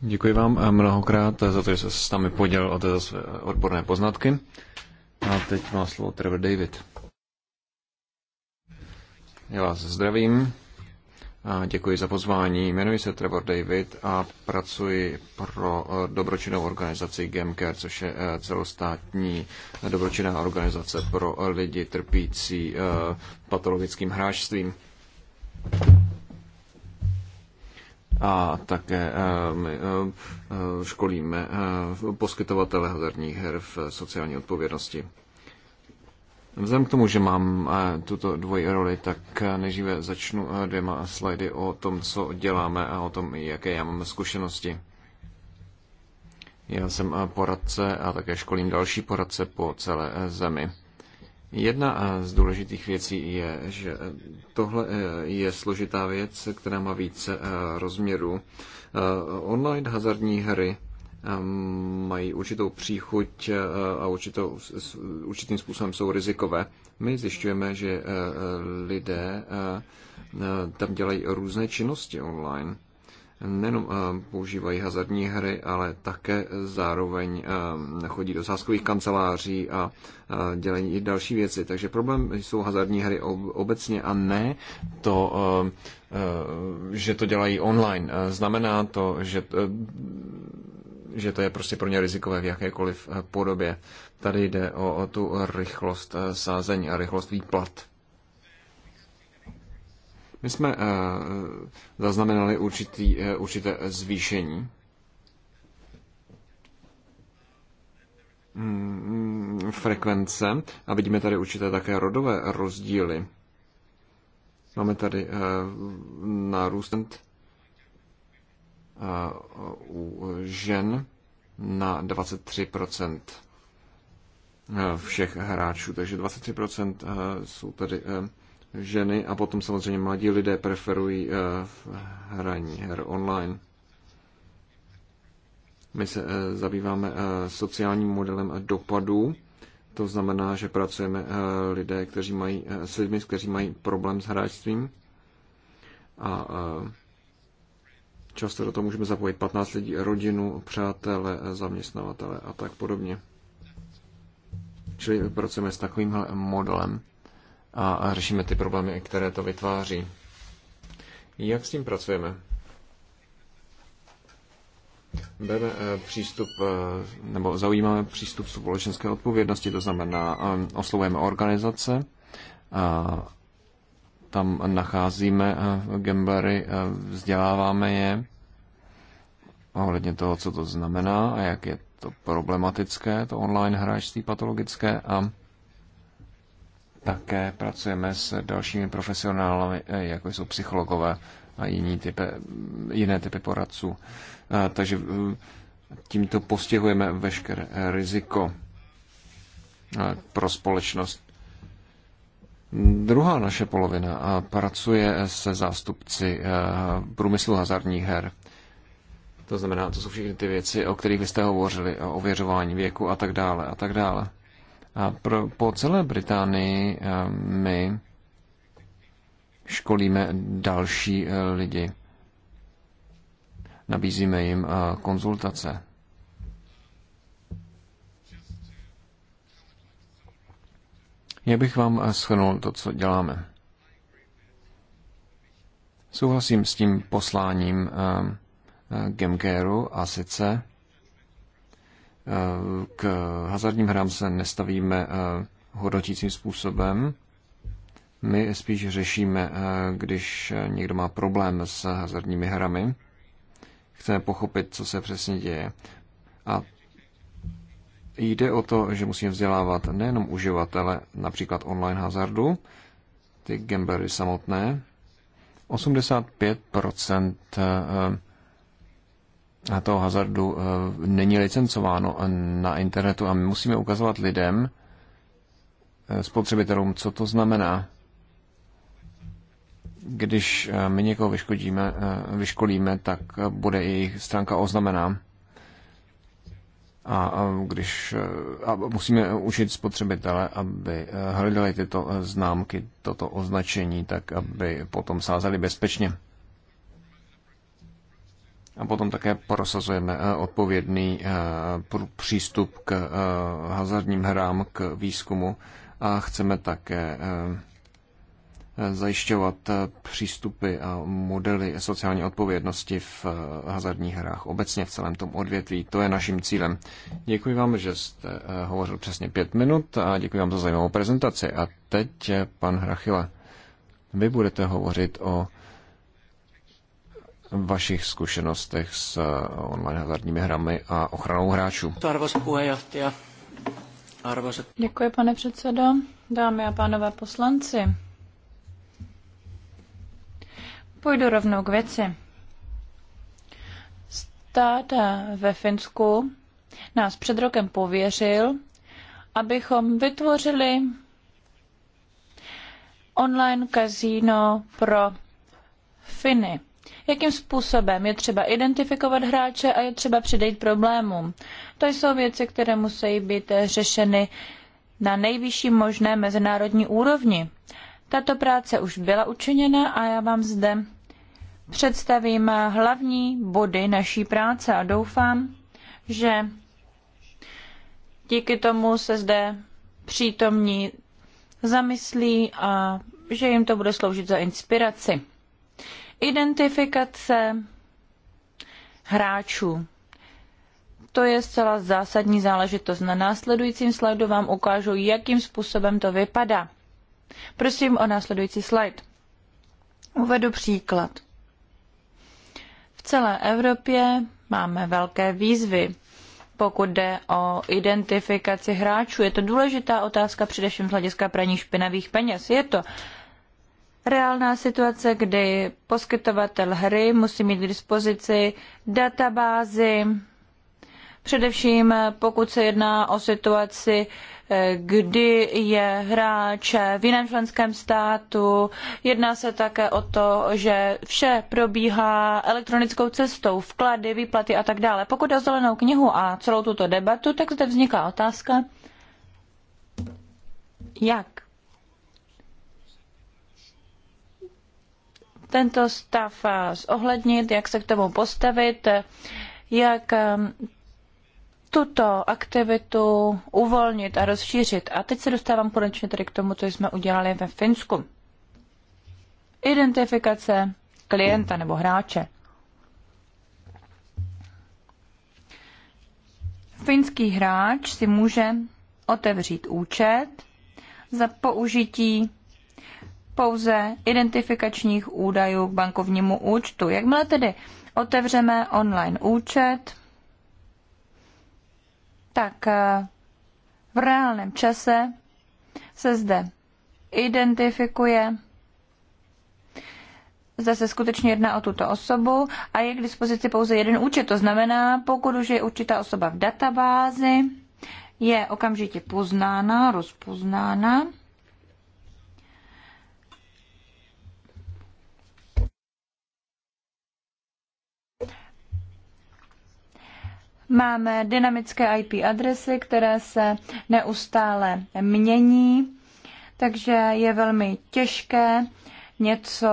Děkuji vám eh, mnohokrát za to, že jste s námi podělil o této své odborné poznatky. A teď má slovo Trevor David. Já vás zdravím děkuji za pozvání. Jmenuji se Trevor David a pracuji pro eh, dobročinnou organizaci GEMCARE, což je eh, celostátní dobročinná organizace pro lidi trpící eh, patologickým hráčstvím. A také my školíme poskytovatele hazardních her v sociální odpovědnosti. Vzhledem k tomu, že mám eh, tuto dvojí roli, tak eh, nejdříve začnu eh, dvěma slajdy o tom, co děláme a o tom, jaké já mám zkušenosti. Já jsem poradce a také školím další poradce po celé zemi. Jedna z důležitých věcí je, že tohle je složitá věc, která má více rozměrů. Online hazardní hry mají určitou příchuť e, a určitou, určitým způsobem jsou rizikové. My zjišťujeme, že e, lidé e, tam dělají různé činnosti online. Nenom používají hazardní hry, ale také zároveň chodí do sázkových kanceláří a dělají i další věci. Takže problém jsou hazardní hry obecně a ne to, že to dělají online. Znamená to, že že to je prostě pro ně rizikové v jakékoliv eh, podobě. Tady jde o, o tu rychlost eh, sázení a rychlost výplat. My jsme eh, zaznamenali určitý, určité zvýšení. Mm, mm, frekvence a vidíme tady určité také rodové rozdíly. Máme tady nárůst u žen na 23% všech hráčů. Takže 23% eh, jsou tady eh, ženy a potom samozřejmě mladí lidé preferují eh, hraní her online. My se zabýváme sociálním modelem dopadů. To znamená, že pracujeme lidé, kteří mají, s lidmi, kteří mají problém s hráčstvím. A Často do toho můžeme zapojit 15 lidí, rodinu, přátele, zaměstnavatele a tak podobně. Čili pracujeme s takovým modelem a řešíme ty problémy, které to vytváří. Jak s tím pracujeme? Bereme eh, přístup, eh, nebo zaujímáme přístup společenské odpovědnosti, to znamená eh, oslovujeme organizace, tam nacházíme eh, gembary, eh, vzděláváme je ohledně toho, co to znamená a jak je to problematické, to online hráčství patologické a také pracujeme s dalšími profesionály, eh, jako jsou psychologové a jiní type, jiné typy poradců. Takže tímto postihujeme veškeré riziko pro společnost. Druhá naše polovina pracuje se zástupci eh, průmyslu hazardních her. To znamená, to jsou všechny ty věci, o kterých vy jste hovořili, o ověřování věku a tak dále a tak dále. A pro, po celé Británii eh, my školíme další eh, lidi. Nabízíme jim konzultace. Já bych vám eh, schrnul to, co děláme. Souhlasím s tím posláním ehm, eh, Gemkeru a sice eh, k hazardním hrám se nestavíme hodnotícím způsobem. My spíš řešíme, když někdo má problém s hazardními hrami. Chceme pochopit, co se přesně děje. A Jde o to, že musíme vzdělávat nejenom uživatele například online hazardu, ty gamblery samotné. 85% eh, eh, toho hazardu eh, není licencováno na internetu a my musíme ukazovat lidem, spotřebitelům, co to znamená. Když my někoho vyškodíme, vyškolíme, tak bude jejich stránka oznamená a, a, když, a musíme učit spotřebitele, aby eh, hledali tyto eh, známky, toto označení, tak aby potom sázeli bezpečně. A potom také prosazujeme eh, odpovědný přístup k hazardním hrám, k výzkumu a chceme také zajišťovat eh, přístupy a modely sociální odpovědnosti v eh, hazardních hrách, obecně v celém tom odvětví. To je naším cílem. Děkuji vám, že jste eh, hovořil přesně pět minut a děkuji vám za zajímavou prezentaci. A teď, pan Hrachila, vy budete hovořit o vašich zkušenostech s online hazardními hrami a ochranou hráčů. Děkuji, pane předsedo. Dámy a pánové poslanci, Půjdu rovnou k věci. Stát ve Finsku nás před rokem pověřil, abychom vytvořili online kazíno pro Finy. Jakým způsobem je třeba identifikovat hráče a je třeba předejít problémům? To jsou věci, které musí být řešeny na nejvyšší možné mezinárodní úrovni. Tato práce už byla učiněna a já vám zde představím hlavní body naší práce a doufám, že díky tomu se zde přítomní zamyslí a že jim to bude sloužit za inspiraci. Identifikace hráčů. To je zcela zásadní záležitost. Na následujícím slajdu vám ukážu, jakým způsobem to vypadá. Prosím o následující slide. Uvedu příklad. V celé Evropě máme velké výzvy, pokud jde o identifikaci hráčů. Je to důležitá otázka především z hlediska praní špinavých peněz. Je to reálná situace, kdy poskytovatel hry musí mít k dispozici databázy Především eh, pokud se jedná o situaci, eh, kdy je hráč v jiném členském státu. Jedná se také o to, že vše probíhá elektronickou cestou, vklady, výplaty a tak dále. Pokud o zelenou knihu a celou tuto debatu, tak zde vzniká otázka, jak tento stav eh, zohlednit, jak se k tomu postavit, jak tuto aktivitu uvolnit a rozšířit. A teď se dostávám konečně tedy k tomu, co jsme udělali ve Finsku. Identifikace klienta nebo hráče. Finský hráč si může otevřít účet za použití pouze identifikačních údajů k bankovnímu účtu. Jakmile tedy otevřeme online účet, tak eh, v reálném čase se zde identifikuje, zde se skutečně jedná o tuto osobu a je k dispozici pouze jeden účet. To znamená, pokud už je určitá osoba v databázi, je okamžitě poznána, rozpoznána Máme dynamické IP adresy, které se neustále mění, takže je velmi těžké něco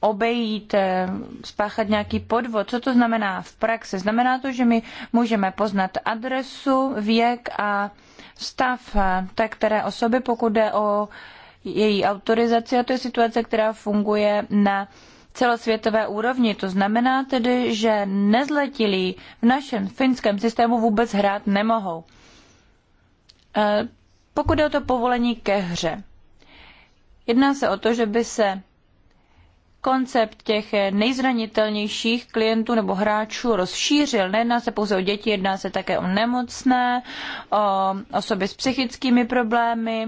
obejít, eh, spáchat nějaký podvod. Co to znamená v praxi? Znamená to, že my můžeme poznat adresu, věk a stav eh, té které osoby, pokud jde o její autorizaci. A to je situace, která funguje na celosvětové úrovni. To znamená tedy, že nezletilí v našem finském systému vůbec hrát nemohou. E, pokud je o to povolení ke hře, jedná se o to, že by se koncept těch nejzranitelnějších klientů nebo hráčů rozšířil. Nejedná se pouze o děti, jedná se také o nemocné, o osoby s psychickými problémy,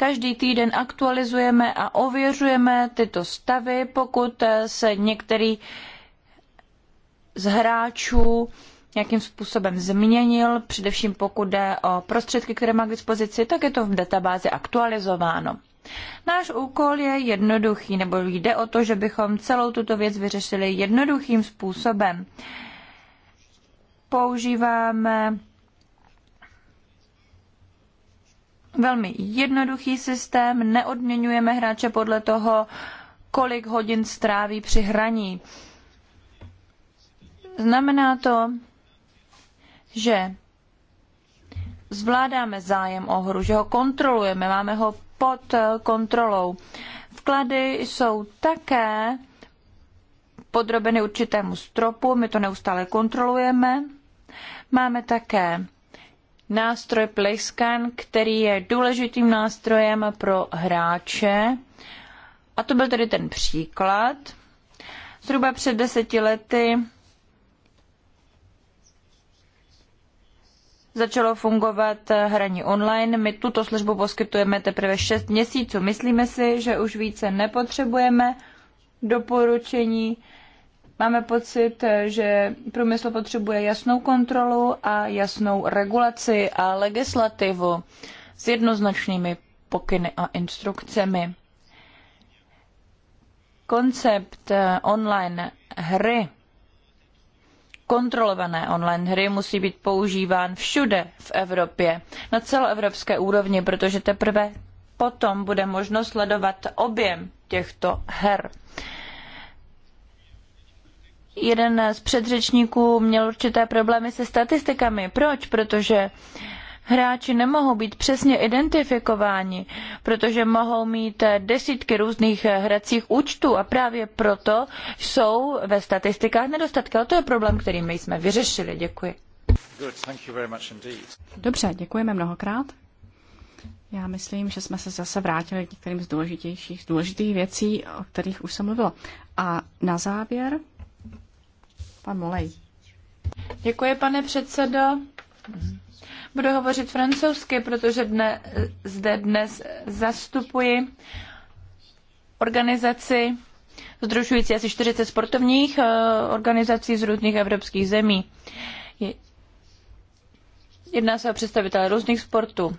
Každý týden aktualizujeme a ověřujeme tyto stavy, pokud se některý z hráčů nějakým způsobem změnil, především pokud jde o prostředky, které má k dispozici, tak je to v databázi aktualizováno. Náš úkol je jednoduchý, nebo jde o to, že bychom celou tuto věc vyřešili jednoduchým způsobem. Používáme velmi jednoduchý systém, neodměňujeme hráče podle toho, kolik hodin stráví při hraní. Znamená to, že zvládáme zájem o hru, že ho kontrolujeme, máme ho pod kontrolou. Vklady jsou také podrobeny určitému stropu, my to neustále kontrolujeme. Máme také nástroj Playscan, který je důležitým nástrojem pro hráče. A to byl tedy ten příklad. Zhruba před deseti lety začalo fungovat hraní online. My tuto službu poskytujeme teprve 6 měsíců. Myslíme si, že už více nepotřebujeme doporučení Máme pocit, že průmysl potřebuje jasnou kontrolu a jasnou regulaci a legislativu s jednoznačnými pokyny a instrukcemi. Koncept eh, online hry, kontrolované online hry, musí být používán všude v Evropě, na celoevropské úrovni, protože teprve potom bude možno sledovat objem těchto her jeden z předřečníků měl určité problémy se statistikami. Proč? Protože hráči nemohou být přesně identifikováni, protože mohou mít desítky různých hracích účtů a právě proto jsou ve statistikách nedostatky. Ale to je problém, který my jsme vyřešili. Děkuji. Dobře, děkujeme mnohokrát. Já myslím, že jsme se zase vrátili k některým z důležitějších, důležitých věcí, o kterých už jsem mluvila. A na závěr Pan Molej. Děkuji, pane předsedo. Budu hovořit francouzsky, protože dne, zde dnes zastupuji organizaci združující asi 40 sportovních eh, organizací z různých evropských zemí. Jedná se o představitele různých sportů.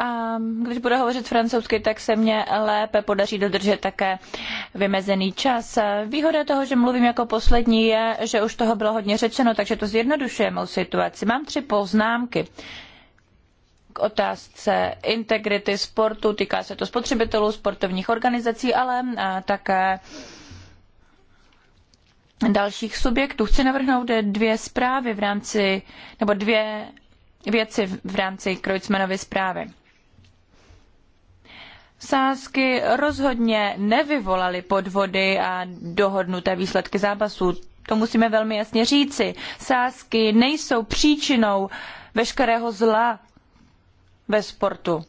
A když budu hovořit francouzsky, tak se mě lépe podaří dodržet také vymezený čas. Výhoda toho, že mluvím jako poslední, je, že už toho bylo hodně řečeno, takže to zjednodušuje mou situaci. Mám tři poznámky k otázce integrity sportu. Týká se to spotřebitelů, sportovních organizací, ale také dalších subjektů. Chci navrhnout dvě zprávy v rámci, nebo dvě věci v rámci Krojcmanovy zprávy sázky rozhodně nevyvolaly podvody a dohodnuté výsledky zápasů. To musíme velmi jasně říci. Sázky nejsou příčinou veškerého zla ve sportu.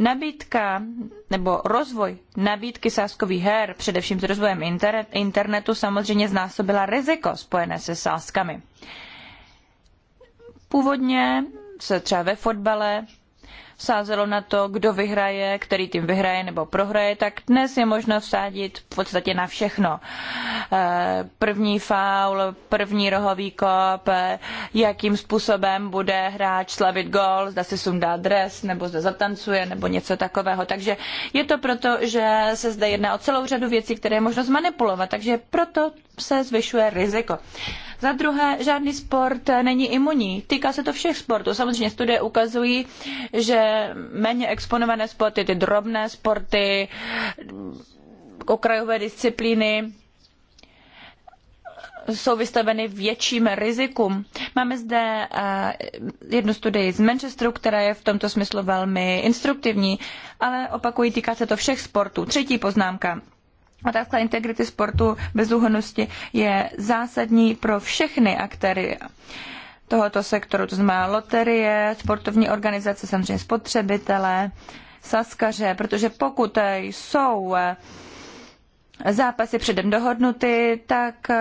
Nabídka nebo rozvoj nabídky sázkových her, především s rozvojem internetu, samozřejmě znásobila riziko spojené se sázkami. Původně se třeba ve fotbale sázelo na to, kdo vyhraje, který tým vyhraje nebo prohraje, tak dnes je možno vsádit v podstatě na všechno. Eh, první faul, první rohový kop, eh, jakým způsobem bude hráč slavit gol, zda si sundá dres, nebo zda zatancuje, nebo něco takového. Takže je to proto, že se zde jedná o celou řadu věcí, které je možno zmanipulovat, takže proto se zvyšuje riziko. Za druhé, žádný sport není imunní. Týká se to všech sportů. Samozřejmě studie ukazují, že méně exponované sporty, ty drobné sporty, okrajové disciplíny, jsou vystaveny větším rizikům. Máme zde eh, jednu studii z Manchesteru, která je v tomto smyslu velmi instruktivní, ale opakují, týká se to všech sportů. Třetí poznámka. Otázka integrity sportu bezúhonnosti je zásadní pro všechny aktéry tohoto sektoru, to znamená loterie, sportovní organizace, samozřejmě spotřebitele, saskaře, protože pokud jsou eh, zápasy předem dohodnuty, tak eh,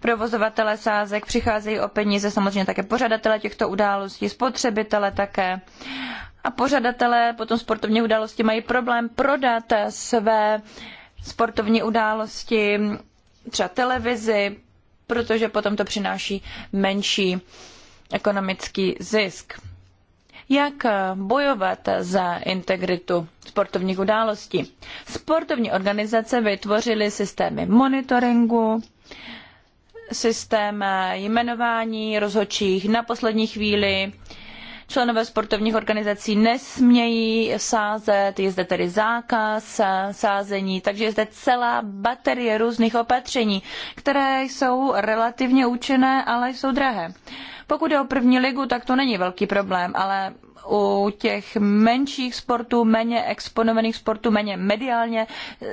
provozovatelé sázek přicházejí o peníze, samozřejmě také pořadatele těchto událostí, spotřebitele také a pořadatelé potom sportovní události mají problém prodat své sportovní události třeba televizi, protože potom to přináší menší ekonomický zisk. Jak bojovat za integritu sportovních událostí? Sportovní organizace vytvořily systémy monitoringu, systém jmenování rozhodčích na poslední chvíli, Členové sportovních organizací nesmějí sázet, je zde tedy zákaz sázení, takže je zde celá baterie různých opatření, které jsou relativně účinné, ale jsou drahé. Pokud je o první ligu, tak to není velký problém, ale u těch menších sportů, méně exponovaných sportů, méně mediálně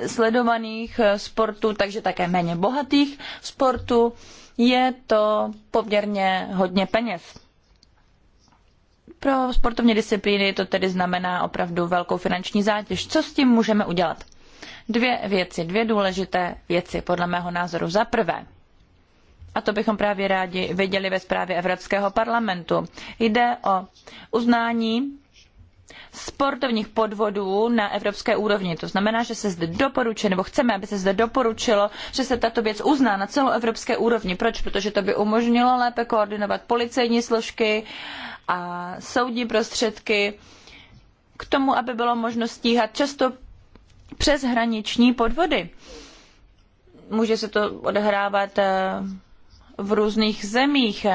sledovaných sportů, takže také méně bohatých sportů, je to poměrně hodně peněz. Pro sportovní disciplíny to tedy znamená opravdu velkou finanční zátěž. Co s tím můžeme udělat? Dvě věci, dvě důležité věci, podle mého názoru. Za prvé, a to bychom právě rádi viděli ve zprávě Evropského parlamentu, jde o uznání sportovních podvodů na evropské úrovni. To znamená, že se zde doporučuje, nebo chceme, aby se zde doporučilo, že se tato věc uzná na celoevropské úrovni. Proč? Protože to by umožnilo lépe koordinovat policejní složky a soudní prostředky k tomu, aby bylo možno stíhat často přeshraniční podvody. Může se to odehrávat eh, v různých zemích.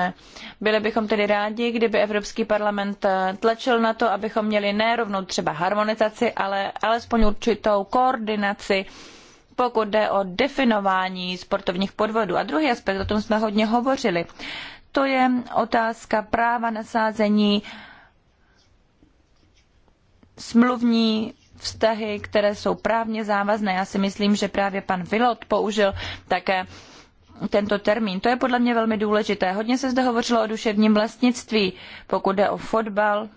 Byli bychom tedy rádi, kdyby Evropský parlament eh, tlačil na to, abychom měli nerovnou třeba harmonizaci, ale alespoň určitou koordinaci, pokud jde o definování sportovních podvodů. A druhý aspekt, o tom jsme hodně hovořili to je otázka práva nasázení, smluvní vztahy, které jsou právně závazné. Já si myslím, že právě pan Vilot použil také tento termín. To je podle mě velmi důležité. Hodně se zde hovořilo o duševním vlastnictví. Pokud jde o fotbal,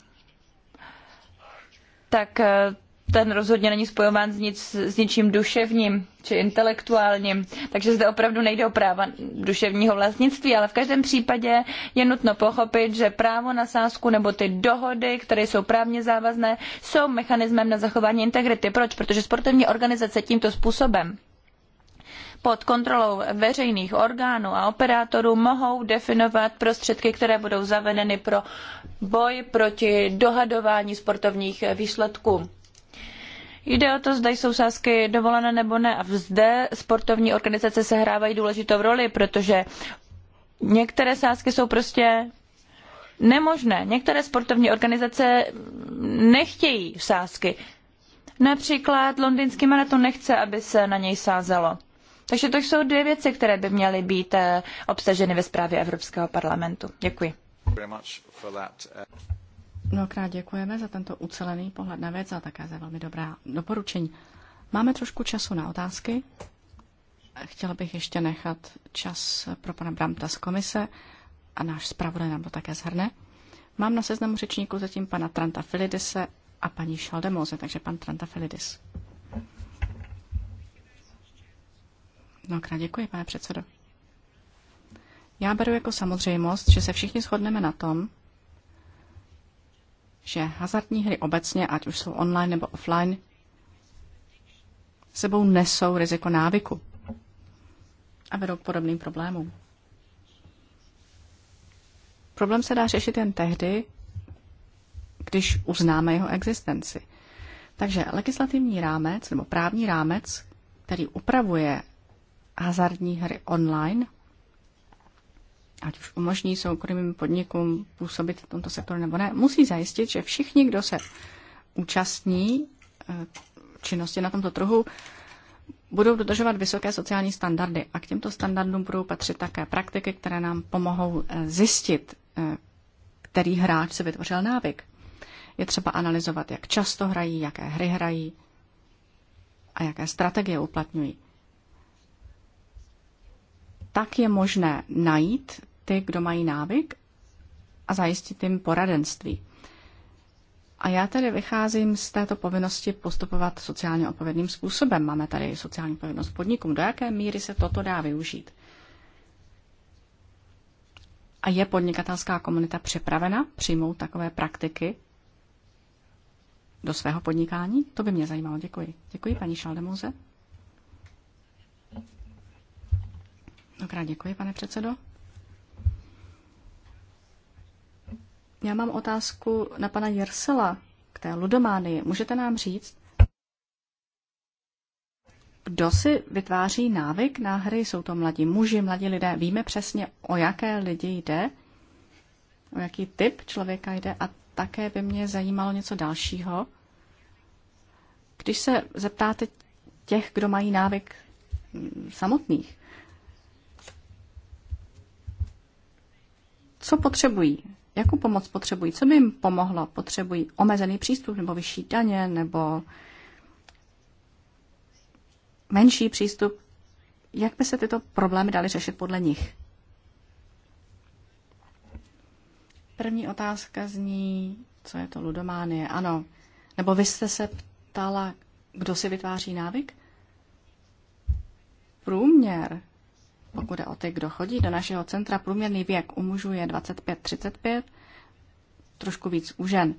tak eh, ten rozhodně není spojován s, nic, s ničím duševním či intelektuálním, takže zde opravdu nejde o práva duševního vlastnictví, ale v každém případě je nutno pochopit, že právo na sázku nebo ty dohody, které jsou právně závazné, jsou mechanismem na zachování integrity. Proč? Protože sportovní organizace tímto způsobem pod kontrolou veřejných orgánů a operátorů mohou definovat prostředky, které budou zavedeny pro boj proti dohadování sportovních výsledků. Jde o to, zda jsou sázky dovolené nebo ne. A zde sportovní organizace sehrávají důležitou roli, protože některé sázky jsou prostě nemožné. Některé sportovní organizace nechtějí sázky. Například londýnský maraton nechce, aby se na něj sázelo. Takže to jsou dvě věci, které by měly být eh, obsaženy ve zprávě Evropského parlamentu. Děkuji. Mnohokrát děkujeme za tento ucelený pohled na věc a také za velmi dobrá doporučení. Máme trošku času na otázky. Chtěla bych ještě nechat čas pro pana Bramta z komise a náš zpravodaj nám to také zhrne. Mám na seznamu řečníků zatím pana Tranta Filidise a paní Šaldemoze, takže pan Tranta Filidis. Mnohokrát děkuji, pane předsedo. Já beru jako samozřejmost, že se všichni shodneme na tom, že hazardní hry obecně, ať už jsou online nebo offline, sebou nesou riziko návyku a vedou k podobným problémům. Problém se dá řešit jen tehdy, když uznáme jeho existenci. Takže legislativní rámec nebo právní rámec, který upravuje hazardní hry online, ať už umožní soukromým podnikům působit v tomto sektoru nebo ne, musí zajistit, že všichni, kdo se účastní eh, činnosti na tomto trhu, budou dodržovat vysoké sociální standardy a k těmto standardům budou patřit také praktiky, které nám pomohou eh, zjistit, eh, který hráč se vytvořil návyk. Je třeba analyzovat, jak často hrají, jaké hry hrají a jaké strategie uplatňují. Tak je možné najít ty, kdo mají návyk a zajistit jim poradenství. A já tady vycházím z této povinnosti postupovat sociálně odpovědným způsobem. Máme tady sociální povinnost podnikům. Do jaké míry se toto dá využít? A je podnikatelská komunita připravena přijmout takové praktiky do svého podnikání? To by mě zajímalo. Děkuji. Děkuji, paní Šaldemouze. Dobrá, děkuji, pane předsedo. Já mám otázku na pana Jersela k té ludománii. Můžete nám říct, kdo si vytváří návyk na hry? Jsou to mladí muži, mladí lidé. Víme přesně, o jaké lidi jde, o jaký typ člověka jde a také by mě zajímalo něco dalšího. Když se zeptáte těch, kdo mají návyk samotných, co potřebují? Jakou pomoc potřebují? Co by jim pomohlo? Potřebují omezený přístup nebo vyšší daně nebo menší přístup? Jak by se tyto problémy daly řešit podle nich? První otázka zní, co je to ludománie? Ano. Nebo vy jste se ptala, kdo si vytváří návyk? Průměr pokud je o ty, kdo chodí do našeho centra, průměrný věk u mužů je 25-35, trošku víc u žen.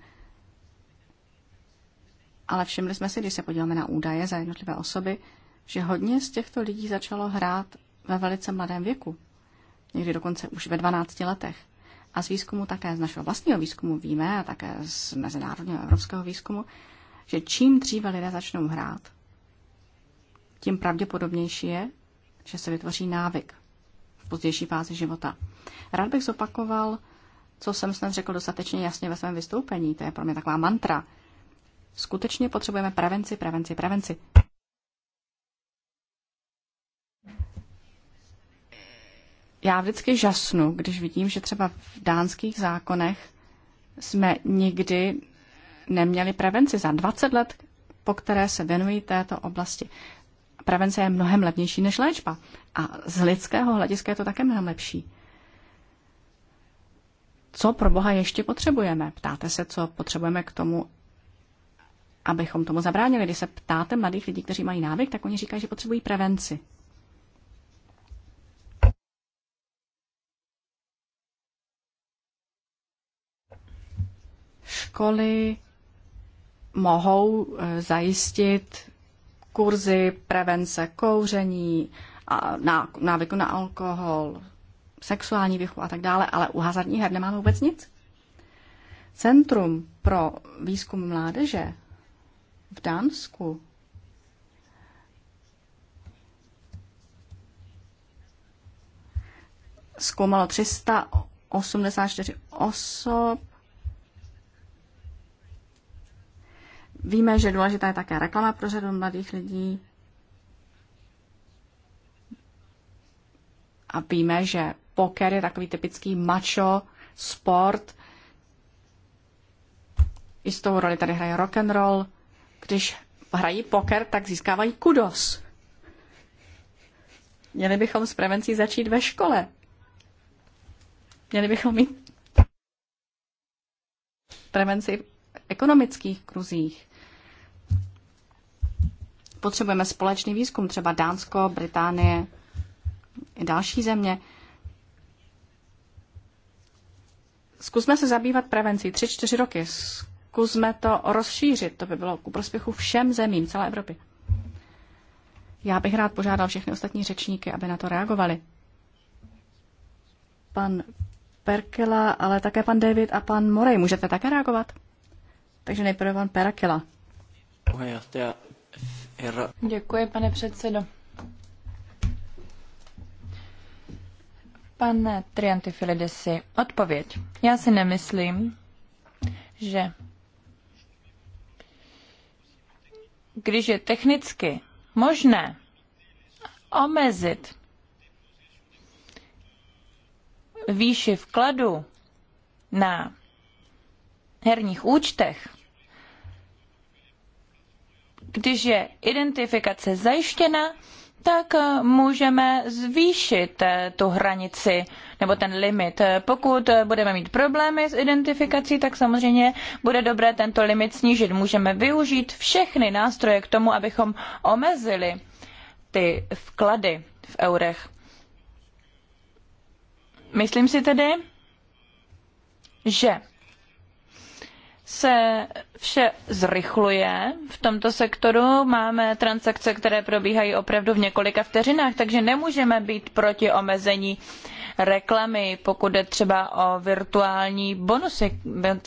Ale všimli jsme si, když se podíváme na údaje za jednotlivé osoby, že hodně z těchto lidí začalo hrát ve velice mladém věku, někdy dokonce už ve 12 letech. A z výzkumu také, z našeho vlastního výzkumu víme, a také z mezinárodního evropského výzkumu, že čím dříve lidé začnou hrát, tím pravděpodobnější je, že se vytvoří návyk v pozdější fázi života. Rád bych zopakoval, co jsem snad řekl dostatečně jasně ve svém vystoupení. To je pro mě taková mantra. Skutečně potřebujeme prevenci, prevenci, prevenci. Já vždycky žasnu, když vidím, že třeba v dánských zákonech jsme nikdy neměli prevenci za 20 let, po které se věnují této oblasti prevence je mnohem levnější než léčba. A z lidského hlediska je to také mnohem lepší. Co pro Boha ještě potřebujeme? Ptáte se, co potřebujeme k tomu, abychom tomu zabránili. Když se ptáte mladých lidí, kteří mají návyk, tak oni říkají, že potřebují prevenci. Školy mohou eh, zajistit kurzy prevence kouření, návyku na alkohol, sexuální výchovu a tak dále, ale u hazardních her nemáme vůbec nic. Centrum pro výzkum mládeže v Dánsku zkoumalo 384 osob Víme, že důležitá je také reklama pro řadu mladých lidí. A víme, že poker je takový typický macho sport. I tou roli tady hraje rock and roll. Když hrají poker, tak získávají kudos. Měli bychom s prevencí začít ve škole. Měli bychom mít prevenci v ekonomických kruzích potřebujeme společný výzkum, třeba Dánsko, Británie i další země. Zkusme se zabývat prevencí tři čtyři roky. Zkusme to rozšířit. To by bylo ku prospěchu všem zemím celé Evropy. Já bych rád požádal všechny ostatní řečníky, aby na to reagovali. Pan Perkela, ale také pan David a pan Morej. Můžete také reagovat? Takže nejprve pan Perkela. Děkuji, pane předsedo. Pane Triantifilidesi, odpověď. Já si nemyslím, že když je technicky možné omezit výši vkladu na herních účtech, když je identifikace zajištěna, tak eh, můžeme zvýšit eh, tu hranici nebo ten limit. Eh, pokud budeme mít problémy s identifikací, tak samozřejmě bude dobré tento limit snížit. Můžeme využít všechny nástroje k tomu, abychom omezili ty vklady v eurech. Myslím si tedy, že se vše zrychluje v tomto sektoru. Máme transakce, které probíhají opravdu v několika vteřinách, takže nemůžeme být proti omezení reklamy, pokud jde třeba o virtuální bonusy,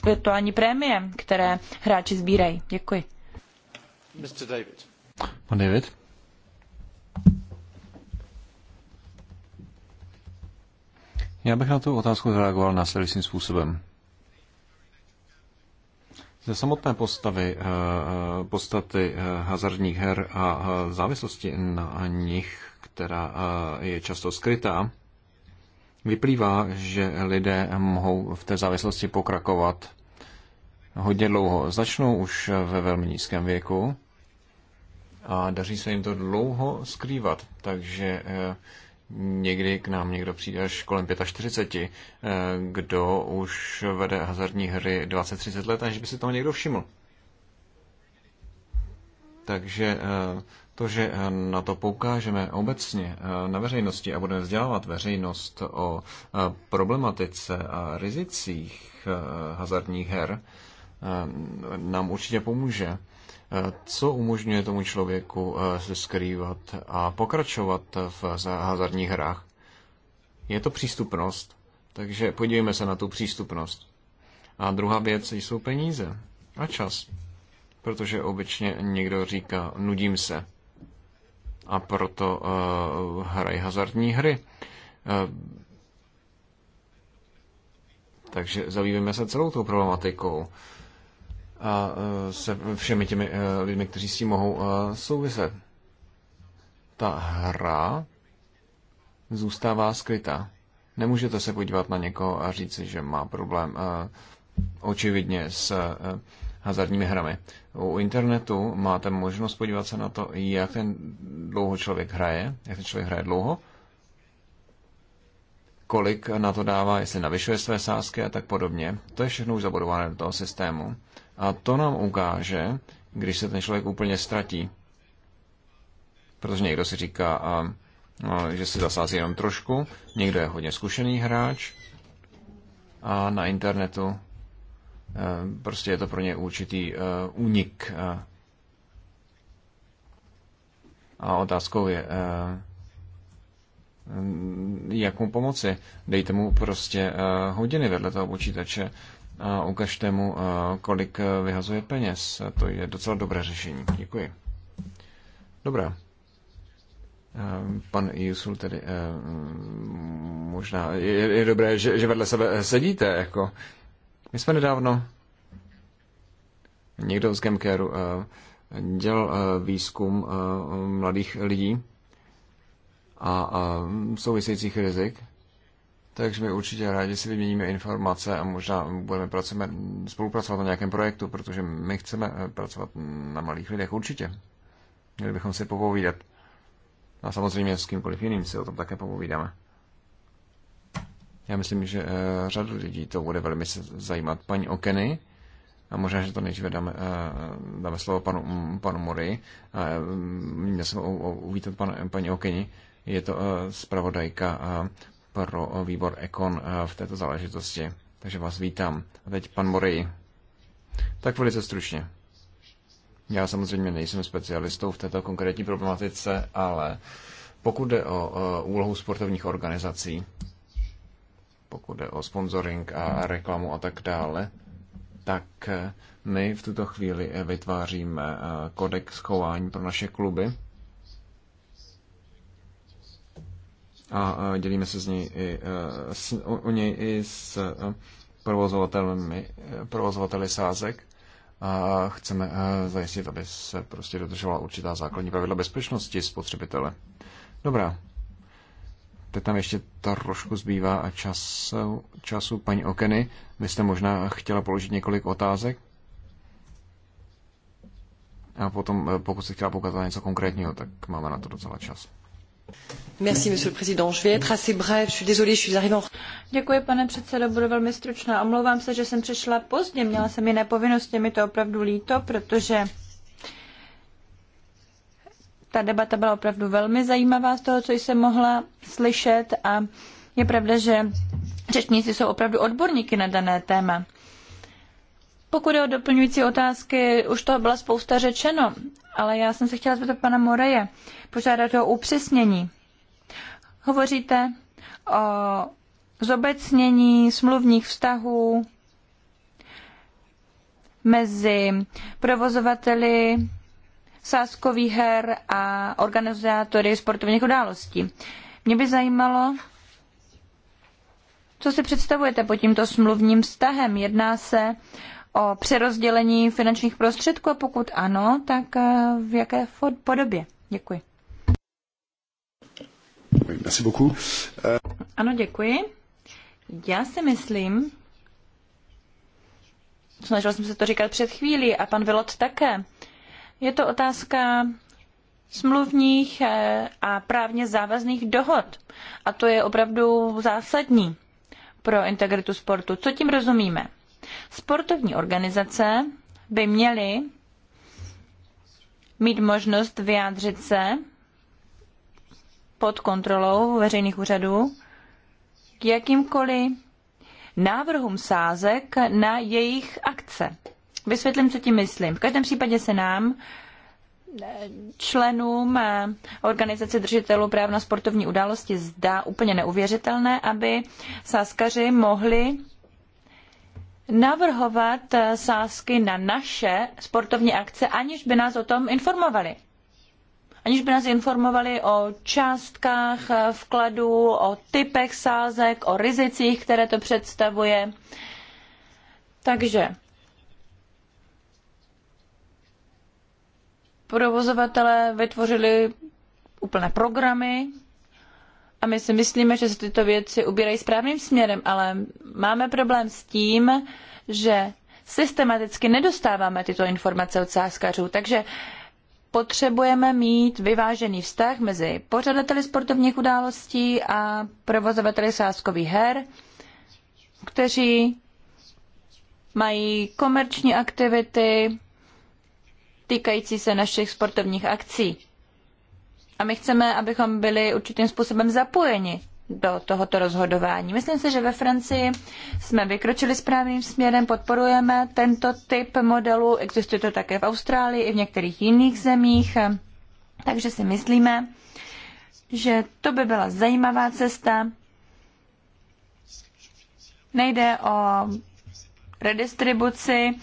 virtuální prémie, které hráči sbírají. Děkuji. Mr. David. Pan David. Já bych na tu otázku zareagoval následujícím způsobem. Ze samotné postavy, eh, eh, postaty eh, hazardních her a závislosti na nich, která je často skrytá, vyplývá, že lidé mohou v té závislosti pokrakovat hodně dlouho. Začnou už ve velmi nízkém věku a daří se jim to dlouho skrývat. Takže Někdy k nám někdo přijde až kolem 45, eh, kdo už vede hazardní hry 20-30 let, aniž by si toho někdo všiml. Takže eh, to, že na to poukážeme obecně eh, na veřejnosti a budeme vzdělávat veřejnost o problematice a rizicích hazardních her, nám určitě pomůže co umožňuje tomu člověku eh, se skrývat a pokračovat v hazardních hrách. Je to přístupnost, takže podívejme se na tu přístupnost. A druhá věc jsou peníze a čas, protože obecně někdo říká, nudím se a proto uh, hrají hazardní hry. Uh, takže zabývíme se celou tou problematikou a e, se všemi těmi e, lidmi, kteří s tím mohou e, souviset. Ta hra zůstává skrytá. Nemůžete se podívat na někoho a říct, že má problém očividně s hazardními hrami. U internetu máte možnost podívat se na to, jak ten dlouho člověk hraje, jak ten člověk hraje dlouho, kolik na to dává, jestli navyšuje své sázky a tak podobně. To je všechno už zabudované do toho systému. A to nám ukáže, když se ten člověk úplně ztratí. Protože někdo si říká, a, a, že si zasází jenom trošku, někdo je hodně zkušený hráč a na internetu a, e, prostě je to pro ně určitý a, e, únik. A, e. a otázkou je, a, jak mu pomoci. Dejte mu prostě hodiny vedle toho počítače a ukažte mu, kolik e, vyhazuje peněz. To je docela dobré řešení. Děkuji. Dobrá. Pan Jusul tedy e, možná je, je dobré, že, že vedle sebe e, sedíte. Jako. My jsme nedávno někdo z Gemcaru dělal výzkum mladých lidí a souvisejících rizik. Takže my určitě rádi si vyměníme informace a možná budeme pracovat, spolupracovat na nějakém projektu, protože my chceme eh, pracovat na malých lidech určitě. Měli bychom si popovídat. A samozřejmě s kýmkoliv jiným si o tom také popovídáme. Já myslím, že eh, řadu lidí to bude velmi zajímat. Paní Okeny, a možná, že to nejdříve dáme, eh, dáme slovo panu, mm, panu Mori. a mm, Měl jsem uvítat pan, paní Okeny. Je to zpravodajka pro výbor Ekon eh, v této záležitosti. Takže vás vítám. A teď pan Morej. Tak velice stručně. Já samozřejmě nejsem specialistou v této konkrétní problematice, ale pokud jde o eh, úlohu sportovních organizací, pokud jde o sponsoring a reklamu a tak dále, tak eh, my v tuto chvíli vytváříme kodex chování pro naše kluby a e, dělíme se z něj i, e, s, o, o něj i s e, provozovatelmi, provozovateli sázek a chceme zajistit, aby se prostě dodržovala určitá základní pravidla bezpečnosti spotřebitele. Dobrá. Teď tam ještě trošku zbývá a času, času paní Okeny. Vy jste možná chtěla položit několik otázek? A potom, pokud se chtěla poukázat něco konkrétního, tak máme na to docela čas. Děkuji, pane předsedo, budu velmi stručná. Omlouvám se, že jsem přišla pozdě. Měla jsem jiné povinnosti, mi to opravdu líto, protože ta debata byla opravdu velmi zajímavá z toho, co jsem mohla slyšet a je pravda, že řečníci jsou opravdu odborníky na dané téma. Pokud jde o doplňující otázky, už toho byla spousta řečeno, ale já jsem se chtěla zeptat pana Moreje, požádat o upřesnění. Hovoříte o zobecnění smluvních vztahů mezi provozovateli sázkových her a organizátory sportovních událostí. Mě by zajímalo, co si představujete pod tímto smluvním vztahem. Jedná se o přerozdělení finančních prostředků a pokud ano, tak eh, v jaké podobě? Děkuji. Merci beaucoup. Eh, ano, děkuji. Já si myslím, snažil jsem se to říkat před chvílí a pan Vilot také, je to otázka smluvních eh, a právně závazných dohod. A to je opravdu zásadní pro integritu sportu. Co tím rozumíme? Sportovní organizace by měly mít možnost vyjádřit se pod kontrolou veřejných úřadů k jakýmkoliv návrhům sázek na jejich akce. Vysvětlím, co tím myslím. V každém případě se nám, členům eh, organizace držitelů práv na sportovní události, zdá úplně neuvěřitelné, aby sázkaři mohli navrhovat eh, sázky na naše sportovní akce, aniž by nás o tom informovali. Aniž by nás informovali o částkách eh, vkladů, o typech sázek, o rizicích, které to představuje. Takže provozovatelé vytvořili úplné programy, a my si myslíme, že se tyto věci ubírají správným směrem, ale máme problém s tím, že systematicky nedostáváme tyto informace od sáskařů, takže potřebujeme mít vyvážený vztah mezi pořadateli sportovních událostí a provozovateli sázkových her, kteří mají komerční aktivity týkající se našich sportovních akcí. A my chceme, abychom byli určitým způsobem zapojeni do tohoto rozhodování. Myslím si, že ve Francii jsme vykročili správným směrem, podporujeme tento typ modelu, existuje to také v Austrálii i v některých jiných zemích, takže si myslíme, že to by byla zajímavá cesta. Nejde o redistribuci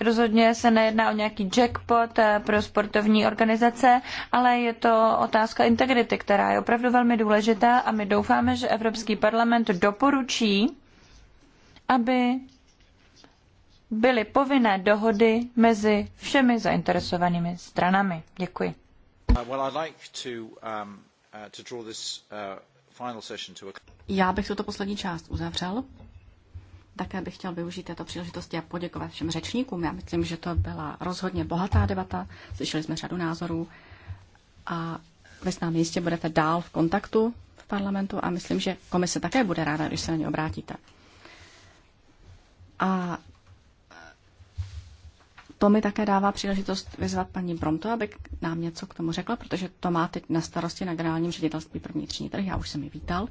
Rozhodně se nejedná o nějaký jackpot eh, pro sportovní organizace, ale je to otázka integrity, která je opravdu velmi důležitá a my doufáme, že Evropský parlament doporučí, aby byly povinné dohody mezi všemi zainteresovanými stranami. Děkuji. Uh, um, uh, uh, Já bych tuto poslední část uzavřel také bych chtěl využít této příležitosti a poděkovat všem řečníkům. Já myslím, že to byla rozhodně bohatá debata, slyšeli jsme řadu názorů a vy s námi jistě budete dál v kontaktu v parlamentu a myslím, že komise také bude ráda, když se na ně obrátíte. A to mi také dává příležitost vyzvat paní Bromto, aby nám něco k tomu řekla, protože to má teď na starosti na generálním ředitelství první vnitřní trh. Já už jsem ji vítal.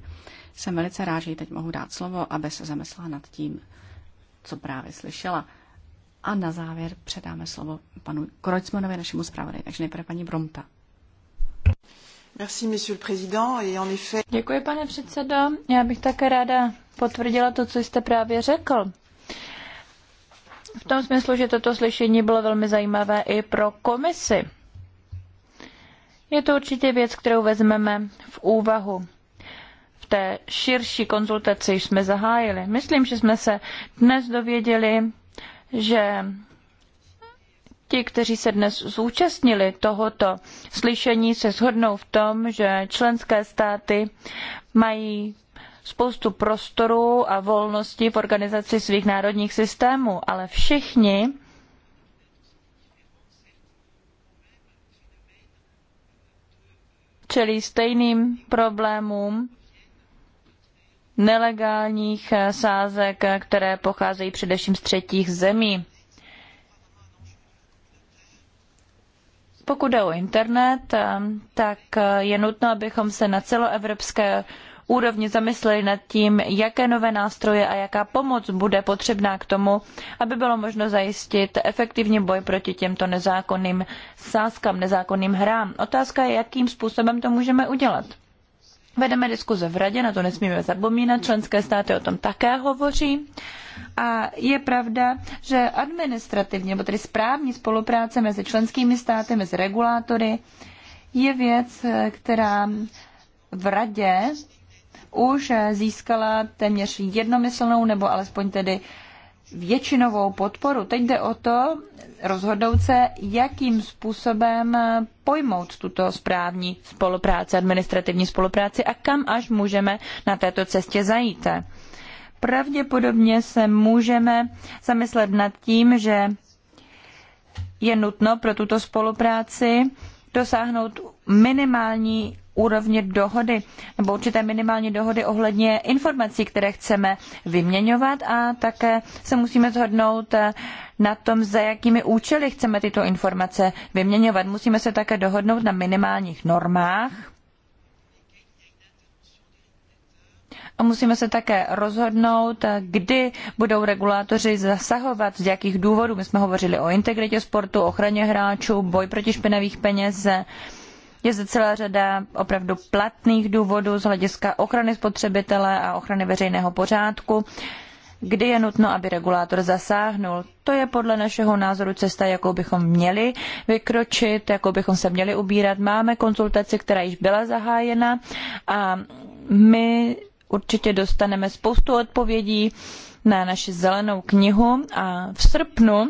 Jsem velice rád, že ji teď mohu dát slovo, aby se zamyslela nad tím, co právě slyšela. A na závěr předáme slovo panu Kreutzmanovi, našemu zpravodaji. Takže nejprve paní Bromta. Děkuji, pane předsedo. Já bych také ráda potvrdila to, co jste právě řekl v tom smyslu, že toto slyšení bylo velmi zajímavé i pro komisi. Je to určitě věc, kterou vezmeme v úvahu. V té širší konzultaci jsme zahájili. Myslím, že jsme se dnes dověděli, že ti, kteří se dnes zúčastnili tohoto slyšení, se shodnou v tom, že členské státy mají spoustu prostoru a volnosti v organizaci svých národních systémů, ale všichni čelí stejným problémům nelegálních sázek, které pocházejí především z třetích zemí. Pokud jde o internet, tak je nutno, abychom se na celoevropské úrovni zamysleli nad tím, jaké nové nástroje a jaká pomoc bude potřebná k tomu, aby bylo možno zajistit efektivní boj proti těmto nezákonným sázkám, nezákonným hrám. Otázka je, jakým způsobem to můžeme udělat. Vedeme diskuze v radě, na to nesmíme zapomínat, členské státy o tom také hovoří. A je pravda, že administrativně, nebo tedy správní spolupráce mezi členskými státy, mezi regulátory, je věc, eh, která v radě už získala téměř jednomyslnou nebo alespoň tedy většinovou podporu. Teď jde o to rozhodnout se, jakým způsobem pojmout tuto správní spolupráci, administrativní spolupráci a kam až můžeme na této cestě zajít. Pravděpodobně se můžeme zamyslet nad tím, že je nutno pro tuto spolupráci dosáhnout minimální úrovně dohody nebo určité minimální dohody ohledně informací, které chceme vyměňovat a také se musíme zhodnout eh, na tom, za jakými účely chceme tyto informace vyměňovat. Musíme se také dohodnout na minimálních normách a musíme se také rozhodnout, eh, kdy budou regulátoři zasahovat, z jakých důvodů. My jsme hovořili o integritě sportu, ochraně hráčů, boj proti špinavých peněz. Je zde celá řada opravdu platných důvodů z hlediska ochrany spotřebitele a ochrany veřejného pořádku, kdy je nutno, aby regulátor zasáhnul. To je podle našeho názoru cesta, jakou bychom měli vykročit, jakou bychom se měli ubírat. Máme konzultaci, která již byla zahájena a my určitě dostaneme spoustu odpovědí na naši zelenou knihu a v srpnu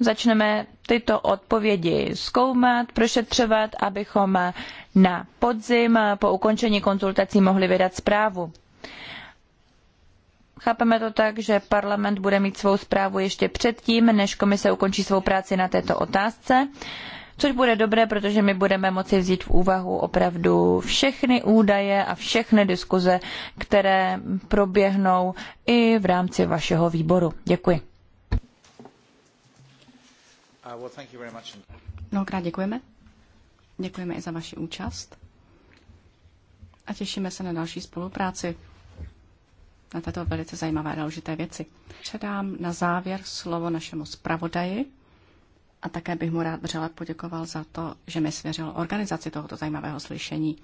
začneme tyto odpovědi zkoumat, prošetřovat, abychom na podzim po ukončení konzultací mohli vydat zprávu. Chápeme to tak, že parlament bude mít svou zprávu ještě předtím, než komise ukončí svou práci na této otázce, což bude dobré, protože my budeme moci vzít v úvahu opravdu všechny údaje a všechny diskuze, které proběhnou i v rámci vašeho výboru. Děkuji. Uh, Mnohokrát děkujeme. Děkujeme i za vaši účast. A těšíme se na další spolupráci na této velice zajímavé a důležité věci. Předám na závěr slovo našemu zpravodaji a také bych mu rád vřele poděkoval za to, že mi svěřil organizaci tohoto zajímavého slyšení.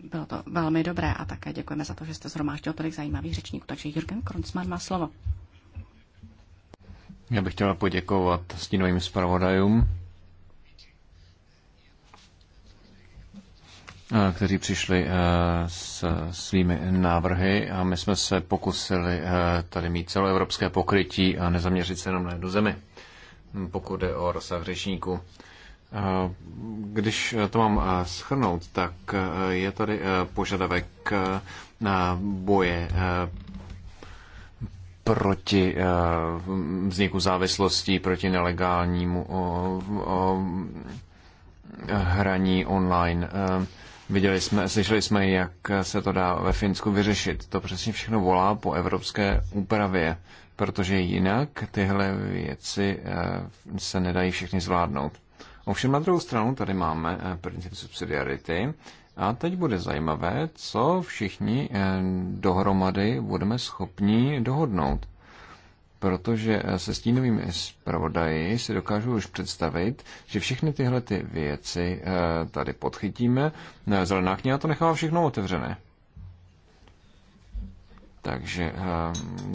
Bylo to velmi dobré a také děkujeme za to, že jste zhromáždil tolik zajímavých řečníků. Takže Jürgen Kronzmann má slovo. Já bych chtěla poděkovat stínovým zpravodajům, eh, kteří přišli eh, s svými návrhy a my jsme se pokusili eh, tady mít celoevropské pokrytí a nezaměřit se jenom na jednu zemi, pokud jde o rozsah řečníku. Když to mám schrnout, tak je tady požadavek na boje proti eh, vzniku závislostí, proti nelegálnímu eh, eh, hraní online. Viděli jsme, slyšeli jsme, jak se to dá ve Finsku vyřešit. To přesně všechno volá po evropské úpravě, protože jinak tyhle věci se nedají všechny zvládnout. Ovšem na druhou stranu tady máme princip subsidiarity, a teď bude zajímavé, co všichni eh, dohromady budeme schopni dohodnout. Protože eh, se stínovými zpravodaji si dokážu už představit, že všechny tyhle ty věci eh, tady podchytíme. No, Zelená kniha to nechává všechno otevřené. Takže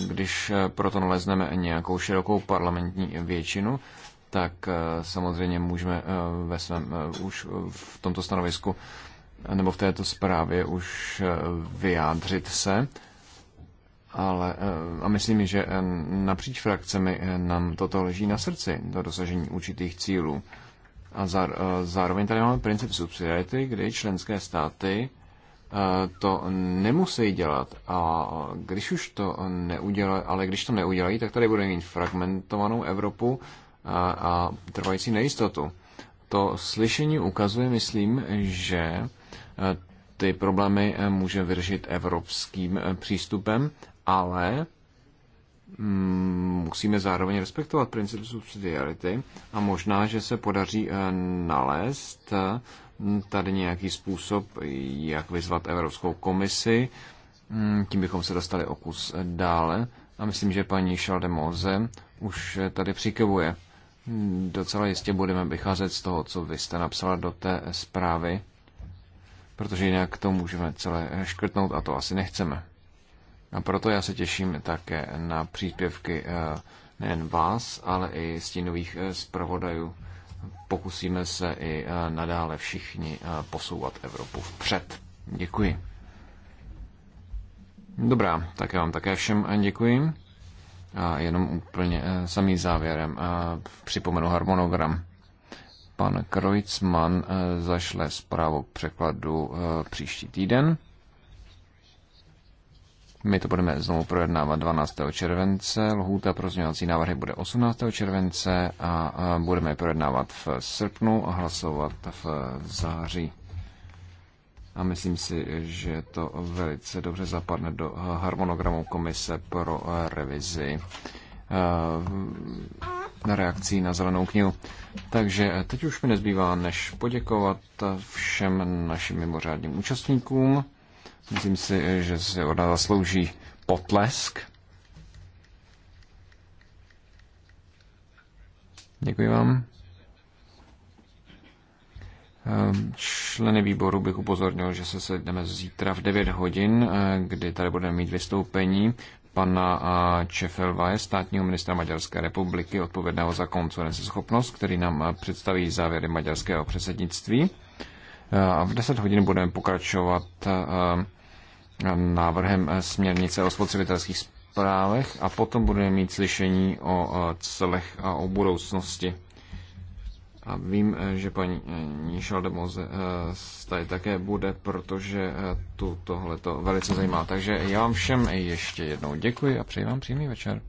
když proto nalezneme nějakou širokou parlamentní většinu, tak samozřejmě můžeme ve svém, už v tomto stanovisku nebo v této zprávě už eh, vyjádřit se, ale eh, a myslím, že eh, napříč frakcemi nám toto leží na srdci, do dosažení určitých cílů. A zároveň tady máme princip subsidiarity, kdy členské státy to nemusí dělat a když už to neudělají, ale když to neudělají, tak tady bude mít fragmentovanou Evropu a, a trvající nejistotu. To slyšení ukazuje, myslím, že ty problémy eh, může vyřešit evropským eh, přístupem, ale mm, musíme zároveň respektovat princip subsidiarity a možná, že se podaří eh, nalézt tady nějaký způsob, jak vyzvat Evropskou komisi. Mm, tím bychom se dostali o kus dále. A myslím, že paní Šaldemoze už tady přikivuje. Docela jistě budeme vycházet z toho, co vy jste napsala do té zprávy protože jinak to můžeme celé škrtnout a to asi nechceme. A proto já se těším také na příspěvky eh, nejen vás, ale i stínových eh, zpravodajů. Pokusíme se i eh, nadále všichni posouvat Evropu vpřed. Děkuji. Dobrá, tak já vám také všem děkuji. A jenom úplně samý závěrem připomenu harmonogram pan Kreutzmann eh, zašle zprávu k překladu eh, příští týden. My to budeme znovu projednávat 12. července, lhůta pro změňovací návrhy bude 18. července a eh, budeme projednávat v srpnu a hlasovat v září. A myslím si, že to velice dobře zapadne do harmonogramu komise pro revizi na reakcí na zelenou knihu. Takže teď už mi nezbývá, než poděkovat všem našim mimořádným účastníkům. Myslím si, že si ona zaslouží potlesk. Děkuji vám. Členy výboru bych upozornil, že se sedneme zítra v 9 hodin, kdy tady budeme mít vystoupení pana Čefelva, státního ministra Maďarské republiky, odpovědného za konkurenceschopnost, který nám představí závěry maďarského předsednictví. A v 10 hodin budeme pokračovat návrhem e, směrnice o spotřebitelských zprávech a potom budeme mít slyšení o celech a o budoucnosti. A vím, eh, že paní eh, Moze eh, tady také bude, protože tu tohle to velice zajímá. Takže já vám všem ještě jednou děkuji a přeji vám příjemný večer.